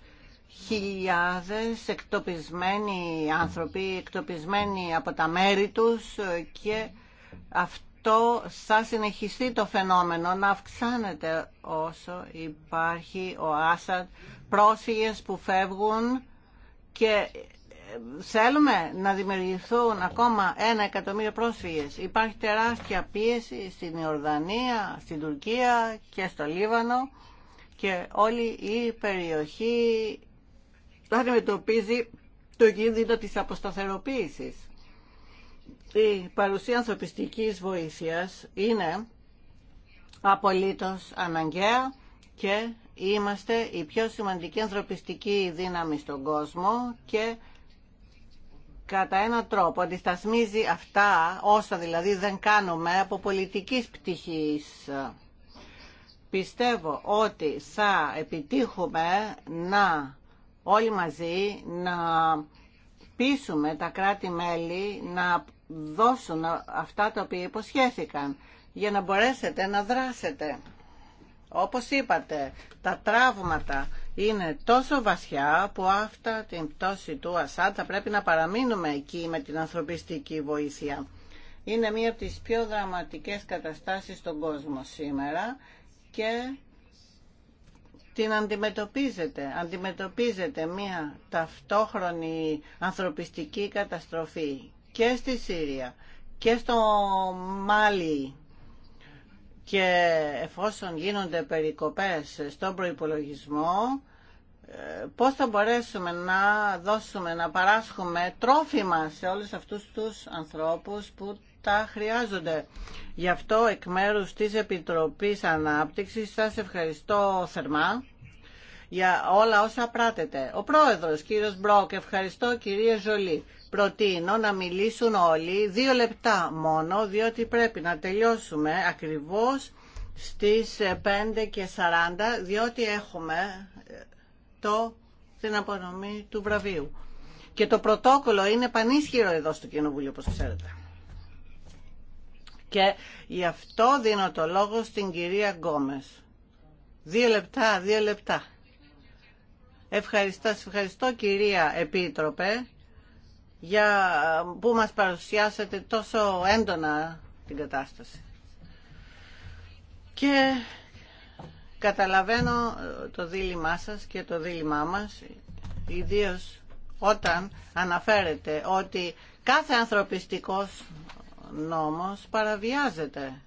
Speaker 2: χιλιάδες εκτοπισμένοι άνθρωποι, εκτοπισμένοι από τα μέρη τους ε, και αυτό θα συνεχιστεί το φαινόμενο να αυξάνεται όσο υπάρχει ο Άσαντ πρόσφυγες που φεύγουν και ε, θέλουμε να δημιουργηθούν ακόμα ένα εκατομμύριο πρόσφυγες. Υπάρχει τεράστια πίεση στην Ιορδανία, στην Τουρκία και στο Λίβανο και όλη η περιοχή αντιμετωπίζει το κίνδυνο της αποσταθεροποίησης. Η παρουσία ανθρωπιστικής βοήθειας είναι απολύτως αναγκαία και Είμαστε η πιο σημαντική ανθρωπιστική δύναμη στον κόσμο και κατά έναν τρόπο αντιστασμίζει αυτά όσα δηλαδή δεν κάνουμε από πολιτικής πτυχής. Πιστεύω ότι θα επιτύχουμε να όλοι μαζί να πείσουμε τα κράτη-μέλη να δώσουν αυτά τα οποία υποσχέθηκαν για να μπορέσετε να δράσετε. Όπως είπατε, τα τραύματα είναι τόσο βασιά που αυτά την πτώση του Ασάντ θα πρέπει να παραμείνουμε εκεί με την ανθρωπιστική βοήθεια. Είναι μία από τις πιο δραματικές καταστάσεις στον κόσμο σήμερα και την αντιμετωπίζεται. Αντιμετωπίζεται μία ταυτόχρονη ανθρωπιστική καταστροφή και στη Σύρια και στο Μάλι και εφόσον γίνονται περικοπές στον προϋπολογισμό, ε, πώς θα μπορέσουμε να δώσουμε, να παράσχουμε τρόφιμα σε όλους αυτούς τους ανθρώπους που τα χρειάζονται. Γι' αυτό εκ μέρους της Επιτροπής Ανάπτυξης σας ευχαριστώ θερμά για όλα όσα πράτετε. Ο πρόεδρος κύριος Μπρόκ, ευχαριστώ κυρία Ζολή προτείνω να μιλήσουν όλοι δύο λεπτά μόνο, διότι πρέπει να τελειώσουμε ακριβώς στις 5 και 40, διότι έχουμε το, την απονομή του βραβείου. Και το πρωτόκολλο είναι πανίσχυρο εδώ στο Κοινοβούλιο, όπως ξέρετε. Και γι' αυτό δίνω το λόγο στην κυρία Γκόμες. Δύο λεπτά, δύο λεπτά. Ευχαριστώ, ευχαριστώ κυρία Επίτροπε για που μας παρουσιάσετε τόσο έντονα την κατάσταση. Και καταλαβαίνω το δίλημά σας και το δίλημά μας, ιδίως όταν αναφέρεται ότι κάθε ανθρωπιστικός νόμος παραβιάζεται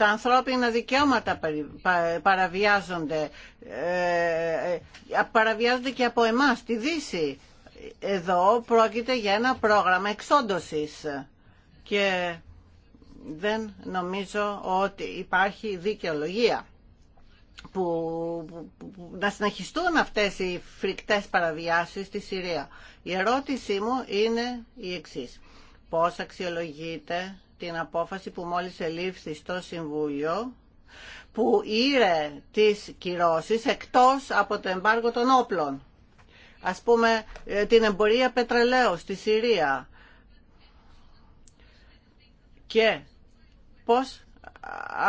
Speaker 2: τα ανθρώπινα δικαιώματα παραβιάζονται, ε, ε, παραβιάζονται και από εμάς, τη Δύση. Εδώ πρόκειται για ένα πρόγραμμα εξόντωσης και δεν νομίζω ότι υπάρχει δικαιολογία που, να συνεχιστούν αυτές οι φρικτές παραβιάσεις στη Συρία. Η ερώτησή μου είναι η εξής. Πώς αξιολογείται την απόφαση που μόλις ελήφθη στο Συμβούλιο που ήρε τις κυρώσεις εκτός από το εμπάργο των όπλων. Ας πούμε ε, την εμπορία πετρελαίου στη Συρία. Και πώς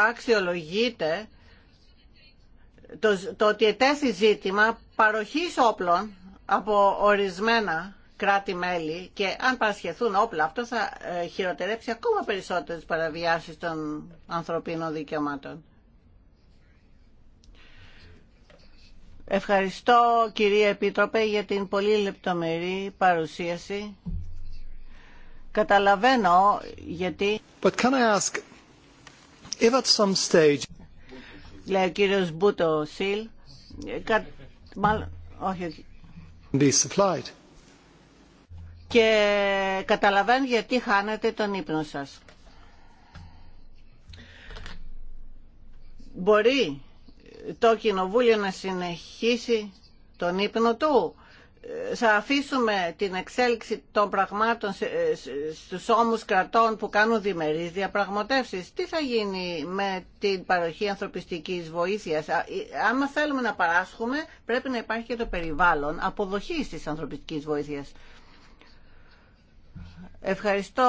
Speaker 2: αξιολογείται το, το ότι ετέθη ζήτημα παροχής όπλων από ορισμένα κράτη-μέλη και αν παρασχεθούν όπλα αυτό θα ε, χειροτερέψει ακόμα περισσότερες παραβιάσεις των ανθρωπίνων δικαιωμάτων. Ευχαριστώ κυρία Επίτροπε για την πολύ λεπτομερή παρουσίαση. Καταλαβαίνω γιατί... But can I ask, if at some stage... Λέει ο κύριος Μπούτο Σιλ, μάλλον, και καταλαβαίνει γιατί χάνετε τον ύπνο σας. Μπορεί το κοινοβούλιο να συνεχίσει τον ύπνο του. Θα αφήσουμε την εξέλιξη των πραγμάτων στους ώμους κρατών που κάνουν διμερείς διαπραγματεύσεις. Τι θα γίνει με την παροχή ανθρωπιστικής βοήθειας. Ε, άμα θέλουμε να παράσχουμε πρέπει να υπάρχει και το περιβάλλον αποδοχής της ανθρωπιστικής βοήθειας. Ευχαριστώ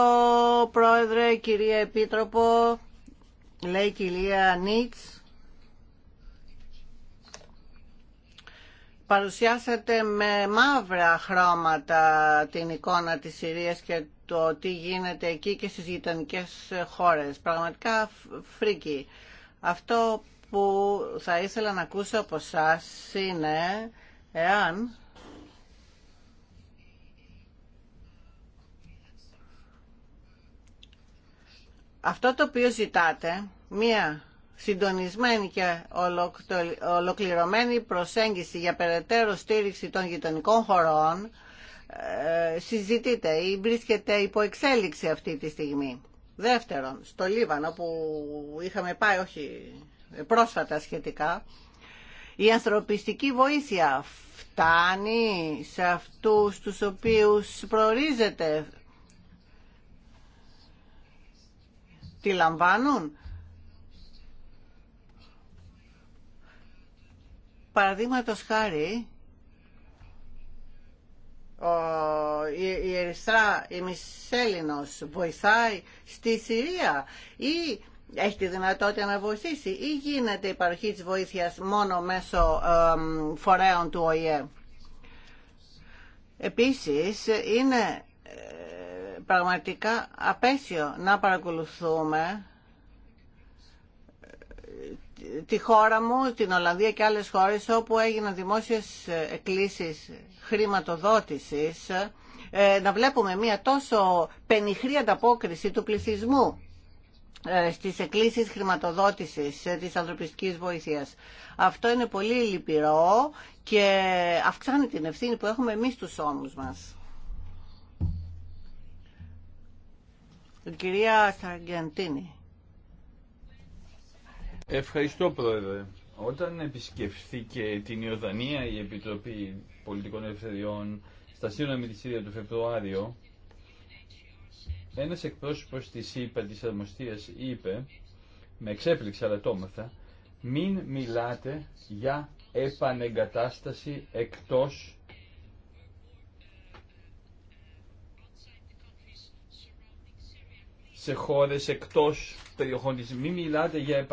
Speaker 2: Πρόεδρε, κυρία Επίτροπο, λέει κυρία Νίτς. Παρουσιάσατε με μαύρα χρώματα την εικόνα της Συρίας και το τι γίνεται εκεί και στις γειτονικέ χώρες. Πραγματικά φρίκι. Αυτό που θα ήθελα να ακούσω από εσά είναι εάν αυτό το οποίο ζητάτε, μία συντονισμένη και ολοκληρωμένη προσέγγιση για περαιτέρω στήριξη των γειτονικών χωρών, ε, συζητείται ή βρίσκεται υπό εξέλιξη αυτή τη στιγμή. Δεύτερον, στο Λίβανο που είχαμε πάει, όχι πρόσφατα σχετικά, η ανθρωπιστική βοήθεια φτάνει σε αυτούς τους οποίους προορίζεται τη λαμβάνουν. Παραδείγματος χάρη, ο, η, η η Μισέλινος βοηθάει στη Συρία ή έχει τη δυνατότητα να βοηθήσει ή γίνεται η παροχή της βοήθειας μόνο μέσω φορέων του ΟΗΕ. Επίσης, είναι πραγματικά απέσιο να παρακολουθούμε ε, τη χώρα μου, την Ολλανδία και άλλες χώρες όπου έγιναν δημόσιες ε, εκκλήσεις χρηματοδότησης ε, να βλέπουμε μια τόσο πενιχρή ανταπόκριση του πληθυσμού στις εκκλήσεις χρηματοδότησης της ανθρωπιστικής βοήθειας. Αυτό είναι πολύ λυπηρό και αυξάνει την ευθύνη που έχουμε εμείς τους ώμους μας. Κυρία Σαργεντίνη.
Speaker 4: Ευχαριστώ Πρόεδρε. Όταν επισκεφθήκε την Ιορδανία η Επιτροπή Πολιτικών Ελευθεριών στα σύνορα με τη Σύρια του Φεβρουάριο, ένας εκπρόσωπος της ΥΠΑ της Αρμοστίας είπε, με εξέπληξε αλλά το μην μιλάτε για επανεγκατάσταση εκτός σε χώρες εκτός περιοχών της. Μην μιλάτε για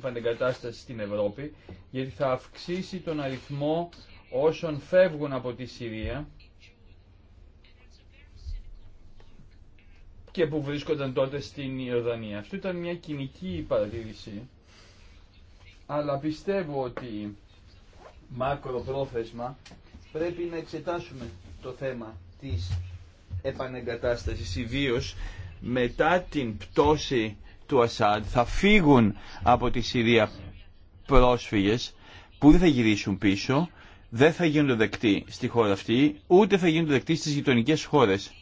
Speaker 4: επανεγκατάσταση στην Ευρώπη, γιατί θα αυξήσει τον αριθμό όσων φεύγουν από τη Συρία και που βρίσκονταν τότε στην Ιορδανία. Αυτό ήταν μια κοινική παρατήρηση, αλλά πιστεύω ότι μακροπρόθεσμα πρέπει να εξετάσουμε το θέμα της επανεγκατάστασης ιδίω μετά την πτώση του Ασάντ θα φύγουν από τη Συρία πρόσφυγες που δεν θα γυρίσουν πίσω, δεν θα γίνονται δεκτοί στη χώρα αυτή, ούτε θα γίνονται δεκτοί στις γειτονικέ χώρες.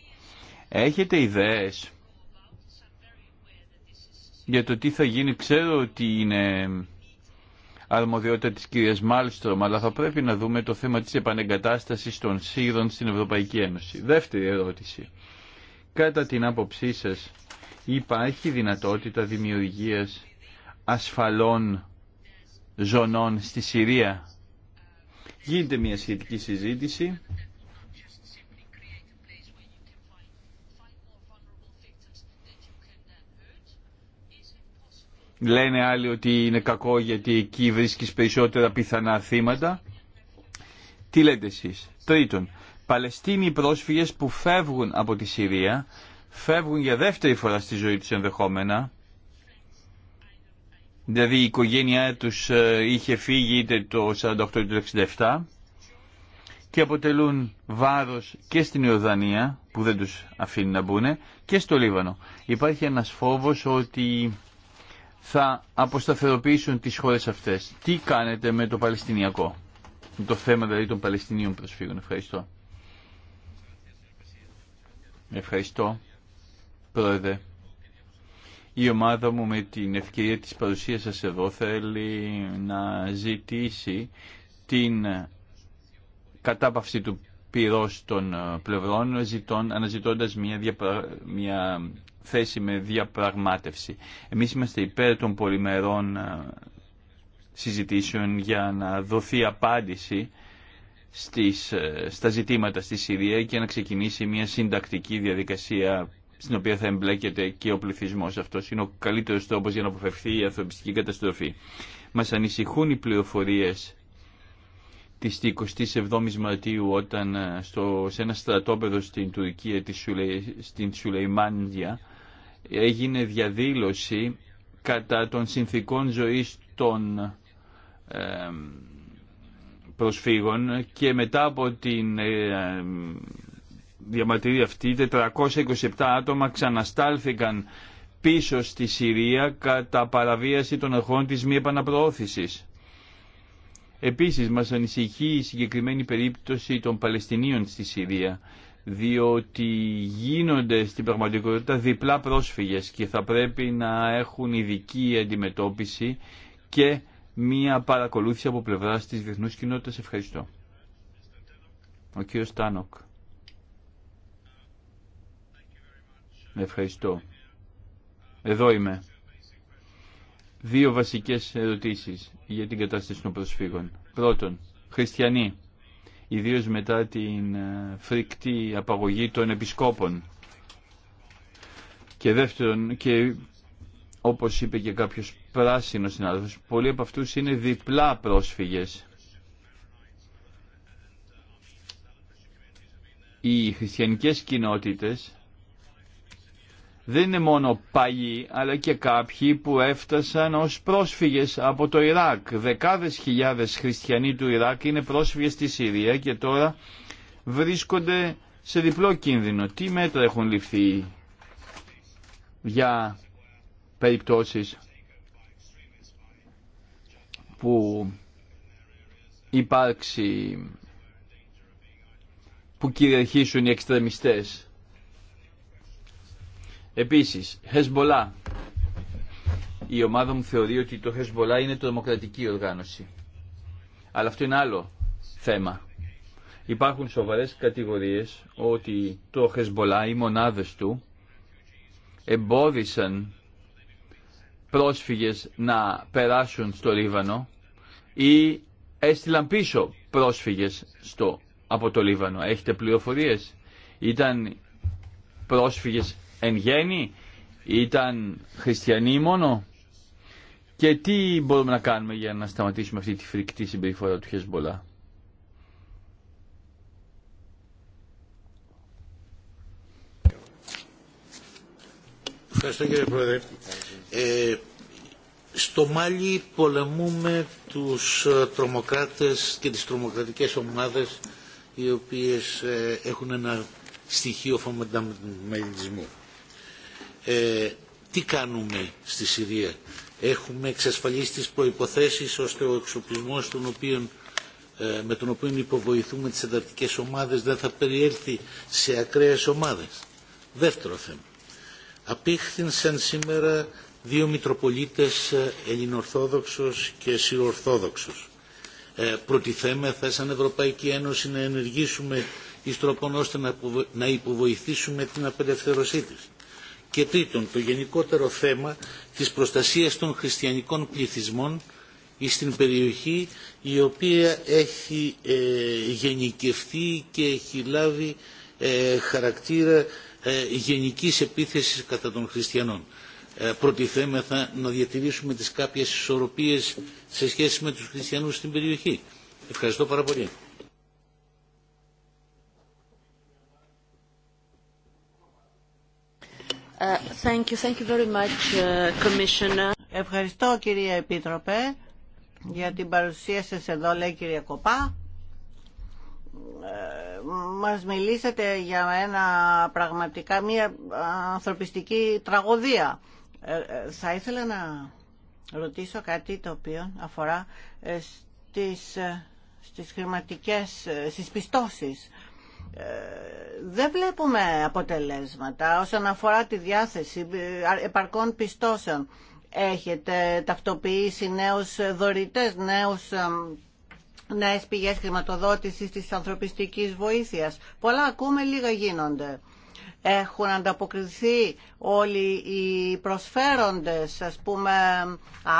Speaker 4: Έχετε ιδέες για το τι θα γίνει. Ξέρω ότι είναι αρμοδιότητα της κυρίας Μάλστρομ, αλλά θα πρέπει να δούμε το θέμα της επανεγκατάστασης των Σύρων στην Ευρωπαϊκή Ένωση. Δεύτερη ερώτηση. Κατά την άποψή σας υπάρχει δυνατότητα δημιουργίας ασφαλών ζωνών στη Συρία. Γίνεται μια σχετική συζήτηση. Λένε άλλοι ότι είναι κακό γιατί εκεί βρίσκεις περισσότερα πιθανά θύματα. Τι λέτε εσείς. Τρίτον, Παλαιστίνοι πρόσφυγες που φεύγουν από τη Συρία, φεύγουν για δεύτερη φορά στη ζωή τους ενδεχόμενα, δηλαδή η οικογένειά τους ε, είχε φύγει είτε το 48 είτε το 67 και αποτελούν βάρος και στην Ιορδανία που δεν τους αφήνει να μπουν και στο Λίβανο. Υπάρχει ένας φόβος ότι θα αποσταθεροποιήσουν τις χώρες αυτές. Τι κάνετε με το Παλαιστινιακό, με το θέμα δηλαδή, των Παλαιστινίων προσφύγων. Ευχαριστώ. Ευχαριστώ, Πρόεδρε. Η ομάδα μου με την ευκαιρία της παρουσίας σας εδώ θέλει να ζητήσει την κατάπαυση του πυρός των ε, πλευρών ζητών, αναζητώντας μια, μια θέση με διαπραγμάτευση. Εμείς είμαστε υπέρ των πολυμερών ε, συζητήσεων για να δοθεί απάντηση στις, ε, στα ζητήματα στη Συρία και να ξεκινήσει μια συντακτική διαδικασία στην οποία θα εμπλέκεται και ο πληθυσμός αυτός. Είναι ο καλύτερος τρόπος για να αποφευθεί η ανθρωπιστική καταστροφή. Μας ανησυχούν οι πληροφορίες της 27ης Μαρτίου όταν ε, στο, σε ένα στρατόπεδο στην Τουρκία, της στην Σουλεϊμάνδια, έγινε διαδήλωση κατά των συνθήκων ζωής των ε, προσφύγων και μετά από την ε, διαμαρτυρία αυτή 427 άτομα ξαναστάλθηκαν πίσω στη Συρία κατά παραβίαση των αρχών της μη επαναπροώθησης. Επίσης μας ανησυχεί η συγκεκριμένη περίπτωση των Παλαιστινίων στη Συρία διότι γίνονται στην πραγματικότητα διπλά πρόσφυγες και θα πρέπει να έχουν ειδική αντιμετώπιση και μία παρακολούθηση από πλευρά της διεθνού κοινότητα. Ευχαριστώ. Ο κύριο Τάνοκ. Ευχαριστώ. Εδώ είμαι. Δύο βασικές ερωτήσεις για την κατάσταση των προσφύγων. Πρώτον, χριστιανοί, ιδίως μετά την ε, φρικτή απαγωγή των επισκόπων. Και δεύτερον, και όπως είπε και κάποιος πράσινο συνάδελφος. Πολλοί από αυτούς είναι διπλά πρόσφυγες. Οι χριστιανικές κοινότητες δεν είναι μόνο παλιοί, αλλά και κάποιοι που έφτασαν ως πρόσφυγες από το Ιράκ. Δεκάδες χιλιάδες χριστιανοί του Ιράκ είναι πρόσφυγες στη Συρία και τώρα βρίσκονται σε διπλό κίνδυνο. Τι μέτρα έχουν ληφθεί για περιπτώσεις που υπάρξει που κυριαρχήσουν οι εξτρεμιστές. Επίσης, Hezbollah. Η ομάδα μου θεωρεί ότι το Χεσμολά είναι τρομοκρατική οργάνωση. Αλλά αυτό είναι άλλο θέμα. Υπάρχουν σοβαρές κατηγορίες ότι το Χεσμολά, οι μονάδες του, εμπόδισαν πρόσφυγες να περάσουν στο Λίβανο ή έστειλαν πίσω πρόσφυγες στο, από το Λίβανο. Έχετε πληροφορίες. Ήταν πρόσφυγες εν γέννη, ήταν χριστιανοί μόνο. Και τι μπορούμε να κάνουμε για να σταματήσουμε αυτή τη φρικτή συμπεριφορά του Χεσμπολά.
Speaker 1: Ευχαριστώ κύριε Πρόεδρε. Ε, στο Μάλι πολεμούμε τους ε, τρομοκράτες και τις τρομοκρατικές ομάδες οι οποίες ε, έχουν ένα στοιχείο φαμενταμελισμού. Ε, τι κάνουμε στη Συρία. Έχουμε εξασφαλίσει τις προϋποθέσεις ώστε ο εξοπλισμός με τον οποίο υποβοηθούμε τις εντατικές ομάδες δεν θα περιέλθει σε ακραίες ομάδες. Δεύτερο θέμα. Απήχθησαν σήμερα δύο Μητροπολίτες ε, Ελληνοορθόδοξος και Συροορθόδοξος. Ε, θα σαν Ευρωπαϊκή Ένωση να ενεργήσουμε εις τρόπον ώστε να υποβοηθήσουμε την απελευθερωσή της. Και τρίτον, το γενικότερο θέμα της προστασίας των χριστιανικών πληθυσμών στην περιοχή η οποία έχει ε, και έχει λάβει ε, χαρακτήρα ε, γενικής επίθεσης κατά των χριστιανών. Ε, προτιθέμεθα να διατηρήσουμε τις κάποιες ισορροπίες σε σχέση με τους χριστιανούς στην περιοχή. Ευχαριστώ πάρα πολύ.
Speaker 2: Ε, uh, Ευχαριστώ κυρία Επίτροπε για την παρουσία σας εδώ λέει κυρία Κοπά. Ε, μας μιλήσατε για ένα πραγματικά μια ανθρωπιστική τραγωδία ε, ε, θα ήθελα να ρωτήσω κάτι το οποίο αφορά ε, στις, στις χρηματικές, στις πιστώσεις. Δεν βλέπουμε αποτελέσματα όσον αφορά τη διάθεση επαρκών πιστώσεων. Έχετε ταυτοποιήσει νέους δωρητές, νέους νέες πηγές χρηματοδότησης της ανθρωπιστικής βοήθειας. Πολλά ακούμε, λίγα γίνονται έχουν ανταποκριθεί όλοι οι προσφέροντες, ας πούμε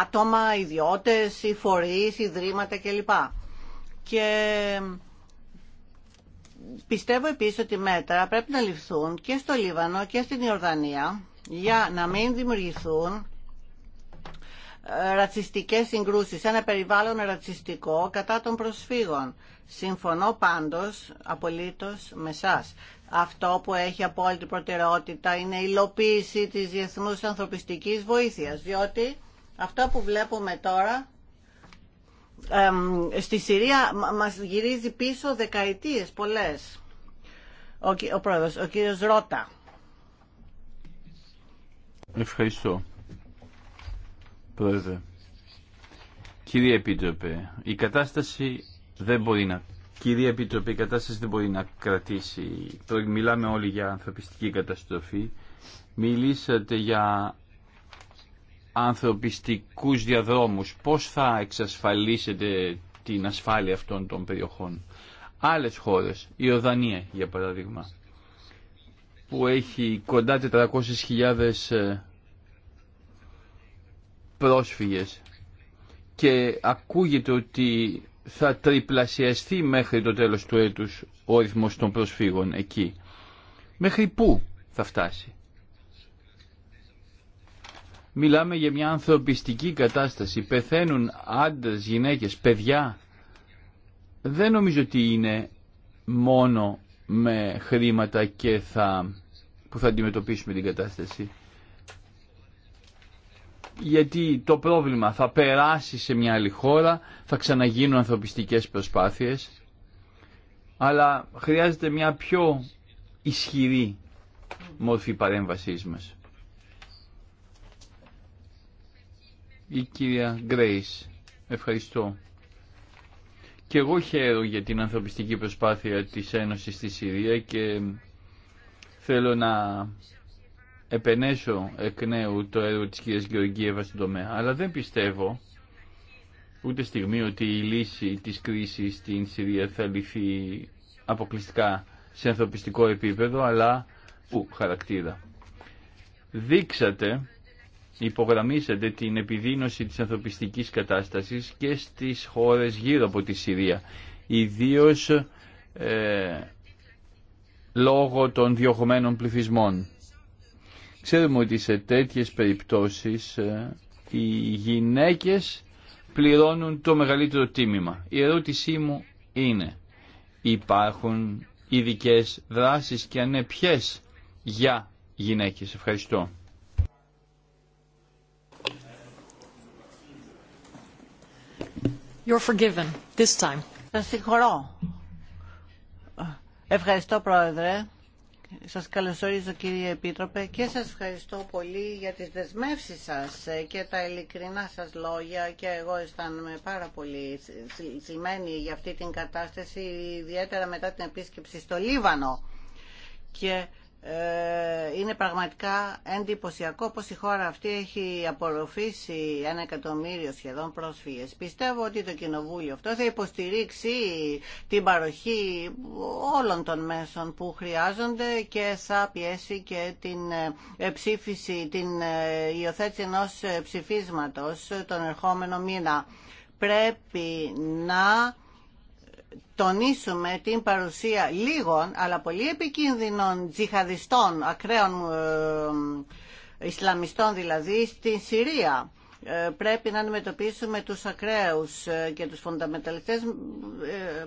Speaker 2: άτομα, ιδιώτες, οι φορείς, ιδρύματα κλπ. Και πιστεύω επίσης ότι μέτρα πρέπει να ληφθούν και στο Λίβανο και στην Ιορδανία για να μην δημιουργηθούν ε, ρατσιστικές συγκρούσεις, ένα περιβάλλον ρατσιστικό κατά των προσφύγων. Συμφωνώ πάντως απολύτως με σας αυτό που έχει απόλυτη προτεραιότητα είναι η υλοποίηση της διεθνούς ανθρωπιστικής βοήθειας, διότι αυτό που βλέπουμε τώρα στη Συρία μας γυρίζει πίσω δεκαετίες πολλές. Ο, ο πρόεδρος, ο κύριος Ρότα.
Speaker 4: Ευχαριστώ, πρόεδρε. Κύριε Επίτροπε, η κατάσταση δεν μπορεί να Κυρία Επιτροπή, η κατάσταση δεν μπορεί να κρατήσει. Μιλάμε όλοι για ανθρωπιστική καταστροφή. Μιλήσατε για ανθρωπιστικούς διαδρόμους. Πώς θα εξασφαλίσετε την ασφάλεια αυτών των περιοχών. Άλλες χώρες, η Ορδανία για παράδειγμα, που έχει κοντά 400.000 ε, πρόσφυγες και ακούγεται ότι θα τριπλασιαστεί μέχρι το τέλος του έτους ο ρυθμός των προσφύγων εκεί.
Speaker 1: Μέχρι πού
Speaker 4: θα φτάσει. Μιλάμε για μια ανθρωπιστική κατάσταση. Πεθαίνουν άντρες, γυναίκες, παιδιά. Δεν νομίζω ότι είναι μόνο με χρήματα και θα, που θα αντιμετωπίσουμε την κατάσταση γιατί το πρόβλημα θα περάσει σε μια άλλη χώρα, θα ξαναγίνουν ανθρωπιστικές προσπάθειες, αλλά χρειάζεται μια πιο ισχυρή μορφή παρέμβασής μας. Η κυρία Γκρέις, ευχαριστώ. Και εγώ χαίρομαι για την ανθρωπιστική προσπάθεια της Ένωσης στη Συρία και θέλω να επενέσω εκ νέου το έργο της κυρίας Γεωργίευα στον τομέα, αλλά δεν πιστεύω ούτε στιγμή ότι η λύση της κρίσης στην Συρία θα λυθεί αποκλειστικά σε ανθρωπιστικό επίπεδο, αλλά που χαρακτήρα. Δείξατε, υπογραμμίσατε την επιδείνωση της ανθρωπιστικής κατάστασης και στις χώρες γύρω από τη Συρία, ιδίως ε, λόγω των διωγμένων πληθυσμών. Ξέρουμε ότι σε τέτοιες περιπτώσεις ε, οι γυναίκες πληρώνουν το μεγαλύτερο τίμημα. Η ερώτησή μου είναι υπάρχουν ειδικέ δράσεις και ανέπιες ναι, για γυναίκες. Ευχαριστώ.
Speaker 2: You're forgiven this time. Ευχαριστώ πρόεδρε. Σας καλωσορίζω κύριε Επίτροπε και σας ευχαριστώ πολύ για τις δεσμεύσεις σας ε, και τα ειλικρινά σας λόγια και εγώ αισθάνομαι πάρα πολύ σημαίνει για αυτή την κατάσταση ιδιαίτερα μετά την επίσκεψη στο Λίβανο και ε, είναι πραγματικά εντυπωσιακό πως η χώρα αυτή έχει απορροφήσει ένα εκατομμύριο σχεδόν πρόσφυγες. Πιστεύω ότι το Κοινοβούλιο αυτό θα υποστηρίξει την παροχή όλων των μέσων που χρειάζονται και θα πιέσει και την ε, ψήφιση, την ε, υιοθέτηση ενός ψηφίσματος τον ερχόμενο μήνα. Πρέπει να τονίσουμε την παρουσία λίγων αλλά πολύ επικίνδυνων τζιχαδιστών, ακραίων ε, Ισλαμιστών δηλαδή, στην Συρία. Ε, πρέπει να αντιμετωπίσουμε τους ακραίους ε, και τους φονταμεταλιστές ε,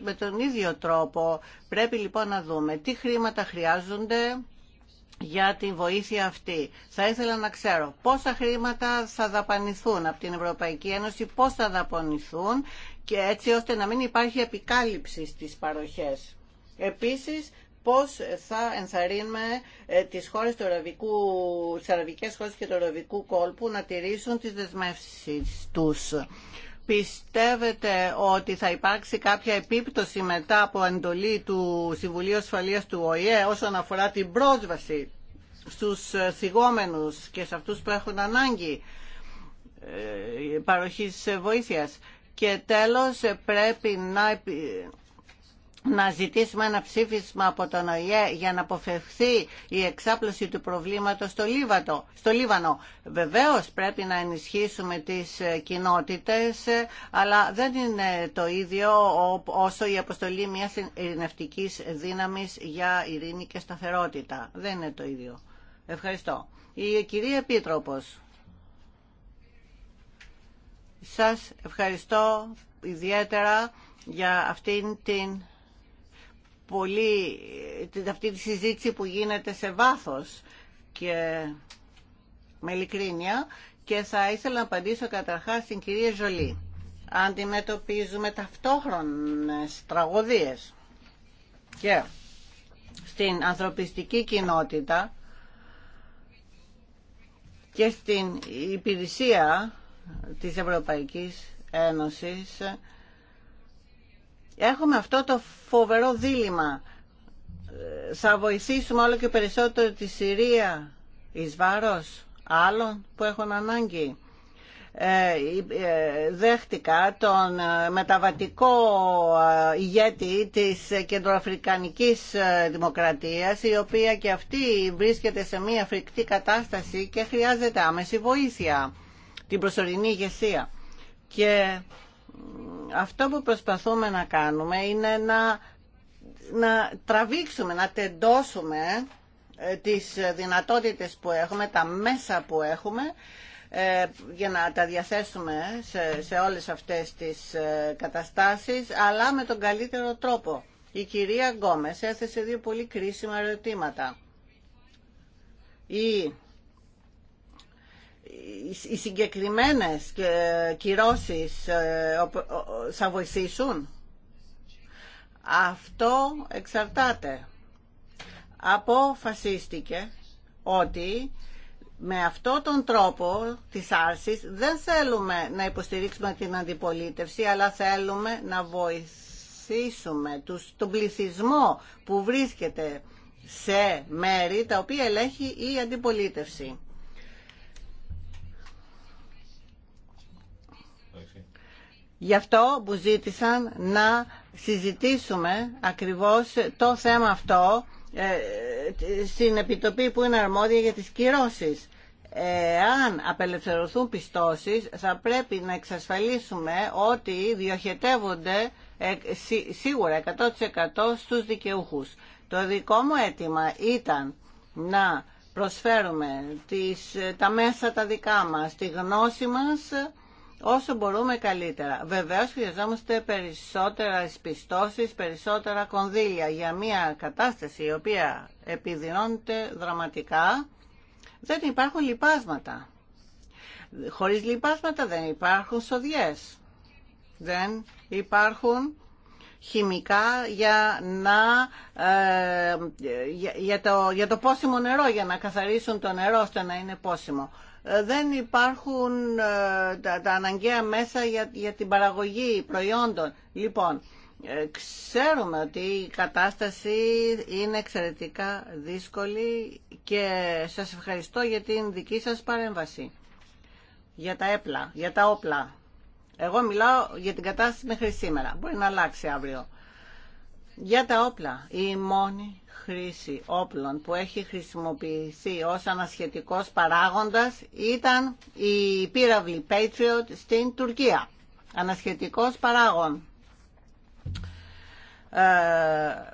Speaker 2: με τον ίδιο τρόπο. Πρέπει λοιπόν να δούμε τι χρήματα χρειάζονται για την βοήθεια αυτή. Θα ήθελα να ξέρω πόσα χρήματα θα δαπανηθούν από την Ευρωπαϊκή Ένωση, πώς θα δαπανηθούν και έτσι ώστε να μην υπάρχει επικάλυψη στις παροχές. Επίσης, πώς θα ενθαρρύνουμε ε, τις χώρες του ραβικού τις αραβικές χώρες και του αραβικού κόλπου να τηρήσουν τις δεσμεύσεις τους. Πιστεύετε ότι θα υπάρξει κάποια επίπτωση μετά από εντολή του Συμβουλίου Ασφαλείας του ΟΗΕ όσον αφορά την πρόσβαση στους ε, θυγόμενους και σε αυτούς που έχουν ανάγκη ε, παροχής βοήθειας. Και τέλος πρέπει να, να ζητήσουμε ένα ψήφισμα από τον ΟΗΕ για να αποφευχθεί η εξάπλωση του προβλήματος στο, Λίβατο, στο Λίβανο. Βεβαίως πρέπει να ενισχύσουμε τις ε, κοινότητες, ε, αλλά δεν είναι το ίδιο όσο η αποστολή μιας ειρηνευτικής δύναμης για ειρήνη και σταθερότητα. Δεν είναι το ίδιο. Ευχαριστώ. Η κυρία Επίτροπος. Σας ευχαριστώ ιδιαίτερα για αυτήν την πολύ, αυτή τη συζήτηση που γίνεται σε βάθος και με ειλικρίνεια και θα ήθελα να απαντήσω καταρχάς στην κυρία Ζολή. Αντιμετωπίζουμε ταυτόχρονες τραγωδίες και στην ανθρωπιστική κοινότητα και στην υπηρεσία της Ευρωπαϊκής Ένωσης έχουμε αυτό το φοβερό δίλημα θα βοηθήσουμε όλο και περισσότερο τη Συρία εις βάρος άλλων που έχουν ανάγκη ε, ε, δέχτηκα τον ε, μεταβατικό ηγέτη της κεντροαφρικανικής δημοκρατίας η οποία και αυτή βρίσκεται σε μια φρικτή κατάσταση και χρειάζεται άμεση βοήθεια την προσωρινή ηγεσία. Και αυτό που προσπαθούμε να κάνουμε είναι να, να τραβήξουμε, να τεντώσουμε ε, τις δυνατότητες που έχουμε, τα μέσα που έχουμε ε, για να τα διαθέσουμε σε, σε όλες αυτές τις ε, καταστάσεις αλλά με τον καλύτερο τρόπο. Η κυρία Γκόμες έθεσε δύο πολύ κρίσιμα ερωτήματα. Η οι συγκεκριμένες κυρώσεις ε, θα βοηθήσουν. Αυτό εξαρτάται. Αποφασίστηκε ότι με αυτόν τον τρόπο της άρσης δεν θέλουμε να υποστηρίξουμε την αντιπολίτευση, αλλά θέλουμε να βοηθήσουμε τους, τον πληθυσμό που βρίσκεται σε μέρη τα οποία ελέγχει η αντιπολίτευση. Γι' αυτό που ζήτησαν να συζητήσουμε ακριβώς το θέμα αυτό ε, στην επιτοπή που είναι αρμόδια για τις κυρώσεις. Αν απελευθερωθούν πιστώσεις θα πρέπει να εξασφαλίσουμε ότι διοχετεύονται ε, σίγουρα 100% στους δικαιούχους. Το δικό μου αίτημα ήταν να προσφέρουμε τα μέσα τα δικά μας, τη γνώση μας όσο μπορούμε καλύτερα. Βεβαίω χρειαζόμαστε περισσότερα πιστώσει, περισσότερα κονδύλια για μια κατάσταση η οποία επιδεινώνεται δραματικά. Δεν υπάρχουν λιπάσματα. Χωρίς λιπάσματα δεν υπάρχουν σοδιές. Δεν υπάρχουν χημικά για, να, ε, για, το, για το πόσιμο νερό, για να καθαρίσουν το νερό ώστε να είναι πόσιμο δεν υπάρχουν ε, τα, τα αναγκαία μέσα για, την παραγωγή προϊόντων. Λοιπόν, ε, ξέρουμε ότι η κατάσταση είναι εξαιρετικά δύσκολη και σας ευχαριστώ για την δική σας παρέμβαση. Για τα, έπλα, για τα όπλα. Εγώ μιλάω για την κατάσταση μέχρι σήμερα. Μπορεί να αλλάξει αύριο. Για τα όπλα. Η μόνη χρήση όπλων που έχει χρησιμοποιηθεί ως ανασχετικός παράγοντας ήταν η πύραυλη Patriot στην Τουρκία. Ανασχετικός παράγον. Ε,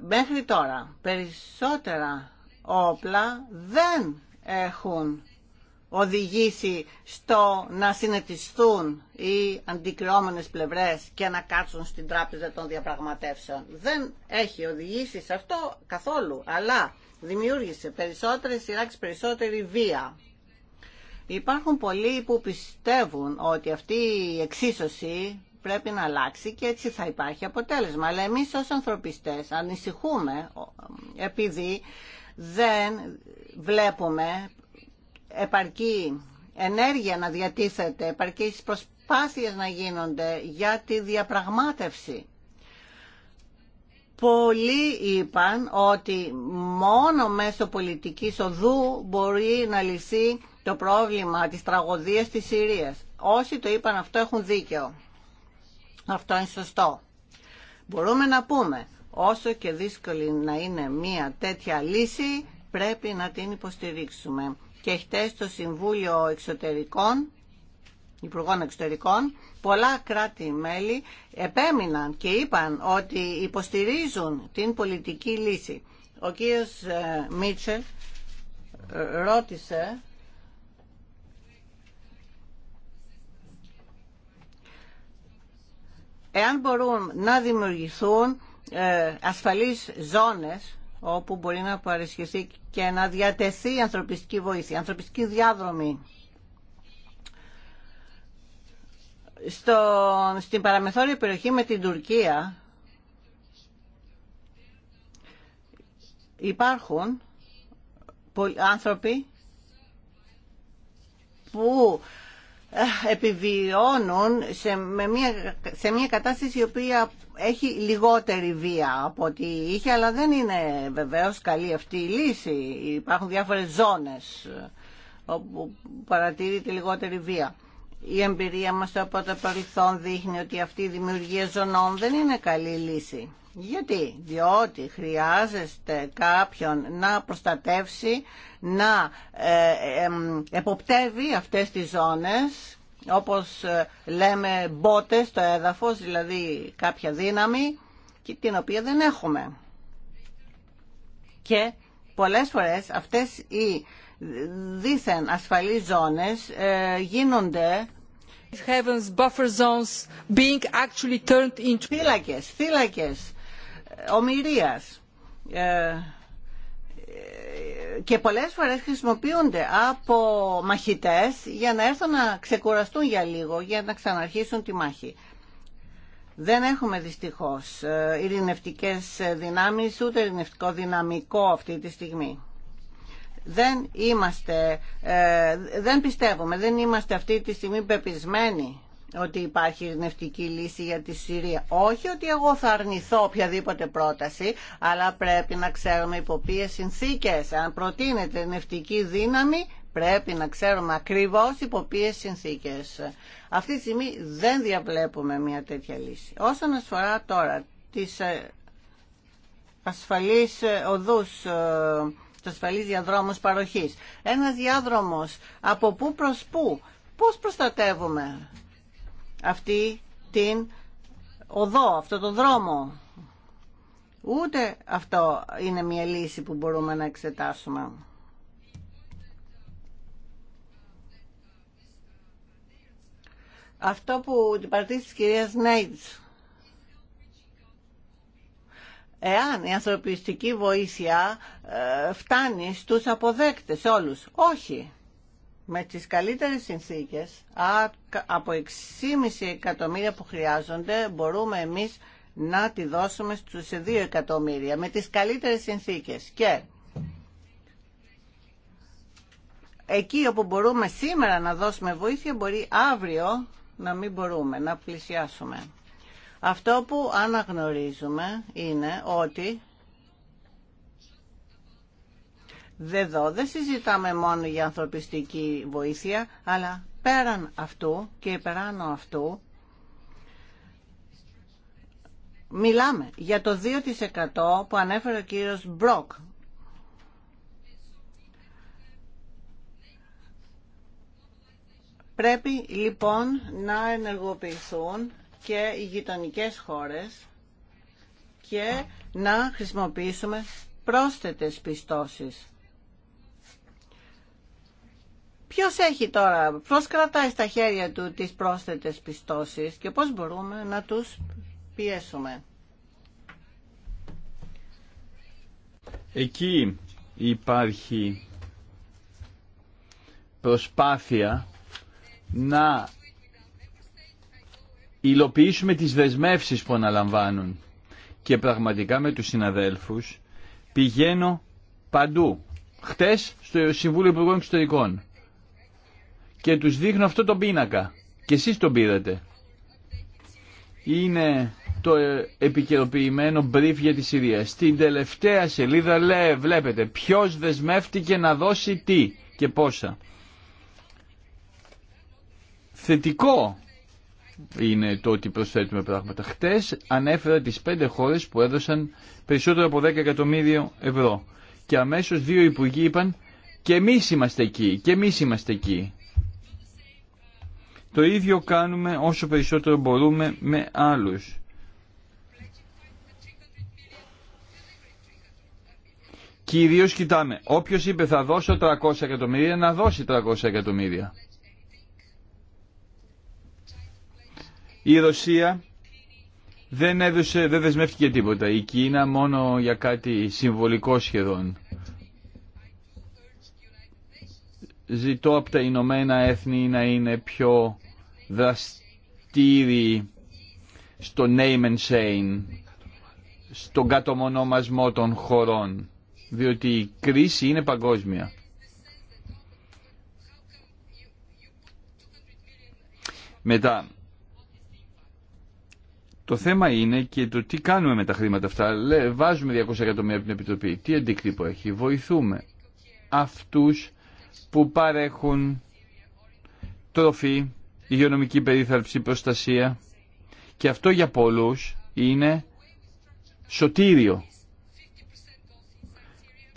Speaker 2: μέχρι τώρα περισσότερα όπλα δεν έχουν οδηγήσει στο να συνετιστούν οι αντικρυόμενες πλευρές και να κάτσουν στην τράπεζα των διαπραγματεύσεων. Δεν έχει οδηγήσει σε αυτό καθόλου, αλλά δημιούργησε περισσότερες και περισσότερη βία. Υπάρχουν πολλοί που πιστεύουν ότι αυτή η εξίσωση πρέπει να αλλάξει και έτσι θα υπάρχει αποτέλεσμα. Αλλά εμείς ως ανθρωπιστές ανησυχούμε επειδή δεν βλέπουμε επαρκή ενέργεια να διατίθεται, επαρκή προσπάθειες να γίνονται για τη διαπραγμάτευση. Πολλοί είπαν ότι μόνο μέσω πολιτικής οδού μπορεί να λυθεί το πρόβλημα της τραγωδίας της Συρίας. Όσοι το είπαν αυτό έχουν δίκαιο. Αυτό είναι σωστό. Μπορούμε να πούμε, όσο και δύσκολη να είναι μία τέτοια λύση, πρέπει να την υποστηρίξουμε και χτες στο Συμβούλιο Εξωτερικών, Υπουργών Εξωτερικών, πολλά κράτη-μέλη επέμειναν και είπαν ότι υποστηρίζουν την πολιτική λύση. Ο κύριος ε, Μίτσελ ε, ρώτησε εάν μπορούν να δημιουργηθούν ε, ασφαλείς ζώνες όπου μπορεί να παρισχεθεί και να διατεθεί ανθρωπιστική βοήθεια, ανθρωπιστική διάδρομη. Στο, στην παραμεθόρια περιοχή με την Τουρκία υπάρχουν άνθρωποι που ε, επιβιώνουν σε, μια, σε μια κατάσταση η οποία έχει λιγότερη βία από ό,τι είχε, αλλά δεν είναι βεβαίως καλή αυτή η λύση. Υπάρχουν διάφορες ζώνες όπου παρατηρείται λιγότερη βία. Η εμπειρία μας από το παρελθόν δείχνει ότι αυτή η δημιουργία ζωνών δεν είναι καλή λύση. Γιατί, διότι χρειάζεστε κάποιον να προστατεύσει, να ε, ε, εποπτεύει αυτές τις ζώνες όπως ε, λέμε μπότε στο έδαφος, δηλαδή κάποια δύναμη την οποία δεν έχουμε. Και πολλές φορές αυτές οι δίθεν ασφαλείς ζώνες ε, γίνονται heavens, buffer zones being actually turned into... θύλακες, θύλακες ε, ομοιρίας και πολλές φορές χρησιμοποιούνται από μαχητές για να έρθουν να ξεκουραστούν για λίγο, για να ξαναρχίσουν τη μάχη. Δεν έχουμε δυστυχώς ε, ειρηνευτικές δυνάμεις, ούτε ειρηνευτικό δυναμικό αυτή τη στιγμή. Δεν είμαστε, ε, δεν πιστεύουμε, δεν είμαστε αυτή τη στιγμή πεπισμένοι ότι υπάρχει νευτική λύση για τη Συρία. Όχι ότι εγώ θα αρνηθώ οποιαδήποτε πρόταση, αλλά πρέπει να ξέρουμε υπό ποιες συνθήκες. Αν προτείνεται νευτική δύναμη, πρέπει να ξέρουμε ακριβώς υπό ποιες συνθήκες. Αυτή τη στιγμή δεν διαβλέπουμε μια τέτοια λύση. Όσον αφορά τώρα τις ε, ασφαλείς ε, οδούς ε, του ασφαλεί διαδρόμου παροχή. Ένα διάδρομο από πού προ πού. Πώ προστατεύουμε αυτή την οδό, αυτό το δρόμο. Ούτε αυτό είναι μια λύση που μπορούμε να εξετάσουμε. Αυτό που την παρατήρηση της κυρίας Νέιτς. Εάν η ανθρωπιστική βοήθεια ε, φτάνει στους αποδέκτες όλους. Όχι με τις καλύτερες συνθήκες από 6,5 εκατομμύρια που χρειάζονται μπορούμε εμείς να τη δώσουμε σε 2 εκατομμύρια με τις καλύτερες συνθήκες και εκεί όπου μπορούμε σήμερα να δώσουμε βοήθεια μπορεί αύριο να μην μπορούμε να πλησιάσουμε αυτό που αναγνωρίζουμε είναι ότι εδώ δεν συζητάμε μόνο για ανθρωπιστική βοήθεια, αλλά πέραν αυτού και υπεράνω αυτού μιλάμε για το 2% που ανέφερε ο κύριος Μπροκ. Πρέπει λοιπόν να ενεργοποιηθούν και οι γειτονικέ χώρες και να χρησιμοποιήσουμε πρόσθετες πιστώσεις Ποιο έχει τώρα, πώ κρατάει στα χέρια του τι πρόσθετε πιστώσει και πώς μπορούμε να του πιέσουμε.
Speaker 4: Εκεί υπάρχει προσπάθεια να υλοποιήσουμε τις δεσμεύσεις που αναλαμβάνουν και πραγματικά με τους συναδέλφους πηγαίνω παντού. Χτες στο Συμβούλιο Υπουργών Εξωτερικών και τους δείχνω αυτό το πίνακα και εσείς τον πήρατε. Είναι το ε, επικαιροποιημένο brief για τη Συρία. Στην τελευταία σελίδα λέει, βλέπετε ποιος δεσμεύτηκε να δώσει τι και πόσα. Θετικό είναι το ότι προσθέτουμε πράγματα. Χτες ανέφερα τις πέντε χώρες που έδωσαν περισσότερο από 10 εκατομμύριο ευρώ. Και αμέσως δύο υπουργοί είπαν και εμείς είμαστε εκεί, και εμείς είμαστε εκεί. Το ίδιο κάνουμε όσο περισσότερο μπορούμε με άλλους. Κυρίως κοιτάμε, όποιος είπε θα δώσω 300 εκατομμύρια, να δώσει 300 εκατομμύρια. Η Ρωσία δεν, έδωσε, δεν δεσμεύτηκε τίποτα. Η Κίνα μόνο για κάτι συμβολικό σχεδόν. Ζητώ από τα Ηνωμένα Έθνη να είναι πιο δραστήριοι στο name and shame, στον κατομονόμασμό των χωρών, διότι η κρίση είναι παγκόσμια. Μετά, το θέμα είναι και το τι κάνουμε με τα χρήματα αυτά. Βάζουμε 200 εκατομμύρια από την Επιτροπή. Τι αντίκτυπο έχει. Βοηθούμε αυτούς που παρέχουν τροφή υγειονομική περίθαλψη, προστασία και αυτό για πολλούς είναι σωτήριο.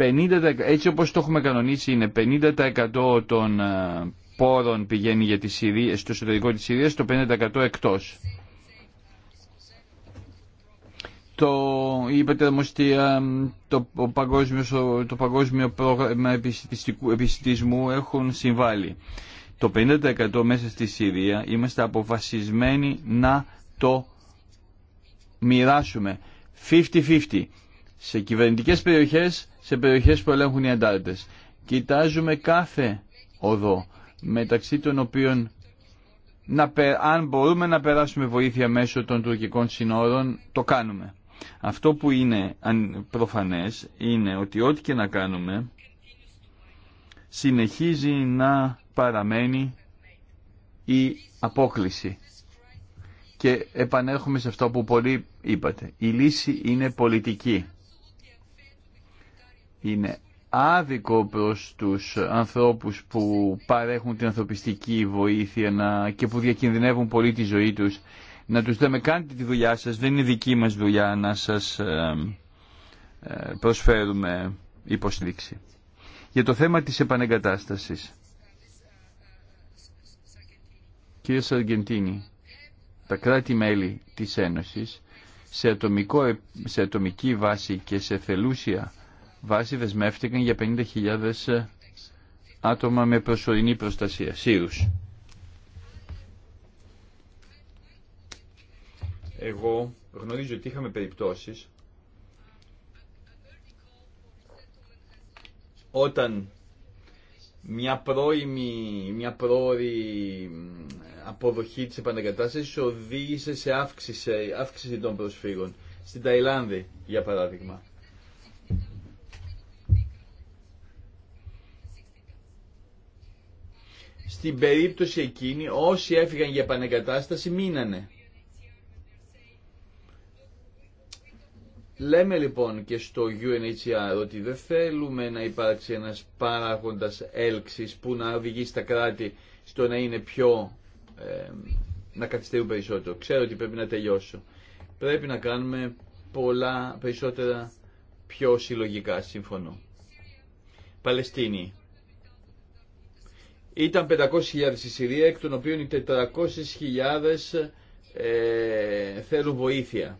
Speaker 4: 50, έτσι όπως το έχουμε κανονίσει είναι 50% των ε, πόρων πηγαίνει για τη Συρία, στο εσωτερικό της Συρίας, το 50% εκτός. Το, η Πατερμοστία, το, παγκόσμιο, το παγκόσμιο πρόγραμμα επιστημισμού έχουν συμβάλει το 50% μέσα στη Συρία είμαστε αποφασισμένοι να το μοιράσουμε 50-50 σε κυβερνητικές περιοχές, σε περιοχές που ελέγχουν οι αντάρτες. Κοιτάζουμε κάθε οδό μεταξύ των οποίων να, αν μπορούμε να περάσουμε βοήθεια μέσω των τουρκικών συνόρων, το κάνουμε. Αυτό που είναι προφανές είναι ότι ό,τι και να κάνουμε συνεχίζει να παραμένει η απόκληση. Και επανέρχομαι σε αυτό που πολύ είπατε. Η λύση είναι πολιτική. Είναι άδικο προς τους ανθρώπους που παρέχουν την ανθρωπιστική βοήθεια να, και που διακινδυνεύουν πολύ τη ζωή τους να τους λέμε κάντε τη δουλειά σας, δεν είναι δική μας δουλειά να σας ε, προσφέρουμε υποστήριξη. Για το θέμα της επανεγκατάστασης. Κύριε Σαργεντίνη, τα κράτη-μέλη της Ένωσης σε, ατομικό, σε ατομική βάση και σε θελούσια βάση δεσμεύτηκαν για 50.000 άτομα με προσωρινή προστασία, σύρους. Εγώ γνωρίζω ότι είχαμε περιπτώσεις όταν μια πρώιμη, μια πρόορη αποδοχή της επανακατάστασης οδήγησε σε αύξηση, αύξηση των προσφύγων. Στην Ταϊλάνδη, για παράδειγμα. Στην περίπτωση εκείνη, όσοι έφυγαν για επανεκατάσταση μείνανε. Λέμε λοιπόν και στο UNHCR ότι δεν θέλουμε να υπάρξει ένας παράγοντας έλξης που να οδηγεί στα κράτη στο να είναι πιο ε, να καθυστερούν περισσότερο. Ξέρω ότι πρέπει να τελειώσω. Πρέπει να κάνουμε πολλά περισσότερα πιο συλλογικά, συμφωνώ. Παλαιστίνη. Ήταν 500.000 στη Συρία, εκ των οποίων οι 400.000 ε, θέλουν βοήθεια.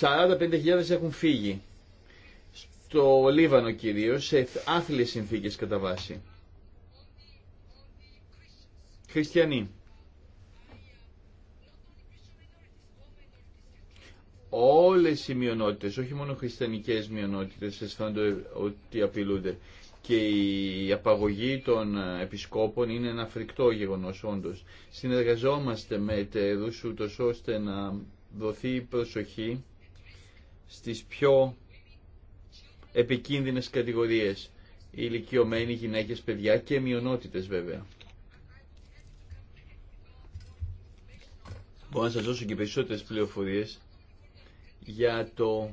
Speaker 4: 45.000 έχουν φύγει. Στο Λίβανο κυρίως, σε άθλιες συνθήκες κατά βάση χριστιανοί. Όλες οι μειονότητες, όχι μόνο χριστιανικές μειονότητες, αισθάνονται ότι απειλούνται. Και η απαγωγή των επισκόπων είναι ένα φρικτό γεγονός όντως. Συνεργαζόμαστε με εταιρούς ούτως ώστε να δοθεί προσοχή στις πιο επικίνδυνες κατηγορίες. Ηλικιωμένοι, γυναίκες, παιδιά και μειονότητες βέβαια. μπορώ να σας δώσω και περισσότερες πληροφορίες για το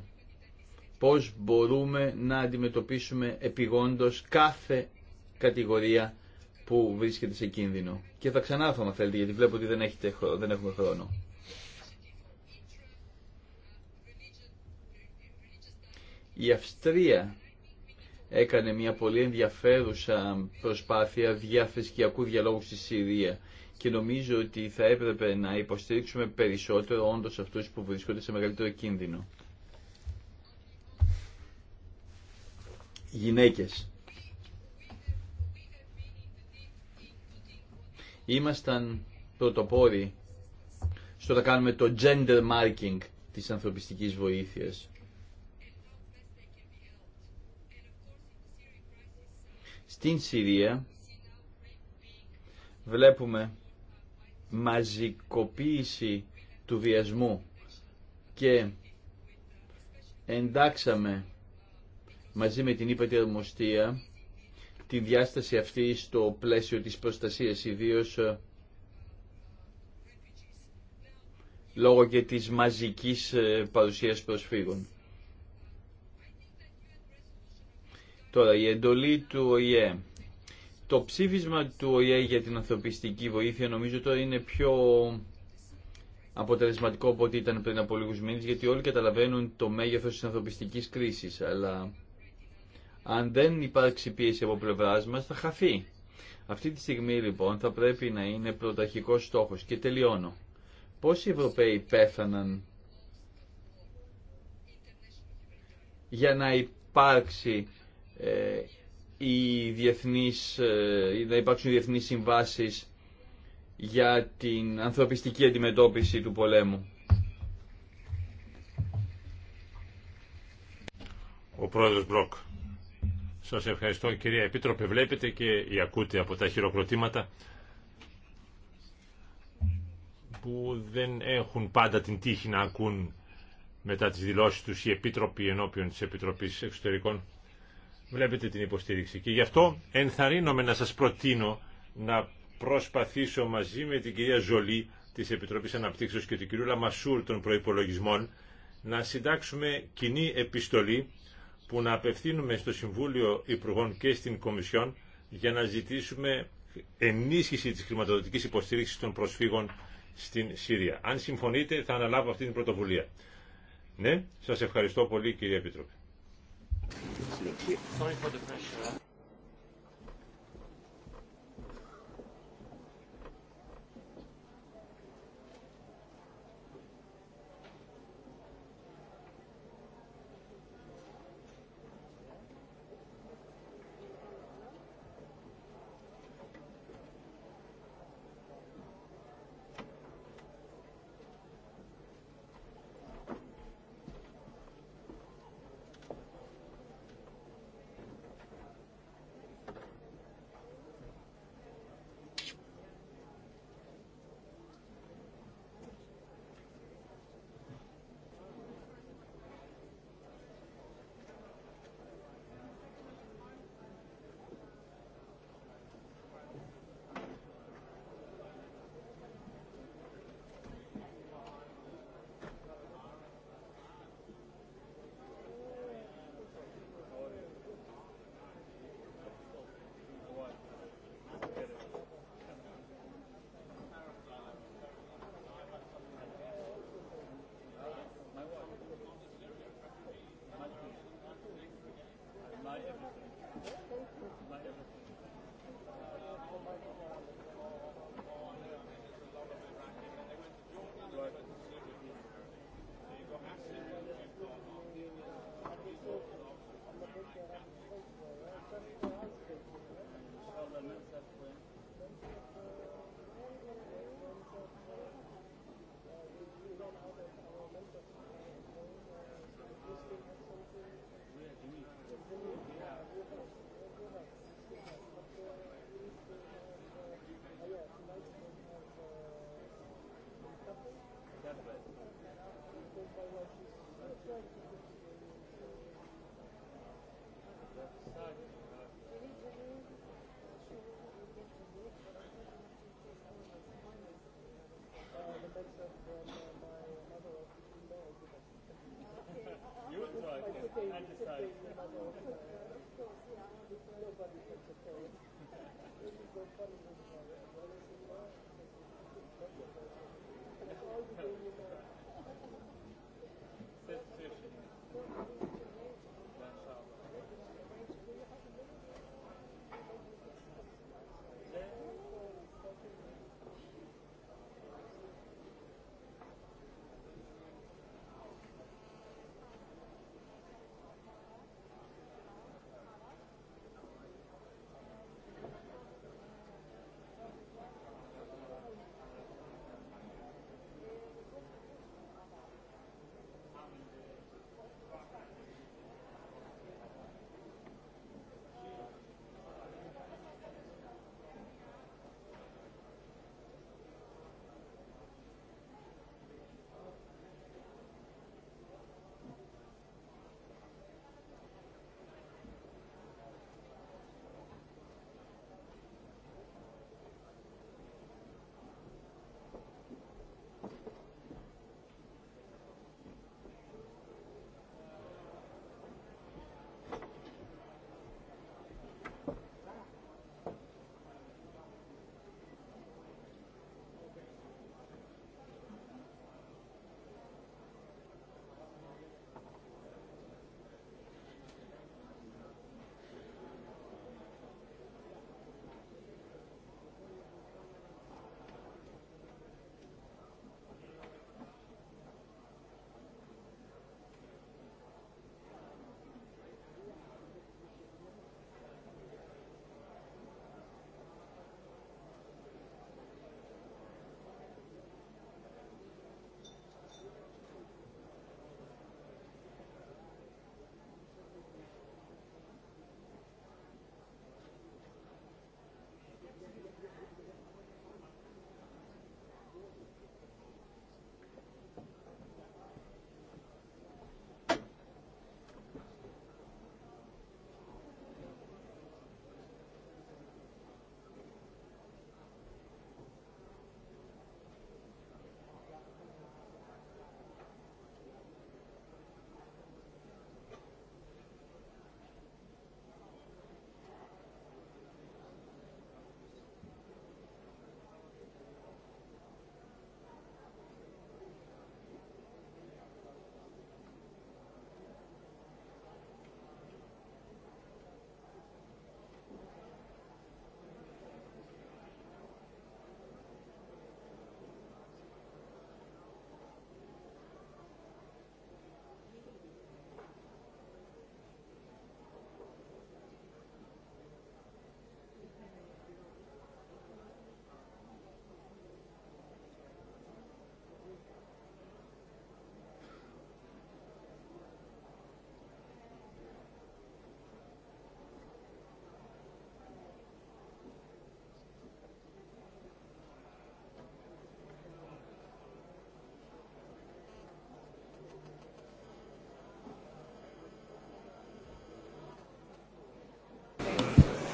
Speaker 4: πώς μπορούμε να αντιμετωπίσουμε επιγόντως κάθε κατηγορία που βρίσκεται σε κίνδυνο. Και θα ξανάρθω αν θέλετε γιατί βλέπω ότι δεν, έχετε, δεν έχουμε χρόνο. Η Αυστρία έκανε μια πολύ ενδιαφέρουσα προσπάθεια διαθρησκιακού διαλόγου στη Συρία και νομίζω ότι θα έπρεπε να υποστήριξουμε περισσότερο όντως αυτούς που βρίσκονται σε μεγαλύτερο κίνδυνο. Γυναίκες. Ήμασταν πρωτοπόροι στο να κάνουμε το gender marking της ανθρωπιστικής βοήθειας. Στην Συρία βλέπουμε μαζικοποίηση του βιασμού και εντάξαμε μαζί με την ύπατη τη διάσταση αυτή στο πλαίσιο της προστασίας ιδίως λόγω και της μαζικής ε, παρουσίας προσφύγων. Τώρα η εντολή του ΟΗΕ το ψήφισμα του ΟΗΕ για την ανθρωπιστική βοήθεια νομίζω τώρα είναι πιο αποτελεσματικό από ό,τι ήταν πριν από λίγους μήνες γιατί όλοι καταλαβαίνουν το μέγεθος της ανθρωπιστικής κρίσης αλλά αν δεν υπάρξει πίεση από πλευρά μα θα χαθεί. Αυτή τη στιγμή λοιπόν θα πρέπει να είναι πρωταρχικός στόχος και τελειώνω. Πόσοι Ευρωπαίοι πέθαναν για να υπάρξει ε, οι διεθνείς, ε, να υπάρξουν διεθνείς συμβάσεις για την ανθρωπιστική αντιμετώπιση του πολέμου.
Speaker 5: Ο πρόεδρος Μπροκ. Σας ευχαριστώ κυρία Επίτροπε. Βλέπετε και οι ακούτε από τα χειροκροτήματα που δεν έχουν πάντα την τύχη να ακούν μετά τις δηλώσεις τους οι επίτροποι ενώπιον της Επιτροπής Εξωτερικών βλέπετε την υποστήριξη. Και γι' αυτό ενθαρρύνομαι να σας προτείνω να προσπαθήσω μαζί με την κυρία Ζολή της Επιτροπής Αναπτύξεως και του κυρίου Λαμασούρ των προϋπολογισμών να συντάξουμε κοινή επιστολή που να απευθύνουμε στο Συμβούλιο Υπουργών και στην Κομισιόν για να ζητήσουμε ενίσχυση της χρηματοδοτικής υποστήριξης των προσφύγων στην Σύρια. Αν συμφωνείτε θα αναλάβω αυτή την πρωτοβουλία. Ναι, σας ευχαριστώ πολύ κύριε Επιτροπή.
Speaker 3: Sorry for the pressure.
Speaker 6: You would try to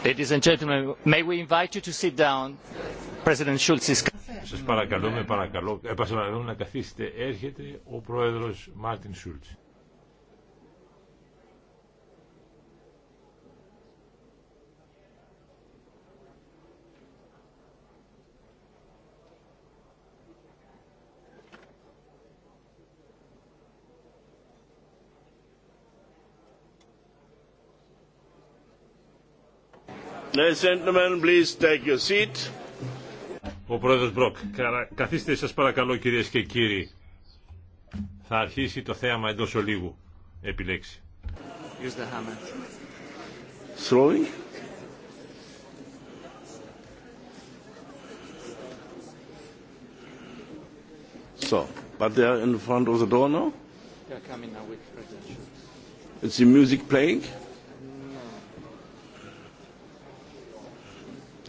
Speaker 1: Ladies and gentlemen,
Speaker 4: may we invite you to sit down. President Schulz is... Σας παρακαλούμε, παρακαλώ,
Speaker 5: ε, παρακαλώ να καθίσετε. Έρχεται ο πρόεδρος Μάρτιν Σούλτς.
Speaker 1: gentlemen, please take your seat.
Speaker 5: Ο πρόεδρος Μπροκ, καθίστε σας παρακαλώ κυρίες και κύριοι. Θα αρχίσει το θέαμα εντός ολίγου. Επιλέξει.
Speaker 3: Use the hammer.
Speaker 1: Throwing. So, but they are in front of the door now. They are coming now with President Schultz. Is the music playing?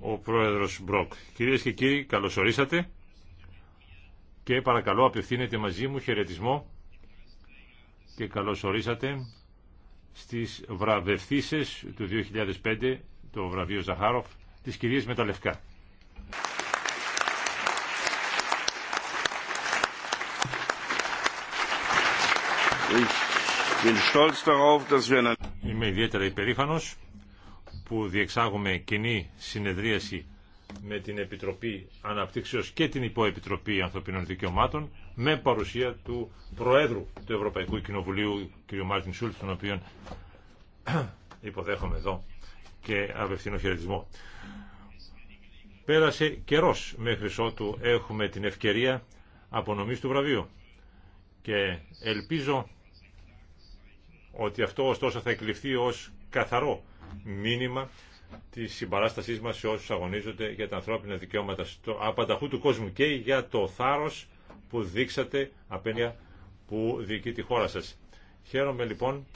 Speaker 5: Ο πρόεδρος Μπροκ. Κυρίες και κύριοι, ορίσατε και παρακαλώ απευθύνετε μαζί μου χαιρετισμό και ορίσατε στις βραβευθύσεις του 2005 το βραβείο Ζαχάροφ της κυρίας με τα Είμαι ιδιαίτερα υπερήφανος που διεξάγουμε κοινή συνεδρίαση με την Επιτροπή Αναπτύξεως και την Υποεπιτροπή Ανθρωπίνων Δικαιωμάτων με παρουσία του Προέδρου του Ευρωπαϊκού Κοινοβουλίου κ. Μάρτιν Σούλτ τον οποίον υποδέχομαι εδώ και απευθύνω χαιρετισμό. Πέρασε καιρός μέχρι ότου έχουμε την ευκαιρία απονομής του βραβείου και ελπίζω ότι αυτό ωστόσο θα εκλειφθεί ως καθαρό μήνυμα τη συμπαράστασή μα σε όσου αγωνίζονται για τα ανθρώπινα δικαιώματα στο απανταχού του κόσμου και για το θάρρο που δείξατε απέναντι που διοικεί τη χώρα σα. Χαίρομαι λοιπόν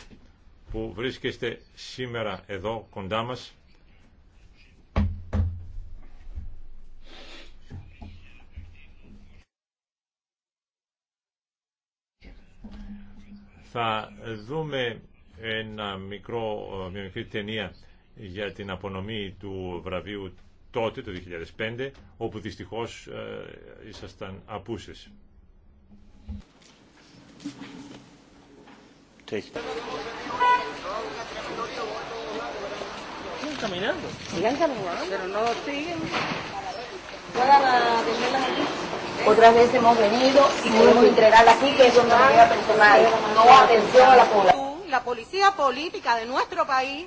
Speaker 5: που βρίσκεστε σήμερα εδώ κοντά μας θα δούμε ένα μικρό, μια μικρή ταινία για την απονομή του βραβείου τότε, το 2005, όπου δυστυχώς ήσασταν απούσες.
Speaker 2: Siguen caminando.
Speaker 3: Otra vez hemos venido y queremos
Speaker 6: entregar aquí, que es una manera personal, no atención a la población
Speaker 2: la policía política de nuestro país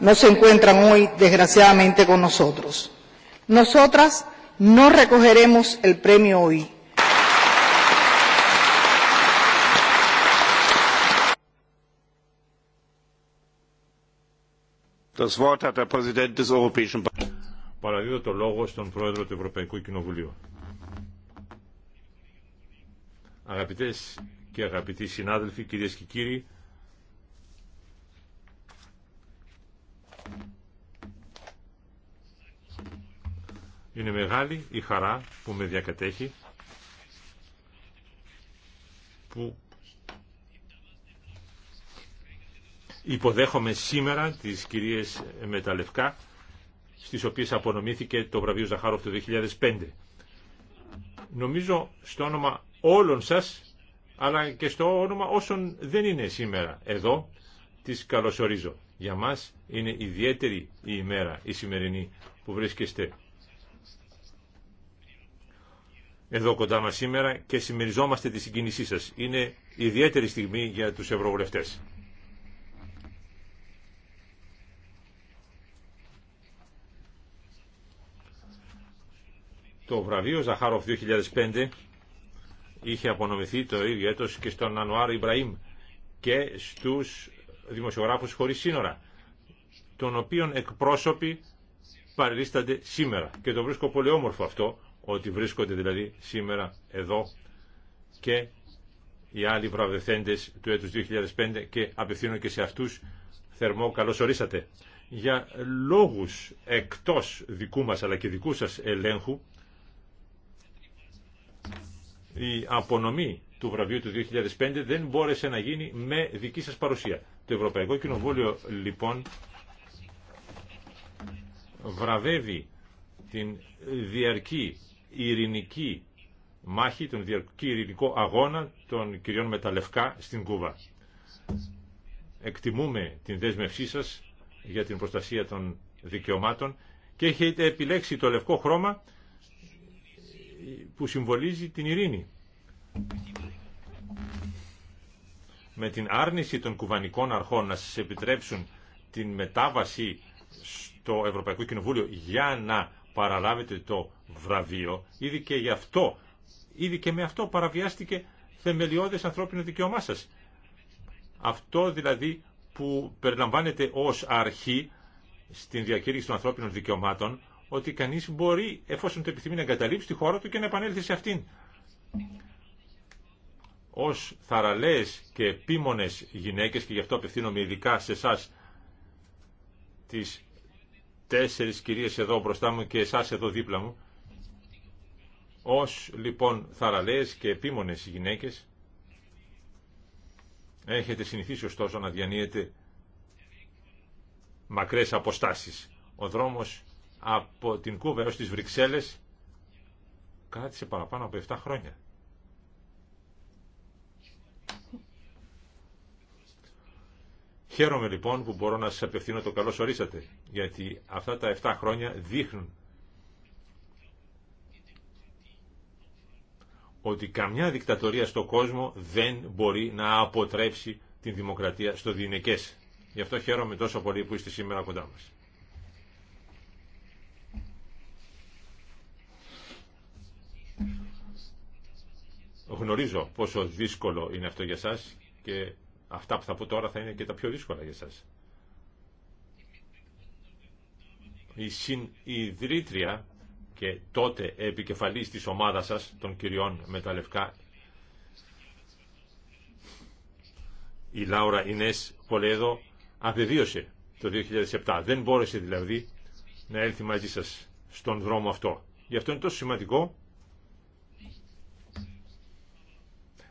Speaker 2: no se encuentran hoy, desgraciadamente, con nosotros. Nosotras no recogeremos el premio hoy.
Speaker 1: Das Wort hat der Präsident des Europäischen Παραδίδω
Speaker 5: το λόγο στον Πρόεδρο του Ευρωπαϊκού Κοινοβουλίου. Αγαπητές και αγαπητοί συνάδελφοι, κυρίες και κύριοι, Είναι μεγάλη η χαρά που με διακατέχει που υποδέχομαι σήμερα τις κυρίες λευκά στις οποίες απονομήθηκε το βραβείο Ζαχάροφ το 2005. Νομίζω στο όνομα όλων σας αλλά και στο όνομα όσων δεν είναι σήμερα εδώ τις καλωσορίζω. Για μας είναι ιδιαίτερη η ημέρα η σημερινή που βρίσκεστε εδώ κοντά μας σήμερα και συμμεριζόμαστε τη συγκίνησή σας. Είναι ιδιαίτερη στιγμή για τους ευρωβουλευτές. Το βραβείο Ζαχάροφ 2005 είχε απονομηθεί το ίδιο έτος και στον Ανουάρ Ιμπραήμ και στους δημοσιογράφους χωρίς σύνορα, των οποίων εκπρόσωποι παρελίστανται σήμερα. Και το βρίσκω πολύ όμορφο αυτό, ότι βρίσκονται δηλαδή σήμερα εδώ και οι άλλοι βραβευθέντες του έτους 2005 και απευθύνω και σε αυτούς θερμό καλώς ορίσατε. Για λόγους εκτός δικού μας αλλά και δικού σας ελέγχου η απονομή του βραβείου του 2005 δεν μπόρεσε να γίνει με δική σας παρουσία. Το Ευρωπαϊκό Κοινοβούλιο λοιπόν βραβεύει την διαρκή ειρηνική μάχη, τον διαρκή ειρηνικό αγώνα των κυριών με τα λευκά στην Κούβα. Εκτιμούμε την δέσμευσή σας για την προστασία των δικαιωμάτων και έχετε επιλέξει το λευκό χρώμα που συμβολίζει την ειρήνη. Με την άρνηση των κουβανικών αρχών να σας επιτρέψουν την μετάβαση στο Ευρωπαϊκό Κοινοβούλιο για να παραλάβετε το βραβείο, ήδη και γι' αυτό, ήδη και με αυτό παραβιάστηκε θεμελιώδες ανθρώπινο δικαίωμά σας. Αυτό δηλαδή που περιλαμβάνεται ως αρχή στην διακήρυξη των ανθρώπινων δικαιωμάτων, ότι κανείς μπορεί, εφόσον το επιθυμεί, να εγκαταλείψει τη χώρα του και να επανέλθει σε αυτήν. Ως θαραλέες και επίμονες γυναίκες, και γι' αυτό απευθύνομαι ειδικά σε εσά της τέσσερις κυρίες εδώ μπροστά μου και εσάς εδώ δίπλα μου. Ως λοιπόν θαραλέες και επίμονες γυναίκες έχετε συνηθίσει ωστόσο να διανύετε μακρές αποστάσεις. Ο δρόμος από την Κούβα έως τις Βρυξέλλες κράτησε παραπάνω από 7 χρόνια. Χαίρομαι λοιπόν που μπορώ να σας απευθύνω το καλό ορίσατε, γιατί αυτά τα 7 χρόνια δείχνουν ότι καμιά δικτατορία στον κόσμο δεν μπορεί να αποτρέψει την δημοκρατία στο διηνεκές. Γι' αυτό χαίρομαι τόσο πολύ που είστε σήμερα κοντά μας. Γνωρίζω πόσο δύσκολο είναι αυτό για σας και Αυτά που θα πω τώρα θα είναι και τα πιο δύσκολα για σας. Η συνειδρήτρια και τότε επικεφαλής της ομάδας σας, των κυριών με τα λευκά, η Λάουρα Ινές Πολέδο απεβίωσε το 2007. Δεν μπόρεσε δηλαδή να έλθει μαζί σας στον δρόμο αυτό. Γι' αυτό είναι τόσο σημαντικό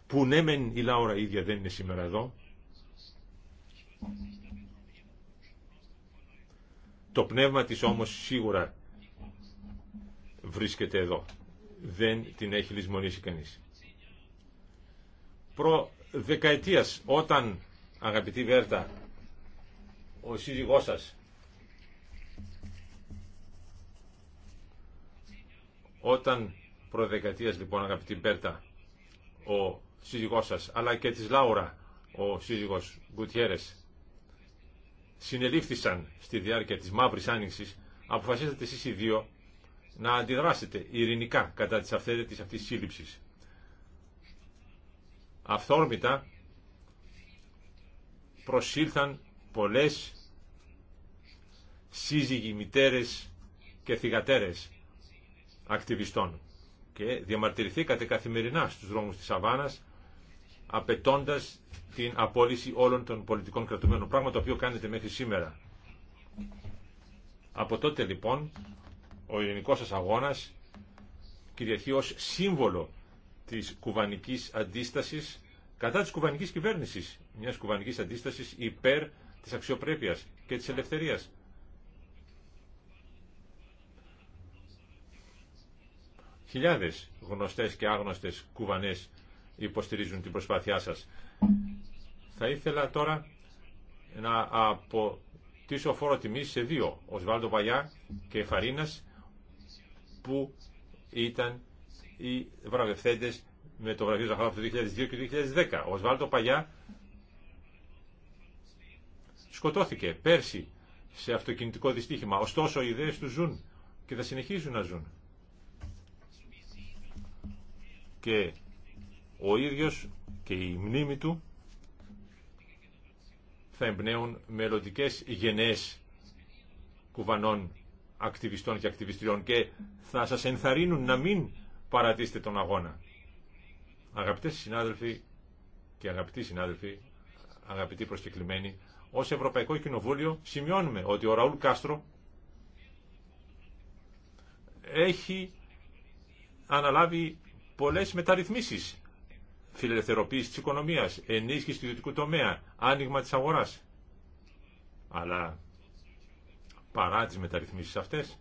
Speaker 5: που ναι μεν η Λάουρα ίδια δεν είναι σήμερα εδώ, το πνεύμα της όμως σίγουρα βρίσκεται εδώ. Δεν την έχει λησμονήσει κανείς. Προ δεκαετίας, όταν, αγαπητή Βέρτα, ο σύζυγός σας, όταν προ λοιπόν, αγαπητή Βέρτα, ο σύζυγός σας, αλλά και της Λάουρα, ο σύζυγος Γκουτιέρες, συνελήφθησαν στη διάρκεια της Μαύρης Άνοιξης, αποφασίσατε εσείς οι δύο να αντιδράσετε ειρηνικά κατά της αυθαίρετης αυτής της σύλληψης. Αυθόρμητα προσήλθαν πολλές σύζυγοι, μητέρες και θυγατέρες ακτιβιστών και διαμαρτυρηθήκατε καθημερινά στους δρόμους της Σαββάνας απαιτώντα την απόλυση όλων των πολιτικών κρατουμένων, πράγμα το οποίο κάνετε μέχρι σήμερα. Από τότε λοιπόν ο ελληνικό σας αγώνας κυριαρχεί ως σύμβολο της κουβανικής αντίστασης κατά της κουβανικής κυβέρνησης, μιας κουβανικής αντίστασης υπέρ της αξιοπρέπειας και της ελευθερίας. Χιλιάδες γνωστές και άγνωστες κουβανές υποστηρίζουν την προσπάθειά σας. Θα ήθελα τώρα να αποτίσω φόρο τιμή σε δύο, ο Σβάλτο Παγιά και Φαρίνας, που ήταν οι βραβευθέντες με το βραβείο Ζαχαρόφ του 2002 και 2010. Ο Σβάλτο Παγιά σκοτώθηκε πέρσι σε αυτοκινητικό δυστύχημα. Ωστόσο, οι ιδέες του ζουν και θα συνεχίζουν να ζουν. Και ο ίδιος και η μνήμη του θα εμπνέουν μελλοντικέ γενναίες κουβανών ακτιβιστών και ακτιβιστριών και θα σας ενθαρρύνουν να μην παρατήσετε τον αγώνα. Αγαπητές συνάδελφοι και αγαπητοί συνάδελφοι, αγαπητοί προσκεκλημένοι, ως Ευρωπαϊκό Κοινοβούλιο σημειώνουμε ότι ο Ραούλ Κάστρο έχει αναλάβει πολλές μεταρρυθμίσεις φιλελευθερωποίηση της οικονομίας, ενίσχυση του ιδιωτικού τομέα, άνοιγμα της αγοράς. Αλλά παρά τις μεταρρυθμίσεις αυτές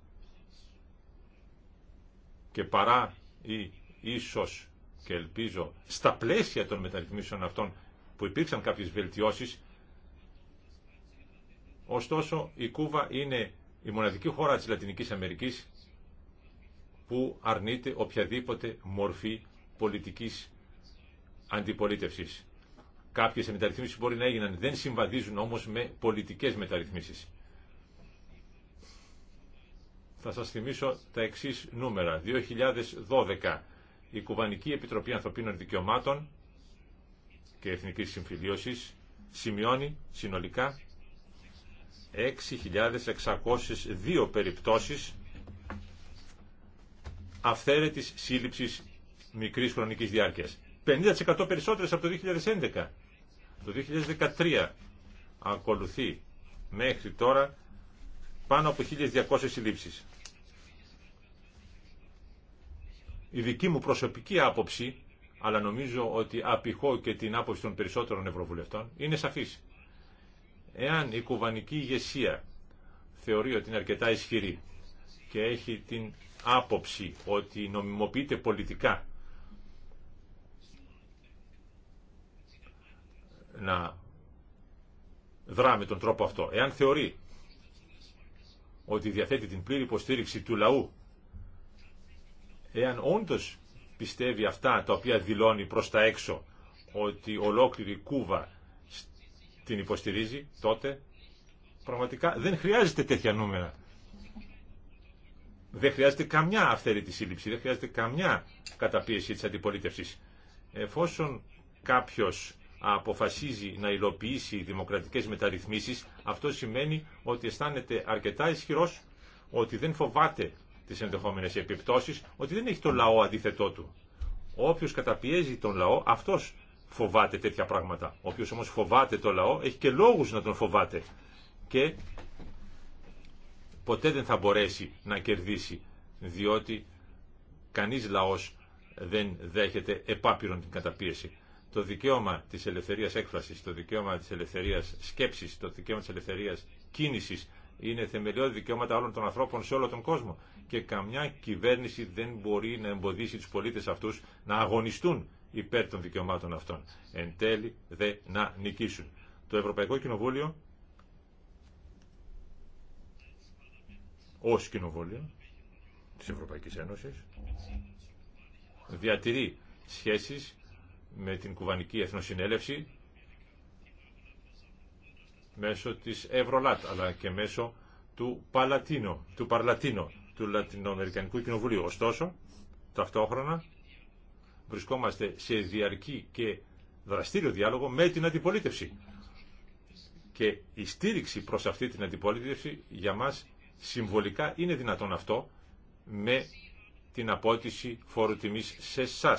Speaker 5: και παρά ή ίσως και ελπίζω στα πλαίσια των μεταρρυθμίσεων αυτών που υπήρξαν κάποιες βελτιώσεις ωστόσο η Κούβα είναι η μοναδική χώρα της Λατινικής Αμερικής που αρνείται οποιαδήποτε μορφή πολιτικής αντιπολίτευσης. Κάποιες μεταρρυθμίσεις μπορεί να έγιναν, δεν συμβαδίζουν όμως με πολιτικές μεταρρυθμίσεις. Θα σας θυμίσω τα εξή νούμερα. 2012 η Κουβανική Επιτροπή Ανθρωπίνων Δικαιωμάτων και Εθνικής Συμφιλίωσης σημειώνει συνολικά 6.602 περιπτώσεις αυθαίρετης σύλληψης μικρής χρονικής διάρκειας. 50% περισσότερες από το 2011. Το 2013 ακολουθεί μέχρι τώρα πάνω από 1.200 συλλήψεις. Η δική μου προσωπική άποψη, αλλά νομίζω ότι απηχώ και την άποψη των περισσότερων ευρωβουλευτών, είναι σαφής. Εάν η κουβανική ηγεσία θεωρεί ότι είναι αρκετά ισχυρή και έχει την άποψη ότι νομιμοποιείται πολιτικά να δράμε τον τρόπο αυτό. Εάν θεωρεί ότι διαθέτει την πλήρη υποστήριξη του λαού, εάν όντως πιστεύει αυτά τα οποία δηλώνει προς τα έξω, ότι ολόκληρη Κούβα την υποστηρίζει, τότε πραγματικά δεν χρειάζεται τέτοια νούμερα. Δεν χρειάζεται καμιά αυθαίρετη σύλληψη, δεν χρειάζεται καμιά καταπίεση της αντιπολίτευσης. Εφόσον κάποιος αποφασίζει να υλοποιήσει δημοκρατικές μεταρρυθμίσεις, αυτό σημαίνει ότι αισθάνεται αρκετά ισχυρός, ότι δεν φοβάται τις ενδεχόμενες επιπτώσεις, ότι δεν έχει τον λαό αντίθετό του. Όποιος καταπιέζει τον λαό, αυτός φοβάται τέτοια πράγματα. Όποιος όμως φοβάται τον λαό, έχει και λόγους να τον φοβάται. Και ποτέ δεν θα μπορέσει να κερδίσει, διότι κανείς λαός δεν δέχεται επάπειρον την καταπίεση το δικαίωμα της ελευθερίας έκφρασης, το δικαίωμα της ελευθερίας σκέψης, το δικαίωμα της ελευθερίας κίνησης είναι θεμελιώδη δικαιώματα όλων των ανθρώπων σε όλο τον κόσμο και καμιά κυβέρνηση δεν μπορεί να εμποδίσει τους πολίτες αυτούς να αγωνιστούν υπέρ των δικαιωμάτων αυτών. Εν τέλει δε να νικήσουν. Το Ευρωπαϊκό Κοινοβούλιο ως Κοινοβούλιο της Ευρωπαϊκής Ένωσης διατηρεί σχέσεις με την Κουβανική Εθνοσυνέλευση μέσω της Ευρωλάτ αλλά και μέσω του Παλατίνο, του Παρλατίνο του Λατινοαμερικανικού Κοινοβουλίου. Ωστόσο, ταυτόχρονα βρισκόμαστε σε διαρκή και δραστήριο διάλογο με την αντιπολίτευση. Και η στήριξη προς αυτή την αντιπολίτευση για μας συμβολικά είναι δυνατόν αυτό με την απότηση φόρου τιμής σε εσά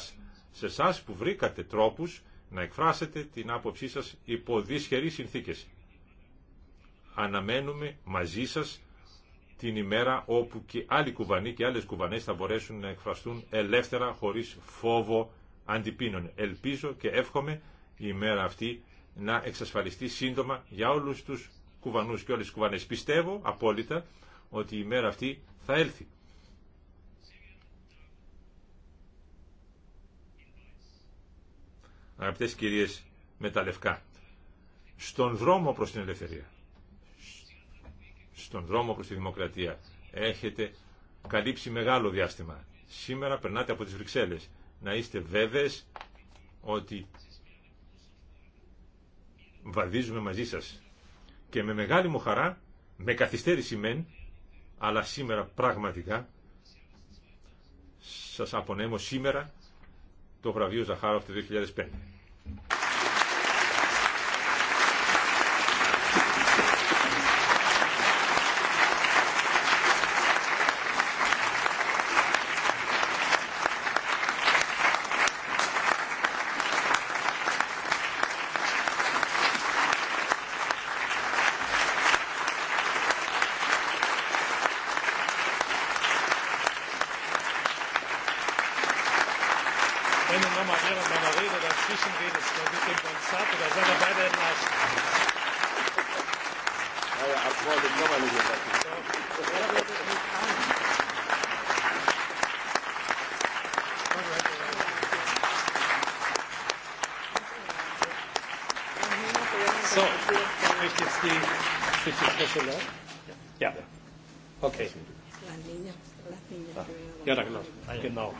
Speaker 5: σε εσά που βρήκατε τρόπους να εκφράσετε την άποψή σας υπό δυσχερή συνθήκες. Αναμένουμε μαζί σας την ημέρα όπου και άλλοι κουβανοί και άλλες κουβανές θα μπορέσουν να εκφραστούν ελεύθερα χωρίς φόβο αντιπίνων. Ελπίζω και εύχομαι η ημέρα αυτή να εξασφαλιστεί σύντομα για όλους τους κουβανούς και όλες τις κουβανές. Πιστεύω απόλυτα ότι η ημέρα αυτή θα έλθει. αγαπητές κυρίες με τα λευκά, στον δρόμο προς την ελευθερία, στον δρόμο προς τη δημοκρατία, έχετε καλύψει μεγάλο διάστημα. Σήμερα περνάτε από τις Βρυξέλλες. Να είστε βέβαιες ότι βαδίζουμε μαζί σας. Και με μεγάλη μου χαρά, με καθυστέρηση μεν, αλλά σήμερα πραγματικά, σας απονέμω σήμερα το βραβείο Ζαχάροφ του 2005.
Speaker 2: Las niñas, las niñas.
Speaker 5: Ah, ja, genau. genau.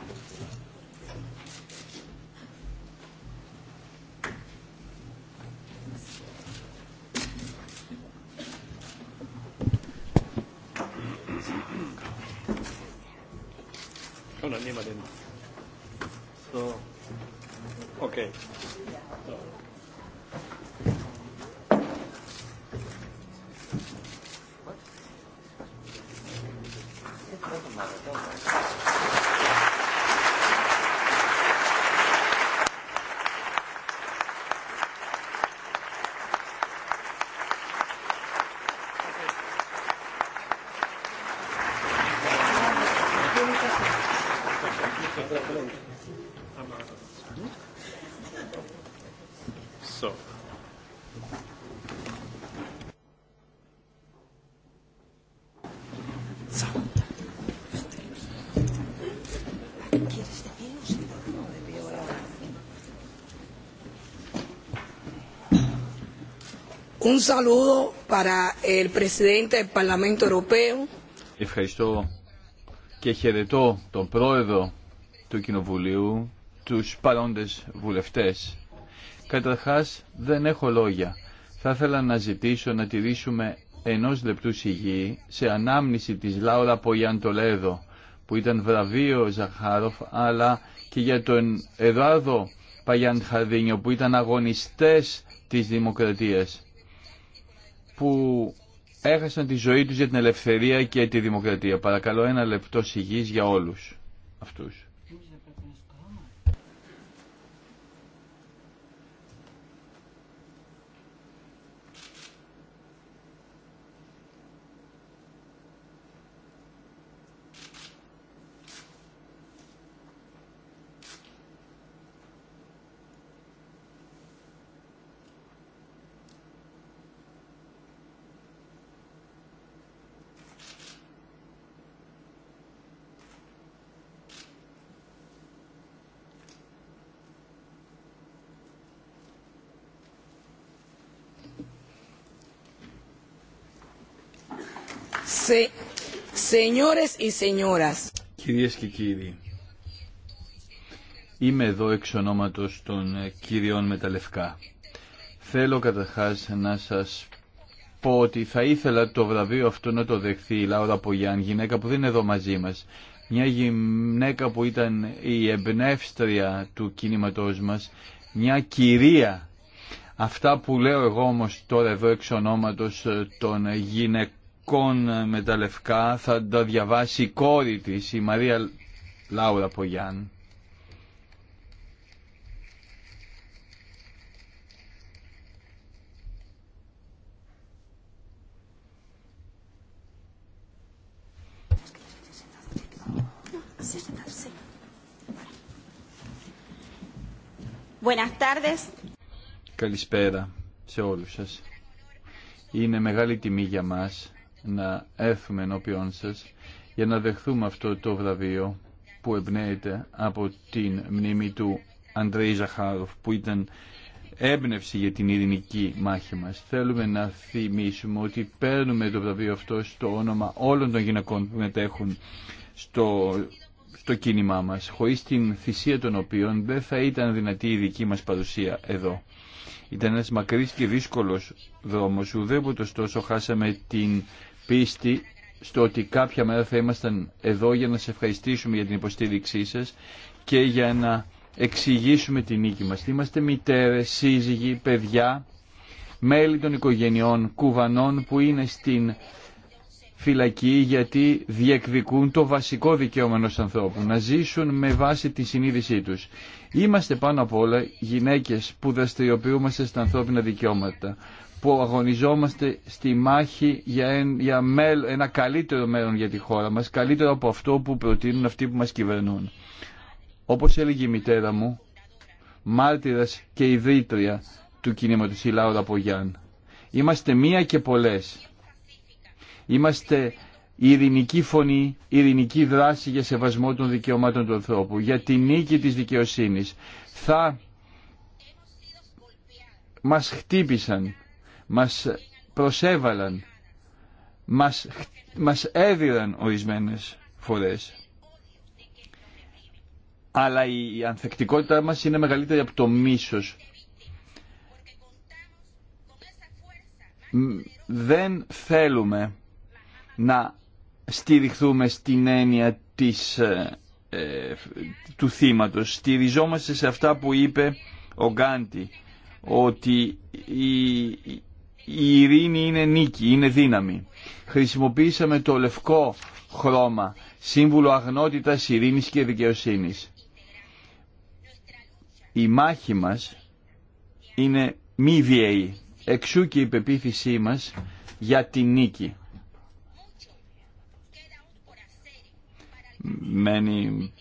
Speaker 3: Un
Speaker 4: Ευχαριστώ και χαιρετώ τον πρόεδρο του Κοινοβουλίου, τους παρόντες βουλευτές. Καταρχάς δεν έχω λόγια. Θα ήθελα να ζητήσω να τηρήσουμε ενός λεπτού σιγή σε ανάμνηση της Λάουρα Πογιαντολέδο που ήταν βραβείο Ζαχάροφ αλλά και για τον Εδάδο Παγιάν Χαρδίνιο που ήταν αγωνιστές της δημοκρατίας που έχασαν τη ζωή τους για την ελευθερία και τη δημοκρατία. Παρακαλώ ένα λεπτό σιγής για όλους αυτούς. Σε, Κυρίες και κύριοι, είμαι εδώ εξ ονόματος των ε, κυριών με τα λευκά. Θέλω καταρχάς να σας πω ότι θα ήθελα το βραβείο αυτό να το δεχθεί η Λάουρα Πογιάν, γυναίκα που δεν είναι εδώ μαζί μας. Μια γυναίκα που ήταν η εμπνεύστρια του κινήματός μας, μια κυρία. Αυτά που λέω εγώ όμως τώρα εδώ εξ ονόματος ε, των γυναικών εικόν ε, με τα λευκά θα τα διαβάσει η κόρη της, η Μαρία Λάουρα Πογιάν. Καλησπέρα σε όλους σας. Είναι μεγάλη τιμή για μας να έρθουμε ενώπιόν σας για να δεχθούμε αυτό το βραβείο που εμπνέεται από την μνήμη του Αντρέη Ζαχάροφ που ήταν έμπνευση για την ειρηνική μάχη μας. Θέλουμε να θυμίσουμε ότι παίρνουμε το βραβείο αυτό στο όνομα όλων των γυναικών που μετέχουν στο, στο κίνημά μας, χωρίς την θυσία των οποίων δεν θα ήταν δυνατή η δική μας παρουσία εδώ. Ήταν ένας μακρύς και δύσκολος δρόμος, ουδέποτε ωστόσο χάσαμε την πίστη στο ότι κάποια μέρα θα ήμασταν εδώ για να σε ευχαριστήσουμε για την υποστήριξή σας και για να εξηγήσουμε την νίκη μας. Είμαστε μητέρες, σύζυγοι, παιδιά, μέλη των οικογενειών κουβανών που είναι στην φυλακή γιατί διεκδικούν το βασικό δικαίωμα ενός ανθρώπου, να ζήσουν με βάση τη συνείδησή τους. Είμαστε πάνω απ' όλα γυναίκες που δραστηριοποιούμαστε στα ανθρώπινα δικαιώματα, που αγωνιζόμαστε στη μάχη για, για ένα καλύτερο μέλλον για τη χώρα μας, καλύτερο από αυτό που προτείνουν αυτοί που μας κυβερνούν. Όπως έλεγε η μητέρα μου, μάρτυρας και ιδρύτρια του κινήματος η Λάουρα Πογιάν. Είμαστε μία και πολλές. Είμαστε ειρηνική φωνή, ειρηνική δράση για σεβασμό των δικαιωμάτων του ανθρώπου, για τη νίκη της δικαιοσύνης. Θα μας χτύπησαν μας προσέβαλαν, μας, μας έδιραν ορισμένες φορές. Αλλά η ανθεκτικότητά μας είναι μεγαλύτερη από το μίσος. Δεν θέλουμε να στηριχθούμε στην έννοια της, ε, ε, του θύματος. Στηριζόμαστε σε αυτά που είπε ο Γκάντι, ότι η, η ειρήνη είναι νίκη, είναι δύναμη. Χρησιμοποίησαμε το λευκό χρώμα, σύμβουλο αγνότητας, ειρήνης και δικαιοσύνης. Η μάχη μας είναι μη βιαιή, εξού και η πεποίθησή μας για τη νίκη. Μένει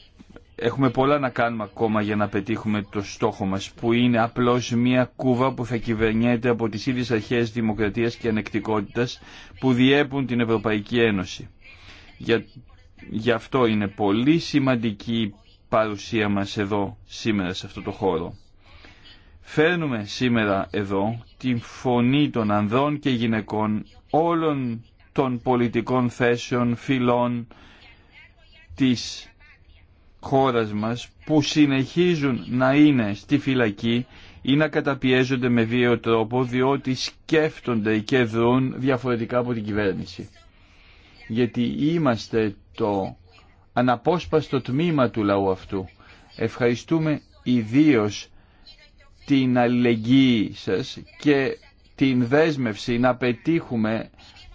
Speaker 4: Έχουμε πολλά να κάνουμε ακόμα για να πετύχουμε το στόχο μας, που είναι απλώς μια κούβα που θα κυβερνιέται από τις ίδιες αρχές δημοκρατίας και ανεκτικότητας που διέπουν την Ευρωπαϊκή Ένωση. Για, γι' αυτό είναι πολύ σημαντική η παρουσία μας εδώ σήμερα σε αυτό το χώρο. Φέρνουμε σήμερα εδώ την φωνή των ανδρών και γυναικών όλων των πολιτικών θέσεων, φυλών της χώρας μας που συνεχίζουν να είναι στη φυλακή ή να καταπιέζονται με βίαιο τρόπο διότι σκέφτονται και δρούν διαφορετικά από την κυβέρνηση. Γιατί είμαστε το αναπόσπαστο τμήμα του λαού αυτού. Ευχαριστούμε ιδίως την αλληλεγγύη σας και την δέσμευση να πετύχουμε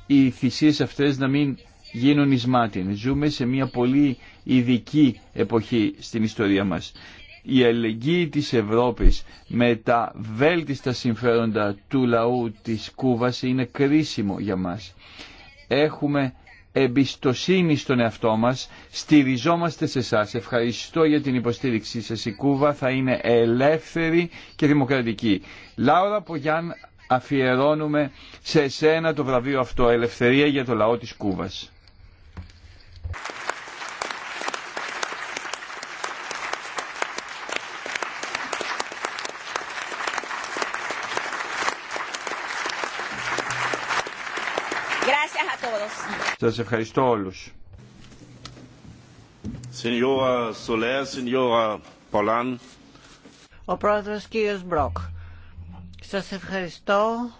Speaker 4: οι θυσίες αυτές να μην γίνουν εις Ζούμε σε μια πολύ ειδική εποχή στην ιστορία μας. Η ελεγγύη της Ευρώπης με τα βέλτιστα συμφέροντα του λαού της Κούβας είναι κρίσιμο για μας. Έχουμε εμπιστοσύνη στον εαυτό μας, στηριζόμαστε σε εσά. Ευχαριστώ για την υποστήριξή σας. Η Κούβα θα είναι ελεύθερη και δημοκρατική. Λάουρα Πογιάν, αφιερώνουμε σε εσένα το βραβείο αυτό, Ελευθερία για το λαό της Κούβας.
Speaker 2: Σα ευχαριστώ όλους. Ο πρόεδρο κύριο Μπροκ. Σα ευχαριστώ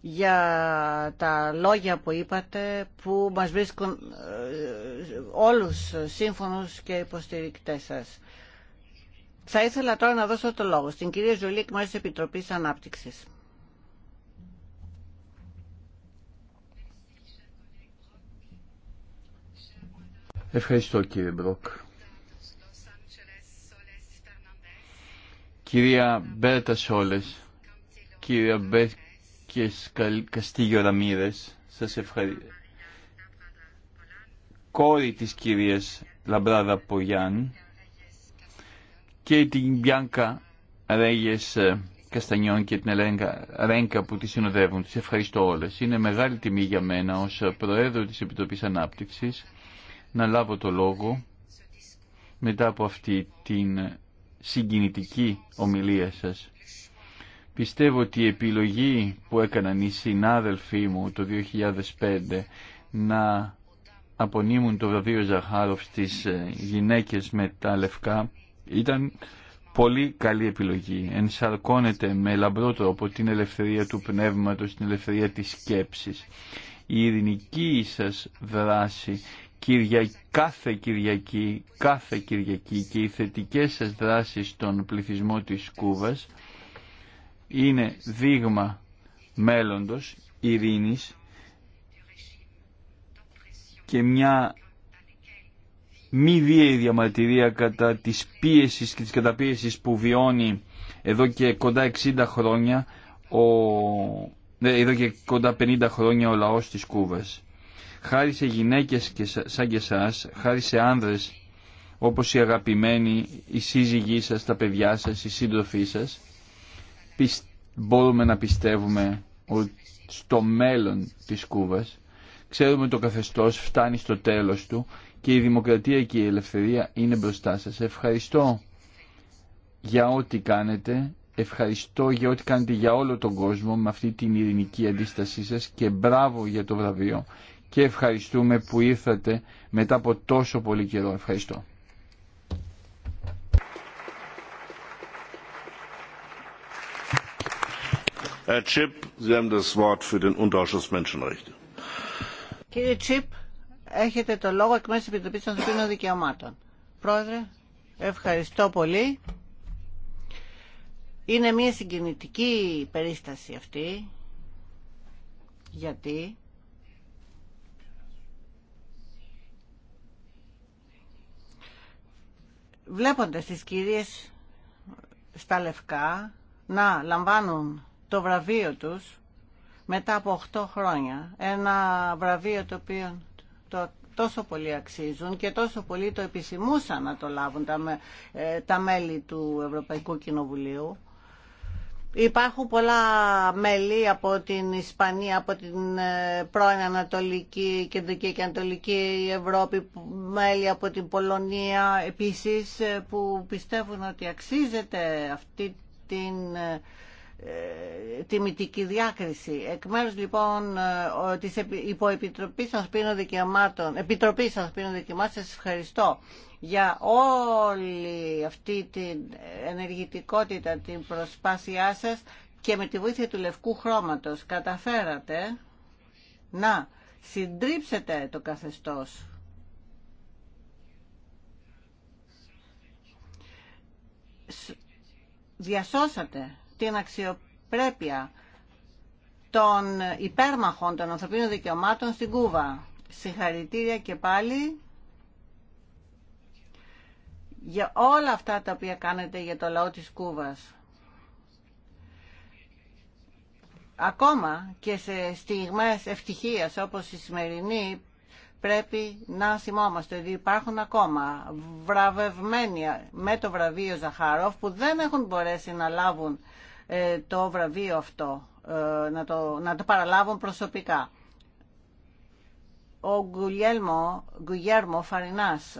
Speaker 2: για τα λόγια που είπατε που μας βρίσκουν ε, όλους σύμφωνους και υποστηρικτές σας. Θα ήθελα τώρα να δώσω το λόγο στην κυρία Ζουλίκ, τη Επιτροπής Ανάπτυξης.
Speaker 4: Ευχαριστώ κύριε Μπροκ. Κυρία Μπέρτα Σόλες, κυρία Μπέρκε Καστίγιο Ραμίδε, σα ευχαριστώ. Κόρη τη κυρία Λαμπράδα Πογιάν και την Μπιάνκα Ρέγε ε, Καστανιών και την Ελένκα Ρέγκα που τη συνοδεύουν. Τις ευχαριστώ όλε. Είναι μεγάλη τιμή για μένα ω Προέδρο τη Επιτροπή ανάπτυξη να λάβω το λόγο μετά από αυτή την συγκινητική ομιλία σας. Πιστεύω ότι η επιλογή που έκαναν οι συνάδελφοί μου το 2005 να απονείμουν το βραβείο Ζαχάροφ στις ε, γυναίκες με τα λευκά ήταν πολύ καλή επιλογή. Ενσαρκώνεται με λαμπρό τρόπο την ελευθερία του πνεύματος, την ελευθερία της σκέψης. Η ειρηνική σας δράση Κυρια... κάθε Κυριακή, κάθε Κυριακή και οι θετικές σας δράσεις στον πληθυσμό της Κούβας είναι δείγμα μέλλοντος, ειρήνης και μια μη βίαιη διαμαρτυρία κατά της πίεσης και της καταπίεσης που βιώνει εδώ και κοντά 60 χρόνια ο... Ε, εδώ και κοντά 50 χρόνια ο λαός της Κούβας χάρη σε γυναίκες και σαν και εσάς, χάρη σε άνδρες όπως οι αγαπημένοι, οι σύζυγοί σας, τα παιδιά σας, οι σύντροφοί σας, μπορούμε να πιστεύουμε ότι στο μέλλον της Κούβας ξέρουμε ότι το καθεστώς φτάνει στο τέλος του και η δημοκρατία και η ελευθερία είναι μπροστά σας. Ευχαριστώ για ό,τι κάνετε, ευχαριστώ για ό,τι κάνετε για όλο τον κόσμο με αυτή την ειρηνική αντίστασή σας και μπράβο για το βραβείο και ευχαριστούμε που ήρθατε μετά από τόσο πολύ καιρό. Ευχαριστώ.
Speaker 2: Κύριε Τσίπ, έχετε το λόγο εκ μέρους της Επιτροπής των Ανθρωπίνων Δικαιωμάτων. Πρόεδρε, ευχαριστώ πολύ. Είναι μια συγκινητική περίσταση αυτή, γιατί βλέποντας τις κυρίες στα λευκά να λαμβάνουν το βραβείο τους μετά από 8 χρόνια. Ένα βραβείο το οποίο τόσο πολύ αξίζουν και τόσο πολύ το επισημούσαν να το λάβουν τα, ε, τα μέλη του Ευρωπαϊκού Κοινοβουλίου. Υπάρχουν πολλά μέλη από την Ισπανία, από την ε, πρώην Ανατολική, Κεντρική και Ανατολική Ευρώπη, μέλη από την Πολωνία επίσης ε, που πιστεύουν ότι αξίζεται αυτή την ε, ε τιμητική διάκριση. Εκ μέρους λοιπόν της Υποεπιτροπής Ασπίνων Δικαιωμάτων, Επιτροπής Ασπίνων Δικαιωμάτων, σας ευχαριστώ για όλη αυτή την ενεργητικότητα, την προσπάθειά σας και με τη βοήθεια του λευκού χρώματος καταφέρατε να συντρίψετε το καθεστώς. Διασώσατε την αξιοπρέπεια των υπέρμαχων των ανθρωπίνων δικαιωμάτων στην Κούβα. Συγχαρητήρια και πάλι για όλα αυτά τα οποία κάνετε για το λαό της Κούβας. Ακόμα και σε στιγμές ευτυχίας όπως η σημερινή πρέπει να θυμόμαστε ότι υπάρχουν ακόμα βραβευμένοι με το βραβείο Ζαχάροφ που δεν έχουν μπορέσει να λάβουν ε, το βραβείο αυτό, ε, να, το, να το παραλάβουν προσωπικά. Ο Γκουγέρμο Φαρινάς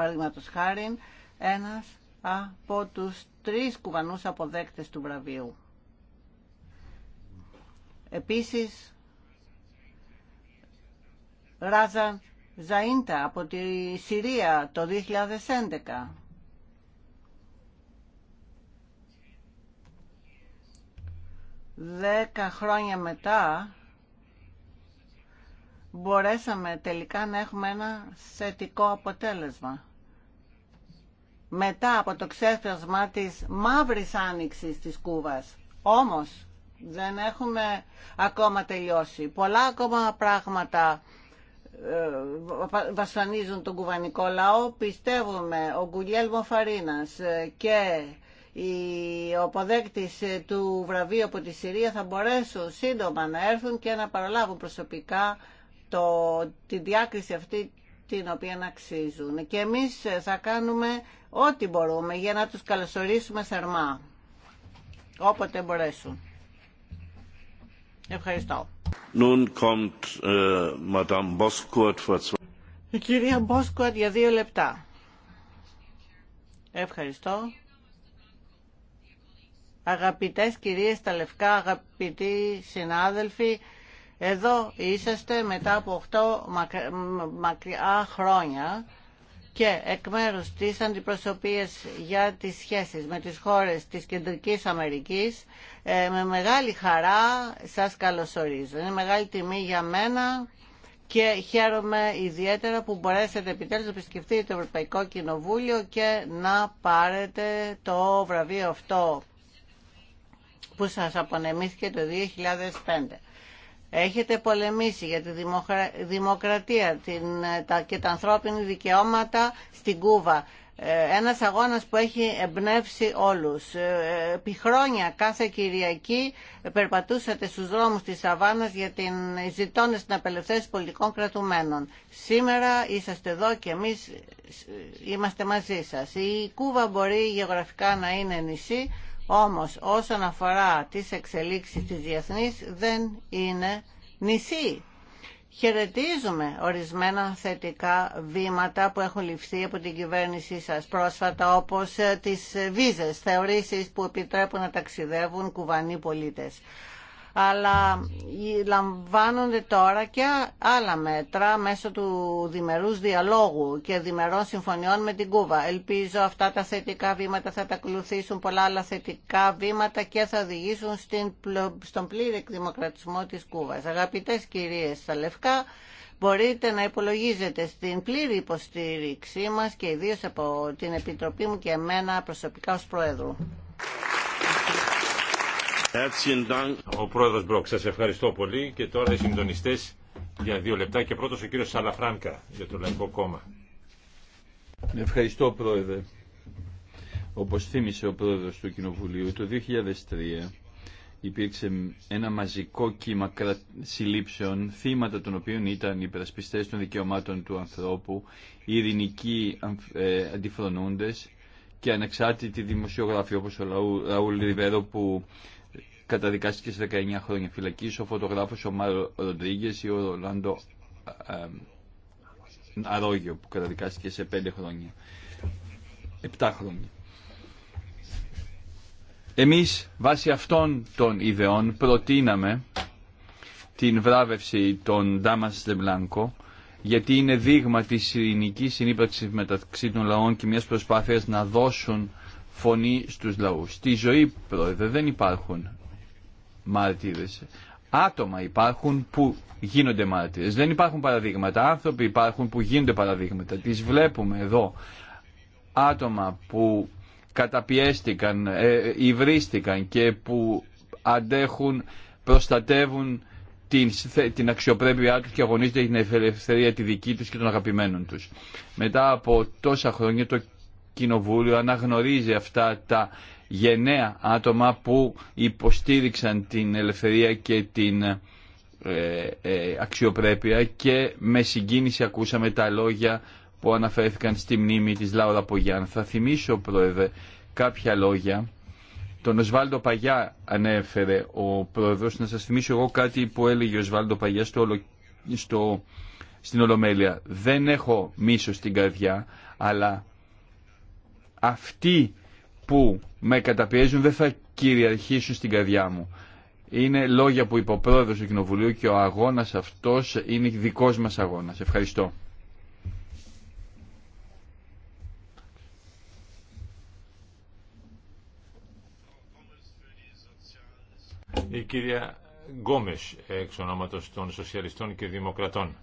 Speaker 2: παραδείγματος χάρη, ένας από του τρεις κουβανού αποδέκτε του βραβείου. Επίσης, Ράζαν Ζαΐντα από τη Συρία το 2011. Δέκα χρόνια μετά μπορέσαμε τελικά να έχουμε ένα θετικό αποτέλεσμα μετά από το ξέφρασμα της μαύρης άνοιξης της Κούβας. Όμως δεν έχουμε ακόμα τελειώσει. Πολλά ακόμα πράγματα ε, βασανίζουν τον κουβανικό λαό. Πιστεύουμε ο Γκουλιέλμο Φαρίνας ε, και η αποδέκτης ε, του βραβείου από τη Συρία θα μπορέσουν σύντομα να έρθουν και να παραλάβουν προσωπικά το, τη διάκριση αυτή την οποία να αξίζουν. Και εμείς ε, θα κάνουμε ό,τι μπορούμε για να τους καλωσορίσουμε θερμά, όποτε μπορέσουν. Ευχαριστώ.
Speaker 1: Nun kommt, äh, Madame for...
Speaker 2: Η κυρία Μπόσκουατ για δύο λεπτά. Ευχαριστώ. Αγαπητές κυρίες τα Λευκά, αγαπητοί συνάδελφοι, εδώ είσαστε μετά από 8 μακριά χρόνια και εκ μέρους της αντιπροσωπείας για τις σχέσεις με τις χώρες της Κεντρικής Αμερικής ε, με μεγάλη χαρά σας καλωσορίζω. Είναι μεγάλη τιμή για μένα και χαίρομαι ιδιαίτερα που μπορέσετε επιτέλους να επισκεφτείτε το Ευρωπαϊκό Κοινοβούλιο και να πάρετε το βραβείο αυτό που σας απονεμήθηκε το 2005. Έχετε πολεμήσει για τη δημοκρατία την, τα, και τα ανθρώπινη δικαιώματα στην Κούβα. Ε, ένας αγώνας που έχει εμπνεύσει όλους. Ε, επί χρόνια κάθε Κυριακή περπατούσατε στους δρόμους της Σαββάνας για την, ζητώνε να απελευθέρωση πολιτικών κρατουμένων. Σήμερα είσαστε εδώ και εμείς ε, είμαστε μαζί σας. Η Κούβα μπορεί γεωγραφικά να είναι νησί, όμως όσον αφορά τις εξελίξεις της διεθνής δεν είναι νησί. Χαιρετίζουμε ορισμένα θετικά βήματα που έχουν ληφθεί από την κυβέρνησή σας πρόσφατα όπως ε, τις ε, βίζες, θεωρήσεις που επιτρέπουν να ταξιδεύουν κουβανοί πολίτες αλλά λαμβάνονται τώρα και άλλα μέτρα μέσω του διμερούς διαλόγου και διμερών συμφωνιών με την Κούβα. Ελπίζω αυτά τα θετικά βήματα θα τα ακολουθήσουν πολλά άλλα θετικά βήματα και θα οδηγήσουν στην, στον πλήρη εκδημοκρατισμό της Κούβας. Αγαπητές κυρίες στα Λευκά, μπορείτε να υπολογίζετε στην πλήρη υποστήριξή μας και ιδίως από την Επιτροπή μου και εμένα προσωπικά ως Πρόεδρου.
Speaker 5: Ο πρόεδρος Μπρόκ, σα ευχαριστώ πολύ και τώρα οι συντονιστές για δύο λεπτά και πρώτος ο κύριος Σαλαφράνκα για το Λαϊκό Κόμμα.
Speaker 4: Ευχαριστώ πρόεδρε. Όπως θύμισε ο πρόεδρος του Κοινοβουλίου, το 2003 υπήρξε ένα μαζικό κύμα συλλήψεων, θύματα των οποίων ήταν οι περασπιστές των δικαιωμάτων του ανθρώπου, οι ειρηνικοί ε, αντιφρονούντες και ανεξάρτητη δημοσιογράφοι όπως ο Ραούλ Ριβέρο που καταδικάστηκε σε 19 χρόνια φυλακή ο φωτογράφος ο Μάρο Ροντρίγκε ή ο Ρολάντο Αρόγιο που καταδικάστηκε σε 5 χρόνια. 7 χρόνια. Εμείς βάσει αυτών των ιδεών προτείναμε την βράβευση των Ντάμα Στεμπλάνκο γιατί είναι δείγμα της ειρηνικής συνύπαρξης μεταξύ των λαών και μιας προσπάθειας να δώσουν φωνή στους λαούς. Στη ζωή, πρόεδρε, δεν υπάρχουν Άτομα υπάρχουν που γίνονται μάρτυρες. Δεν υπάρχουν παραδείγματα. Άνθρωποι υπάρχουν που γίνονται παραδείγματα. Τις βλέπουμε εδώ. Άτομα που καταπιέστηκαν, ε, υβρίστηκαν και που αντέχουν, προστατεύουν την, την αξιοπρέπειά τους και αγωνίζονται για την ελευθερία τη δική τους και των αγαπημένων τους. Μετά από τόσα χρόνια το Κοινοβούλιο αναγνωρίζει αυτά τα γενναία άτομα που υποστήριξαν την ελευθερία και την ε, ε, αξιοπρέπεια και με συγκίνηση ακούσαμε τα λόγια που αναφέρθηκαν στη μνήμη της Λάουρα Πογιάν. Θα θυμίσω, Πρόεδρε, κάποια λόγια. Τον Οσβάλντο Παγιά ανέφερε ο Πρόεδρος. Να σας θυμίσω εγώ κάτι που έλεγε ο Οσβάλντο Παγιά στο, στο, στην Ολομέλεια. Δεν έχω μίσο στην καρδιά, αλλά αυτή που με καταπιέζουν δεν θα κυριαρχήσουν στην καρδιά μου. Είναι λόγια που είπε ο του Κοινοβουλίου και ο αγώνας αυτός είναι δικός μας αγώνας. Ευχαριστώ. Η
Speaker 5: κυρία Γκόμες, εξ ονόματος των Σοσιαλιστών και Δημοκρατών.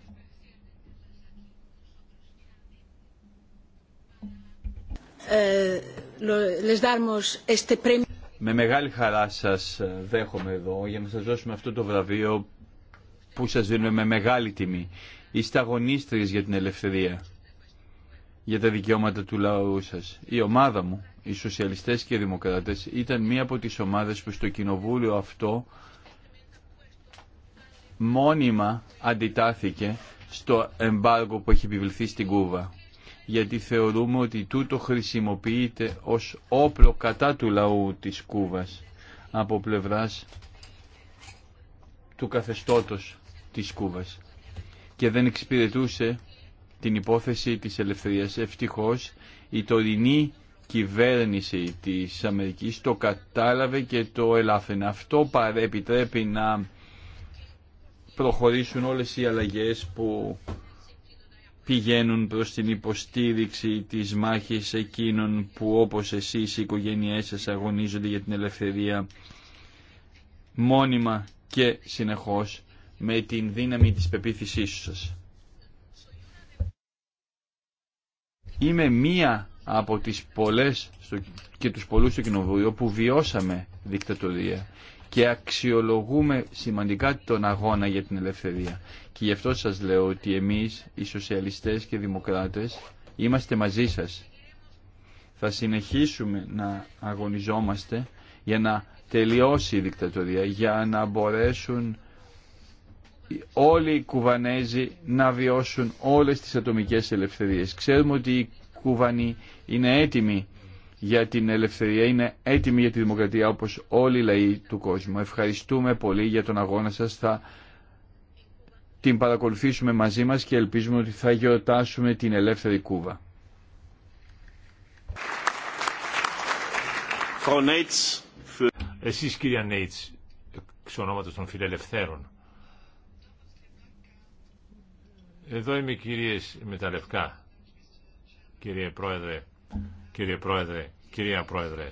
Speaker 2: Ε,
Speaker 4: με μεγάλη χαρά σας ε, δέχομαι εδώ για να σας δώσουμε αυτό το βραβείο που σας δίνουμε με μεγάλη τιμή. Είστε αγωνίστρες για την ελευθερία, για τα δικαιώματα του λαού σας. Η ομάδα μου, οι σοσιαλιστές και οι δημοκράτες, ήταν μία από τις ομάδες που στο κοινοβούλιο αυτό μόνιμα αντιτάθηκε στο εμπάργο που έχει επιβληθεί στην Κούβα γιατί θεωρούμε ότι τούτο χρησιμοποιείται ως όπλο κατά του λαού της Κούβας από πλευράς του καθεστώτος της Κούβας και δεν εξυπηρετούσε την υπόθεση της ελευθερίας. Ευτυχώς η τωρινή κυβέρνηση της Αμερικής το κατάλαβε και το ελάφρυνε. Αυτό παρεπιτρέπει να προχωρήσουν όλες οι αλλαγές που πηγαίνουν προς την υποστήριξη της μάχης εκείνων που όπως εσείς οι οικογένειές σας αγωνίζονται για την ελευθερία μόνιμα και συνεχώς με την δύναμη της πεποίθησής σας. Είμαι μία από τις πολλές και τους πολλούς στο Κοινοβούλιο που βιώσαμε δικτατορία και αξιολογούμε σημαντικά τον αγώνα για την ελευθερία. Και γι' αυτό σας λέω ότι εμείς, οι σοσιαλιστές και δημοκράτες, είμαστε μαζί σας. Θα συνεχίσουμε να αγωνιζόμαστε για να τελειώσει η δικτατορία, για να μπορέσουν όλοι οι Κουβανέζοι να βιώσουν όλες τις ατομικές ελευθερίες. Ξέρουμε ότι οι Κουβανοί είναι έτοιμοι για την ελευθερία, είναι έτοιμοι για τη δημοκρατία όπως όλοι οι λαοί του κόσμου. Ευχαριστούμε πολύ για τον αγώνα σας. Θα την παρακολουθήσουμε μαζί μας και ελπίζουμε ότι θα γιορτάσουμε την ελεύθερη Κούβα.
Speaker 5: Εσείς κυρία Νέιτς, εξ ονόματος των φιλελευθέρων. Εδώ είμαι κυρίες με τα λευκά. Κύριε Πρόεδρε, κύριε Πρόεδρε, κυρία Πρόεδρε.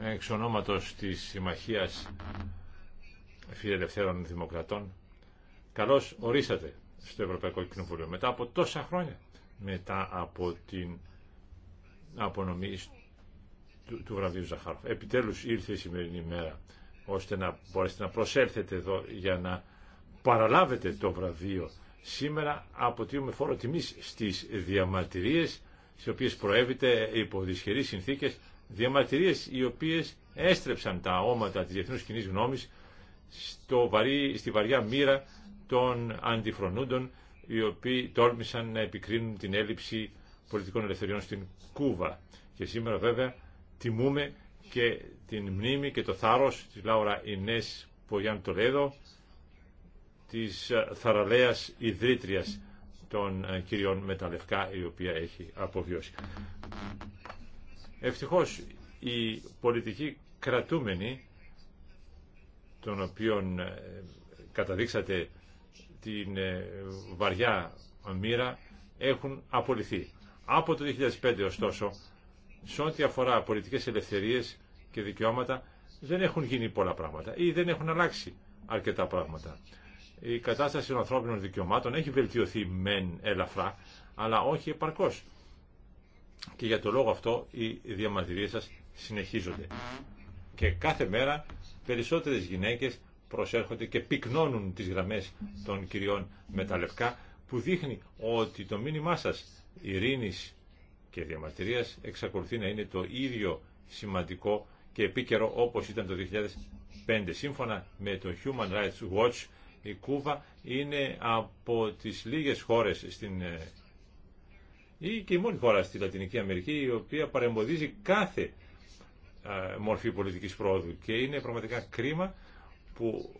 Speaker 5: Εξ ονόματος της Συμμαχίας Φιλελευθέρων Δημοκρατών Καλώ ορίσατε στο Ευρωπαϊκό Κοινοβούλιο μετά από τόσα χρόνια, μετά από την απονομή του, του βραβείου Ζαχάροφ. Επιτέλους ήρθε η σημερινή μέρα ώστε να μπορέσετε να προσέλθετε εδώ για να παραλάβετε το βραβείο. Σήμερα αποτείουμε φόρο τιμής στις διαμαρτυρίες στις οποίες προέβητε υπό δυσχερείς συνθήκες, διαμαρτυρίες οι οποίες έστρεψαν τα όματα τη διεθνούς κοινή στη βαριά μοίρα των αντιφρονούντων οι οποίοι τόλμησαν να επικρίνουν την έλλειψη πολιτικών ελευθεριών στην Κούβα. Και σήμερα βέβαια τιμούμε και την μνήμη και το θάρρος της Λάουρα Ινές Πογιάν Τολέδο, της ε, θαραλέας ιδρύτριας των ε, κυριών λευκά η οποία έχει αποβιώσει. Ευτυχώς η πολιτική κρατούμενη των οποίων ε, καταδείξατε την ε, βαριά μοίρα έχουν απολυθεί. Από το 2005 ωστόσο, σε ό,τι αφορά πολιτικές ελευθερίες και δικαιώματα, δεν έχουν γίνει πολλά πράγματα ή δεν έχουν αλλάξει αρκετά πράγματα. Η κατάσταση των ανθρώπινων δικαιωμάτων έχει βελτιωθεί μεν ελαφρά, αλλά όχι επαρκώς. Και για το λόγο αυτό οι διαμαρτυρίες σας συνεχίζονται. Και κάθε μέρα περισσότερες γυναίκες προσέρχονται και πυκνώνουν τις γραμμές των κυριών με τα λευκά που δείχνει ότι το μήνυμά σας ειρήνης και διαμαρτυρίας εξακολουθεί να είναι το ίδιο σημαντικό και επίκαιρο όπως ήταν το 2005. Σύμφωνα με το Human Rights Watch η Κούβα είναι από τις λίγες χώρες στην ε, ή και η μόνη χώρα στη Λατινική Αμερική η οποία παρεμποδίζει κάθε ε, μορφή πολιτικής πρόοδου και είναι πραγματικά κρίμα που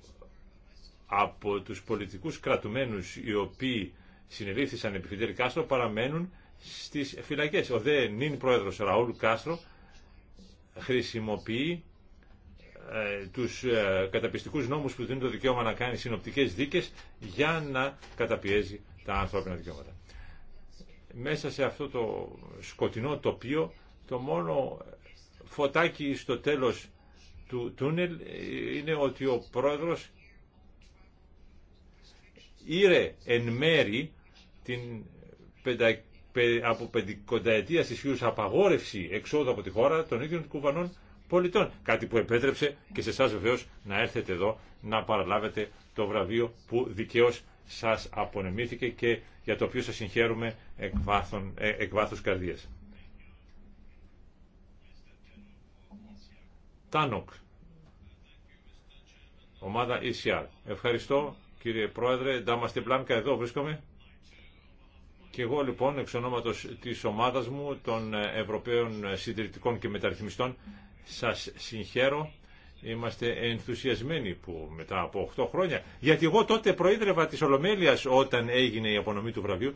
Speaker 5: από τους πολιτικούς κρατουμένους οι οποίοι συνελήφθησαν επί Φιντελ Κάστρο παραμένουν στις φυλακές. Ο δε νυν πρόεδρος Ραούλ Κάστρο χρησιμοποιεί ε, τους ε, καταπιστικούς νόμους που δίνουν το δικαίωμα να κάνει συνοπτικές δίκες για να καταπιέζει τα ανθρώπινα δικαιώματα. Μέσα σε αυτό το σκοτεινό τοπίο το μόνο φωτάκι στο τέλος του τούνελ είναι ότι ο πρόεδρος ήρε εν μέρη την πεντα, από πεντηκονταετία στις απαγόρευση εξόδου από τη χώρα των ίδιων κουβανών πολιτών. Κάτι που επέτρεψε και σε εσά βεβαίω να έρθετε εδώ να παραλάβετε το βραβείο που δικαίως σας απονεμήθηκε και για το οποίο σας συγχαίρουμε εκ, εκβάθους ε, εκ βάθους καρδίας. Τάνοκ, ομάδα ECR. Ευχαριστώ κύριε Πρόεδρε, Ντάμαστε Μπλάνκα, εδώ βρίσκομαι. Και εγώ λοιπόν εξ ονόματος της ομάδας μου των Ευρωπαίων Συντηρητικών και Μεταρρυθμιστών σας συγχαίρω. Είμαστε ενθουσιασμένοι που μετά από 8 χρόνια, γιατί εγώ τότε προείδρευα της Ολομέλειας όταν έγινε η απονομή του βραβείου,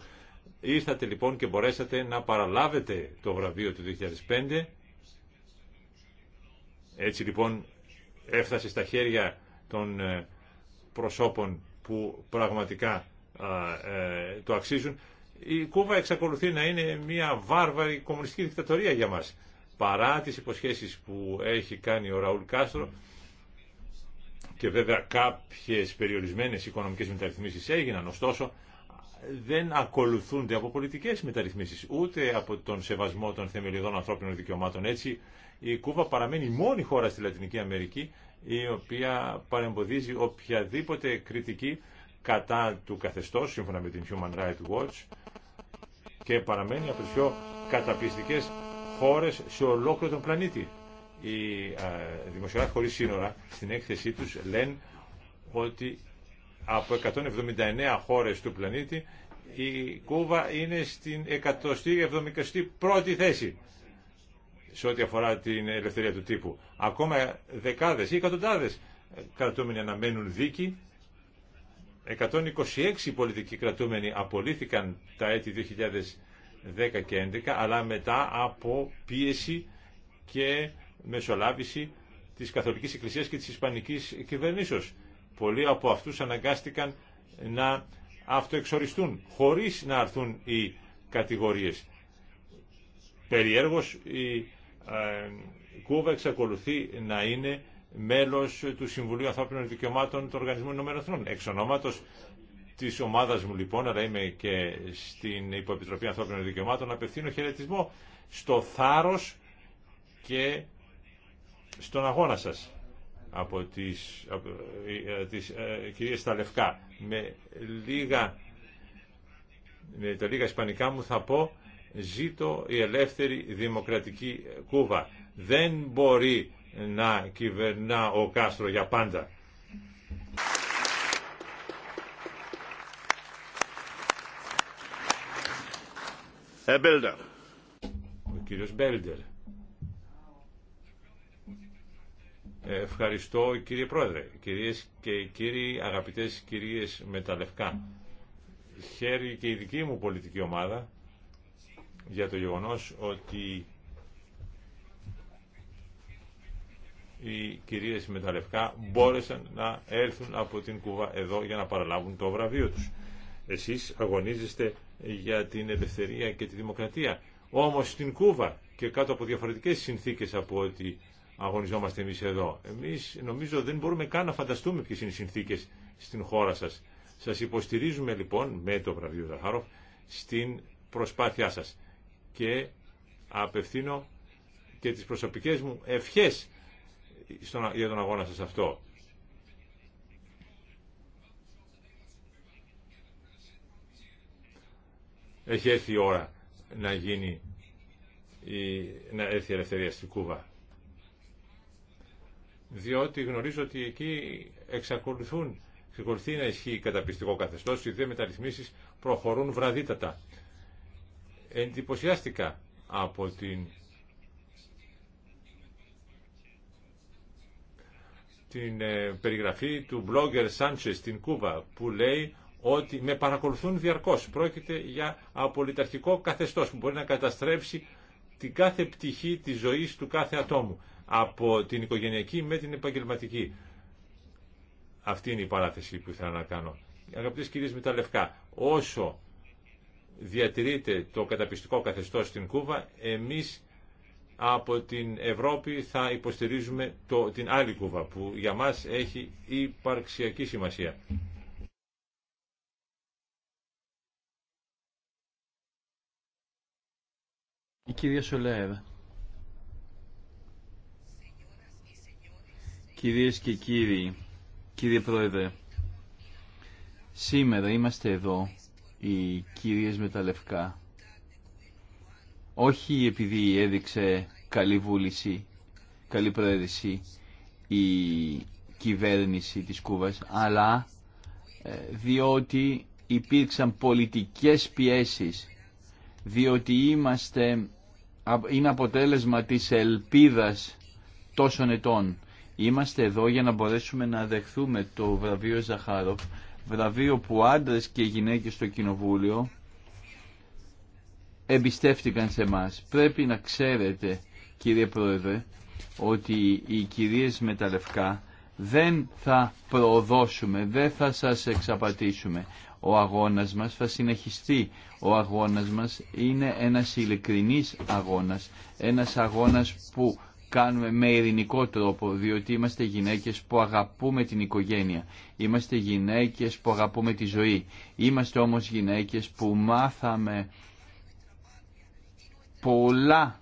Speaker 5: ήρθατε λοιπόν και μπορέσατε να παραλάβετε το βραβείο του 2005 έτσι λοιπόν έφτασε στα χέρια των ε, προσώπων που πραγματικά ε, το αξίζουν. Η Κούβα εξακολουθεί να είναι μια βάρβαρη κομμουνιστική δικτατορία για μας. Παρά τις υποσχέσεις που έχει κάνει ο Ραούλ Κάστρο και βέβαια κάποιες περιορισμένες οικονομικές μεταρρυθμίσεις έγιναν, ωστόσο δεν ακολουθούνται από πολιτικές μεταρρυθμίσεις, ούτε από τον σεβασμό των θεμελιωδών ανθρώπινων δικαιωμάτων. Έτσι η Κούβα παραμένει η μόνη χώρα στη Λατινική Αμερική η οποία παρεμποδίζει οποιαδήποτε κριτική κατά του καθεστώς, σύμφωνα με την Human Rights Watch, και παραμένει από τις πιο καταπιστικές χώρες σε ολόκληρο τον πλανήτη. Οι ε, δημοσιογράφοι χωρίς σύνορα στην έκθεσή τους λένε ότι από 179 χώρες του πλανήτη η Κούβα είναι στην 171η θέση σε ό,τι αφορά την ελευθερία του τύπου. Ακόμα δεκάδες ή εκατοντάδες κρατούμενοι αναμένουν δίκη. 126 πολιτικοί κρατούμενοι απολύθηκαν τα έτη 2010 και 2011, αλλά μετά από πίεση και μεσολάβηση της Καθολικής Εκκλησίας και της Ισπανικής Κυβερνήσεως. Πολλοί από αυτούς αναγκάστηκαν να αυτοεξοριστούν, χωρίς να αρθούν οι κατηγορίες. Περιέργως, η ε, Κούβα εξακολουθεί να είναι μέλος του Συμβουλίου Ανθρώπινων Δικαιωμάτων του Οργανισμού Ηνωμένων Εξ ονόματος της ομάδας μου λοιπόν, αλλά είμαι και στην Υποεπιτροπή Ανθρώπινων Δικαιωμάτων, απευθύνω χαιρετισμό στο θάρρος και στον αγώνα σας από τις, ε, τις ε, κυρίες στα Λευκά. Με, λίγα, με τα λίγα ισπανικά μου θα πω Ζήτω η ελεύθερη δημοκρατική Κούβα. Δεν μπορεί να κυβερνά ο Κάστρο για πάντα. Ο κύριος Μπέλντερ. Ευχαριστώ κύριε Πρόεδρε, κυρίες και κύριοι, αγαπητές κυρίες με τα λευκά. Χαίρει και η δική μου πολιτική ομάδα για το γεγονός ότι οι κυρίες με τα λευκά μπόρεσαν να έρθουν από την Κουβά εδώ για να παραλάβουν το βραβείο τους. Εσείς αγωνίζεστε για την ελευθερία και τη δημοκρατία. Όμως στην Κούβα και κάτω από διαφορετικές συνθήκες από ό,τι αγωνιζόμαστε εμείς εδώ. Εμείς νομίζω δεν μπορούμε καν να φανταστούμε ποιες είναι οι συνθήκες στην χώρα σας. Σας υποστηρίζουμε λοιπόν με το βραβείο Ζαχάροφ στην προσπάθειά σας και απευθύνω και τις προσωπικές μου ευχές για τον αγώνα σας αυτό. Έχει έρθει η ώρα να γίνει η, να έρθει η ελευθερία στην Κούβα. Διότι γνωρίζω ότι εκεί εξακολουθούν, εξακολουθεί να ισχύει καταπιστικό καθεστώς, οι δε μεταρρυθμίσεις προχωρούν βραδύτατα εντυπωσιάστηκα από την την ε, περιγραφή του blogger Sanchez στην Κούβα που λέει ότι με παρακολουθούν διαρκώς. Πρόκειται για απολυταρχικό καθεστώς που μπορεί να καταστρέψει την κάθε πτυχή της ζωής του κάθε ατόμου από την οικογενειακή με την επαγγελματική. Αυτή είναι η παράθεση που ήθελα να κάνω. Αγαπητές κυρίες με τα λευκά, όσο διατηρείται το καταπιστικό καθεστώς στην Κούβα, εμείς από την Ευρώπη θα υποστηρίζουμε το, την άλλη Κούβα που για μας έχει υπαρξιακή σημασία.
Speaker 4: Η κυρία Κυρίες και κύριοι, κύριε Πρόεδρε, σήμερα είμαστε εδώ οι κυρίες με τα λευκά. Όχι επειδή έδειξε καλή βούληση, καλή προαίρεση η κυβέρνηση της Κούβας, αλλά ε, διότι υπήρξαν πολιτικές πιέσεις, διότι είμαστε, είναι αποτέλεσμα της ελπίδας τόσων ετών. Είμαστε εδώ για να μπορέσουμε να δεχθούμε το βραβείο Ζαχάροφ βραβείο που άντρες και γυναίκες στο κοινοβούλιο εμπιστεύτηκαν σε μας. Πρέπει να ξέρετε κύριε Πρόεδρε ότι οι κυρίες με τα λευκά δεν θα προόδωσουμε, δεν θα σας εξαπατήσουμε. Ο αγώνας μας θα συνεχιστεί. Ο αγώνας μας είναι ένας ειλικρινής αγώνας. Ένας αγώνας που κάνουμε με ειρηνικό τρόπο, διότι είμαστε γυναίκες που αγαπούμε την οικογένεια. Είμαστε γυναίκες που αγαπούμε τη ζωή. Είμαστε όμως γυναίκες που μάθαμε πολλά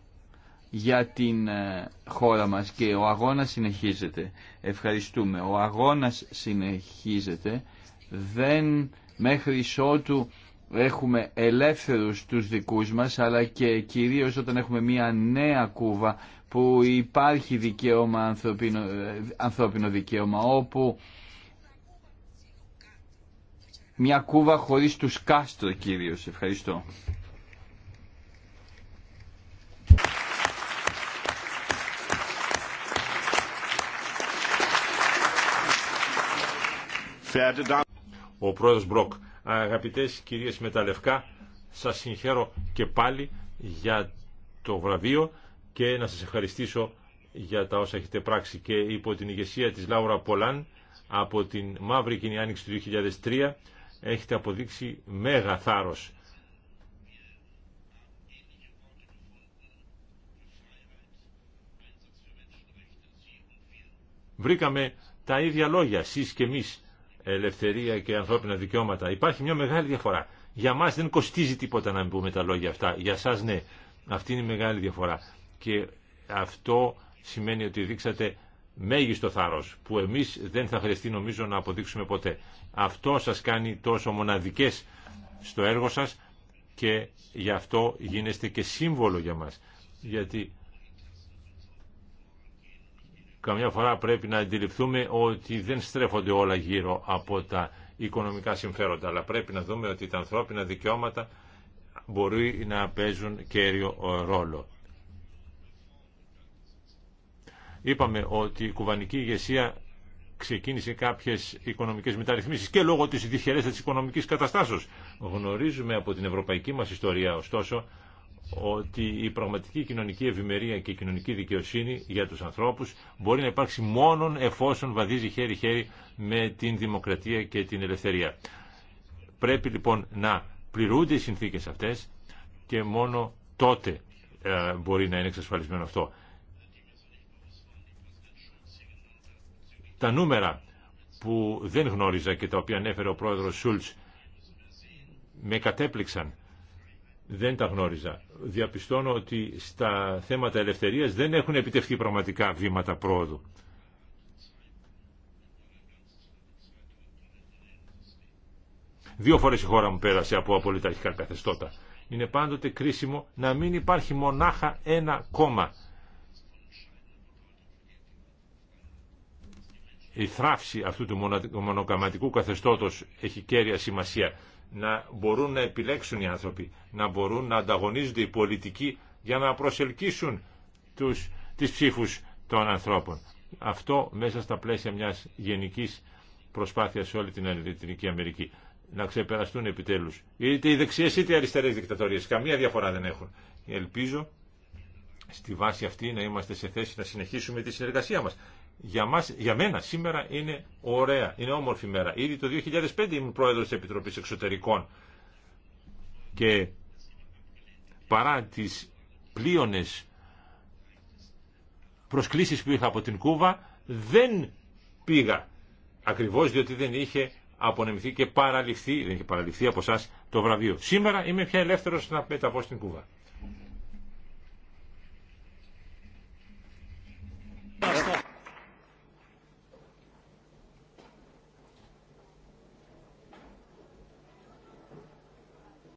Speaker 4: για την ε, χώρα μας και ο αγώνας συνεχίζεται. Ευχαριστούμε. Ο αγώνας συνεχίζεται. Δεν μέχρι ότου έχουμε ελεύθερους τους δικούς μας, αλλά και κυρίως όταν έχουμε μία νέα κούβα που υπάρχει δικαίωμα ανθρωπίνο, ανθρώπινο δικαίωμα, όπου μια κούβα χωρίς τους κάστρο κύριος. Ευχαριστώ.
Speaker 5: Ο πρόεδρος Μπροκ, αγαπητές κυρίες με τα λευκά, σας συγχαίρω και πάλι για το βραβείο και να σας ευχαριστήσω για τα όσα έχετε πράξει και υπό την ηγεσία της Λάουρα Πολάν από την Μαύρη Κοινή Άνοιξη του 2003 έχετε αποδείξει μέγα θάρρος. Βρήκαμε τα ίδια λόγια, εσείς και εμείς, ελευθερία και ανθρώπινα δικαιώματα. Υπάρχει μια μεγάλη διαφορά. Για μας δεν κοστίζει τίποτα να μην πούμε τα λόγια αυτά. Για εσά ναι. Αυτή είναι η μεγάλη διαφορά και αυτό σημαίνει ότι δείξατε μέγιστο θάρρος που εμείς δεν θα χρειαστεί νομίζω να αποδείξουμε ποτέ. Αυτό σας κάνει τόσο μοναδικές στο έργο σας και γι' αυτό γίνεστε και σύμβολο για μας. Γιατί καμιά φορά πρέπει να αντιληφθούμε ότι δεν στρέφονται όλα γύρω από τα οικονομικά συμφέροντα, αλλά πρέπει να δούμε ότι τα ανθρώπινα δικαιώματα μπορεί να παίζουν κέριο ρόλο. Είπαμε ότι η κουβανική ηγεσία ξεκίνησε κάποιε οικονομικέ μεταρρυθμίσει και λόγω τη δυσχερέστας τη οικονομική καταστάσεω. Γνωρίζουμε από την ευρωπαϊκή μα ιστορία, ωστόσο, ότι η πραγματική κοινωνική ευημερία και η κοινωνική δικαιοσύνη για του ανθρώπου μπορεί να υπαρξει μονο μόνον εφόσον βαδίζει χέρι-χέρι με την δημοκρατία και την ελευθερία. Πρέπει λοιπόν να πληρούνται οι συνθήκε αυτέ και μόνο τότε ε, μπορεί να είναι εξασφαλισμένο αυτό. Τα νούμερα που δεν γνώριζα και τα οποία ανέφερε ο πρόεδρος Σούλτς με κατέπληξαν. Δεν τα γνώριζα. Διαπιστώνω ότι στα θέματα ελευθερίας δεν έχουν επιτευχθεί πραγματικά βήματα πρόοδου. Δύο φορές η χώρα μου πέρασε από απολυταρχικά καθεστώτα. Είναι πάντοτε κρίσιμο να μην υπάρχει μονάχα ένα κόμμα η θράψη αυτού του μονοκαματικού καθεστώτος έχει κέρια σημασία. Να μπορούν να επιλέξουν οι άνθρωποι, να μπορούν να ανταγωνίζονται οι πολιτικοί για να προσελκύσουν τους, τις ψήφους των ανθρώπων. Αυτό μέσα στα πλαίσια μιας γενικής προσπάθειας σε όλη την Ελληνική Αμερική. Να ξεπεραστούν επιτέλους. Είτε οι δεξιές είτε οι αριστερές δικτατορίες. Καμία διαφορά δεν έχουν. Ελπίζω στη βάση αυτή να είμαστε σε θέση να συνεχίσουμε τη συνεργασία μας για, μας, για μένα σήμερα είναι ωραία, είναι όμορφη μέρα. Ήδη το 2005 ήμουν πρόεδρος της Επιτροπής Εξωτερικών και παρά τις πλείονες προσκλήσεις που είχα από την Κούβα δεν πήγα ακριβώς διότι δεν είχε απονεμηθεί και παραληφθεί, δεν είχε παραληφθεί από εσά το βραβείο. Σήμερα είμαι πια ελεύθερος να μεταβώ στην Κούβα.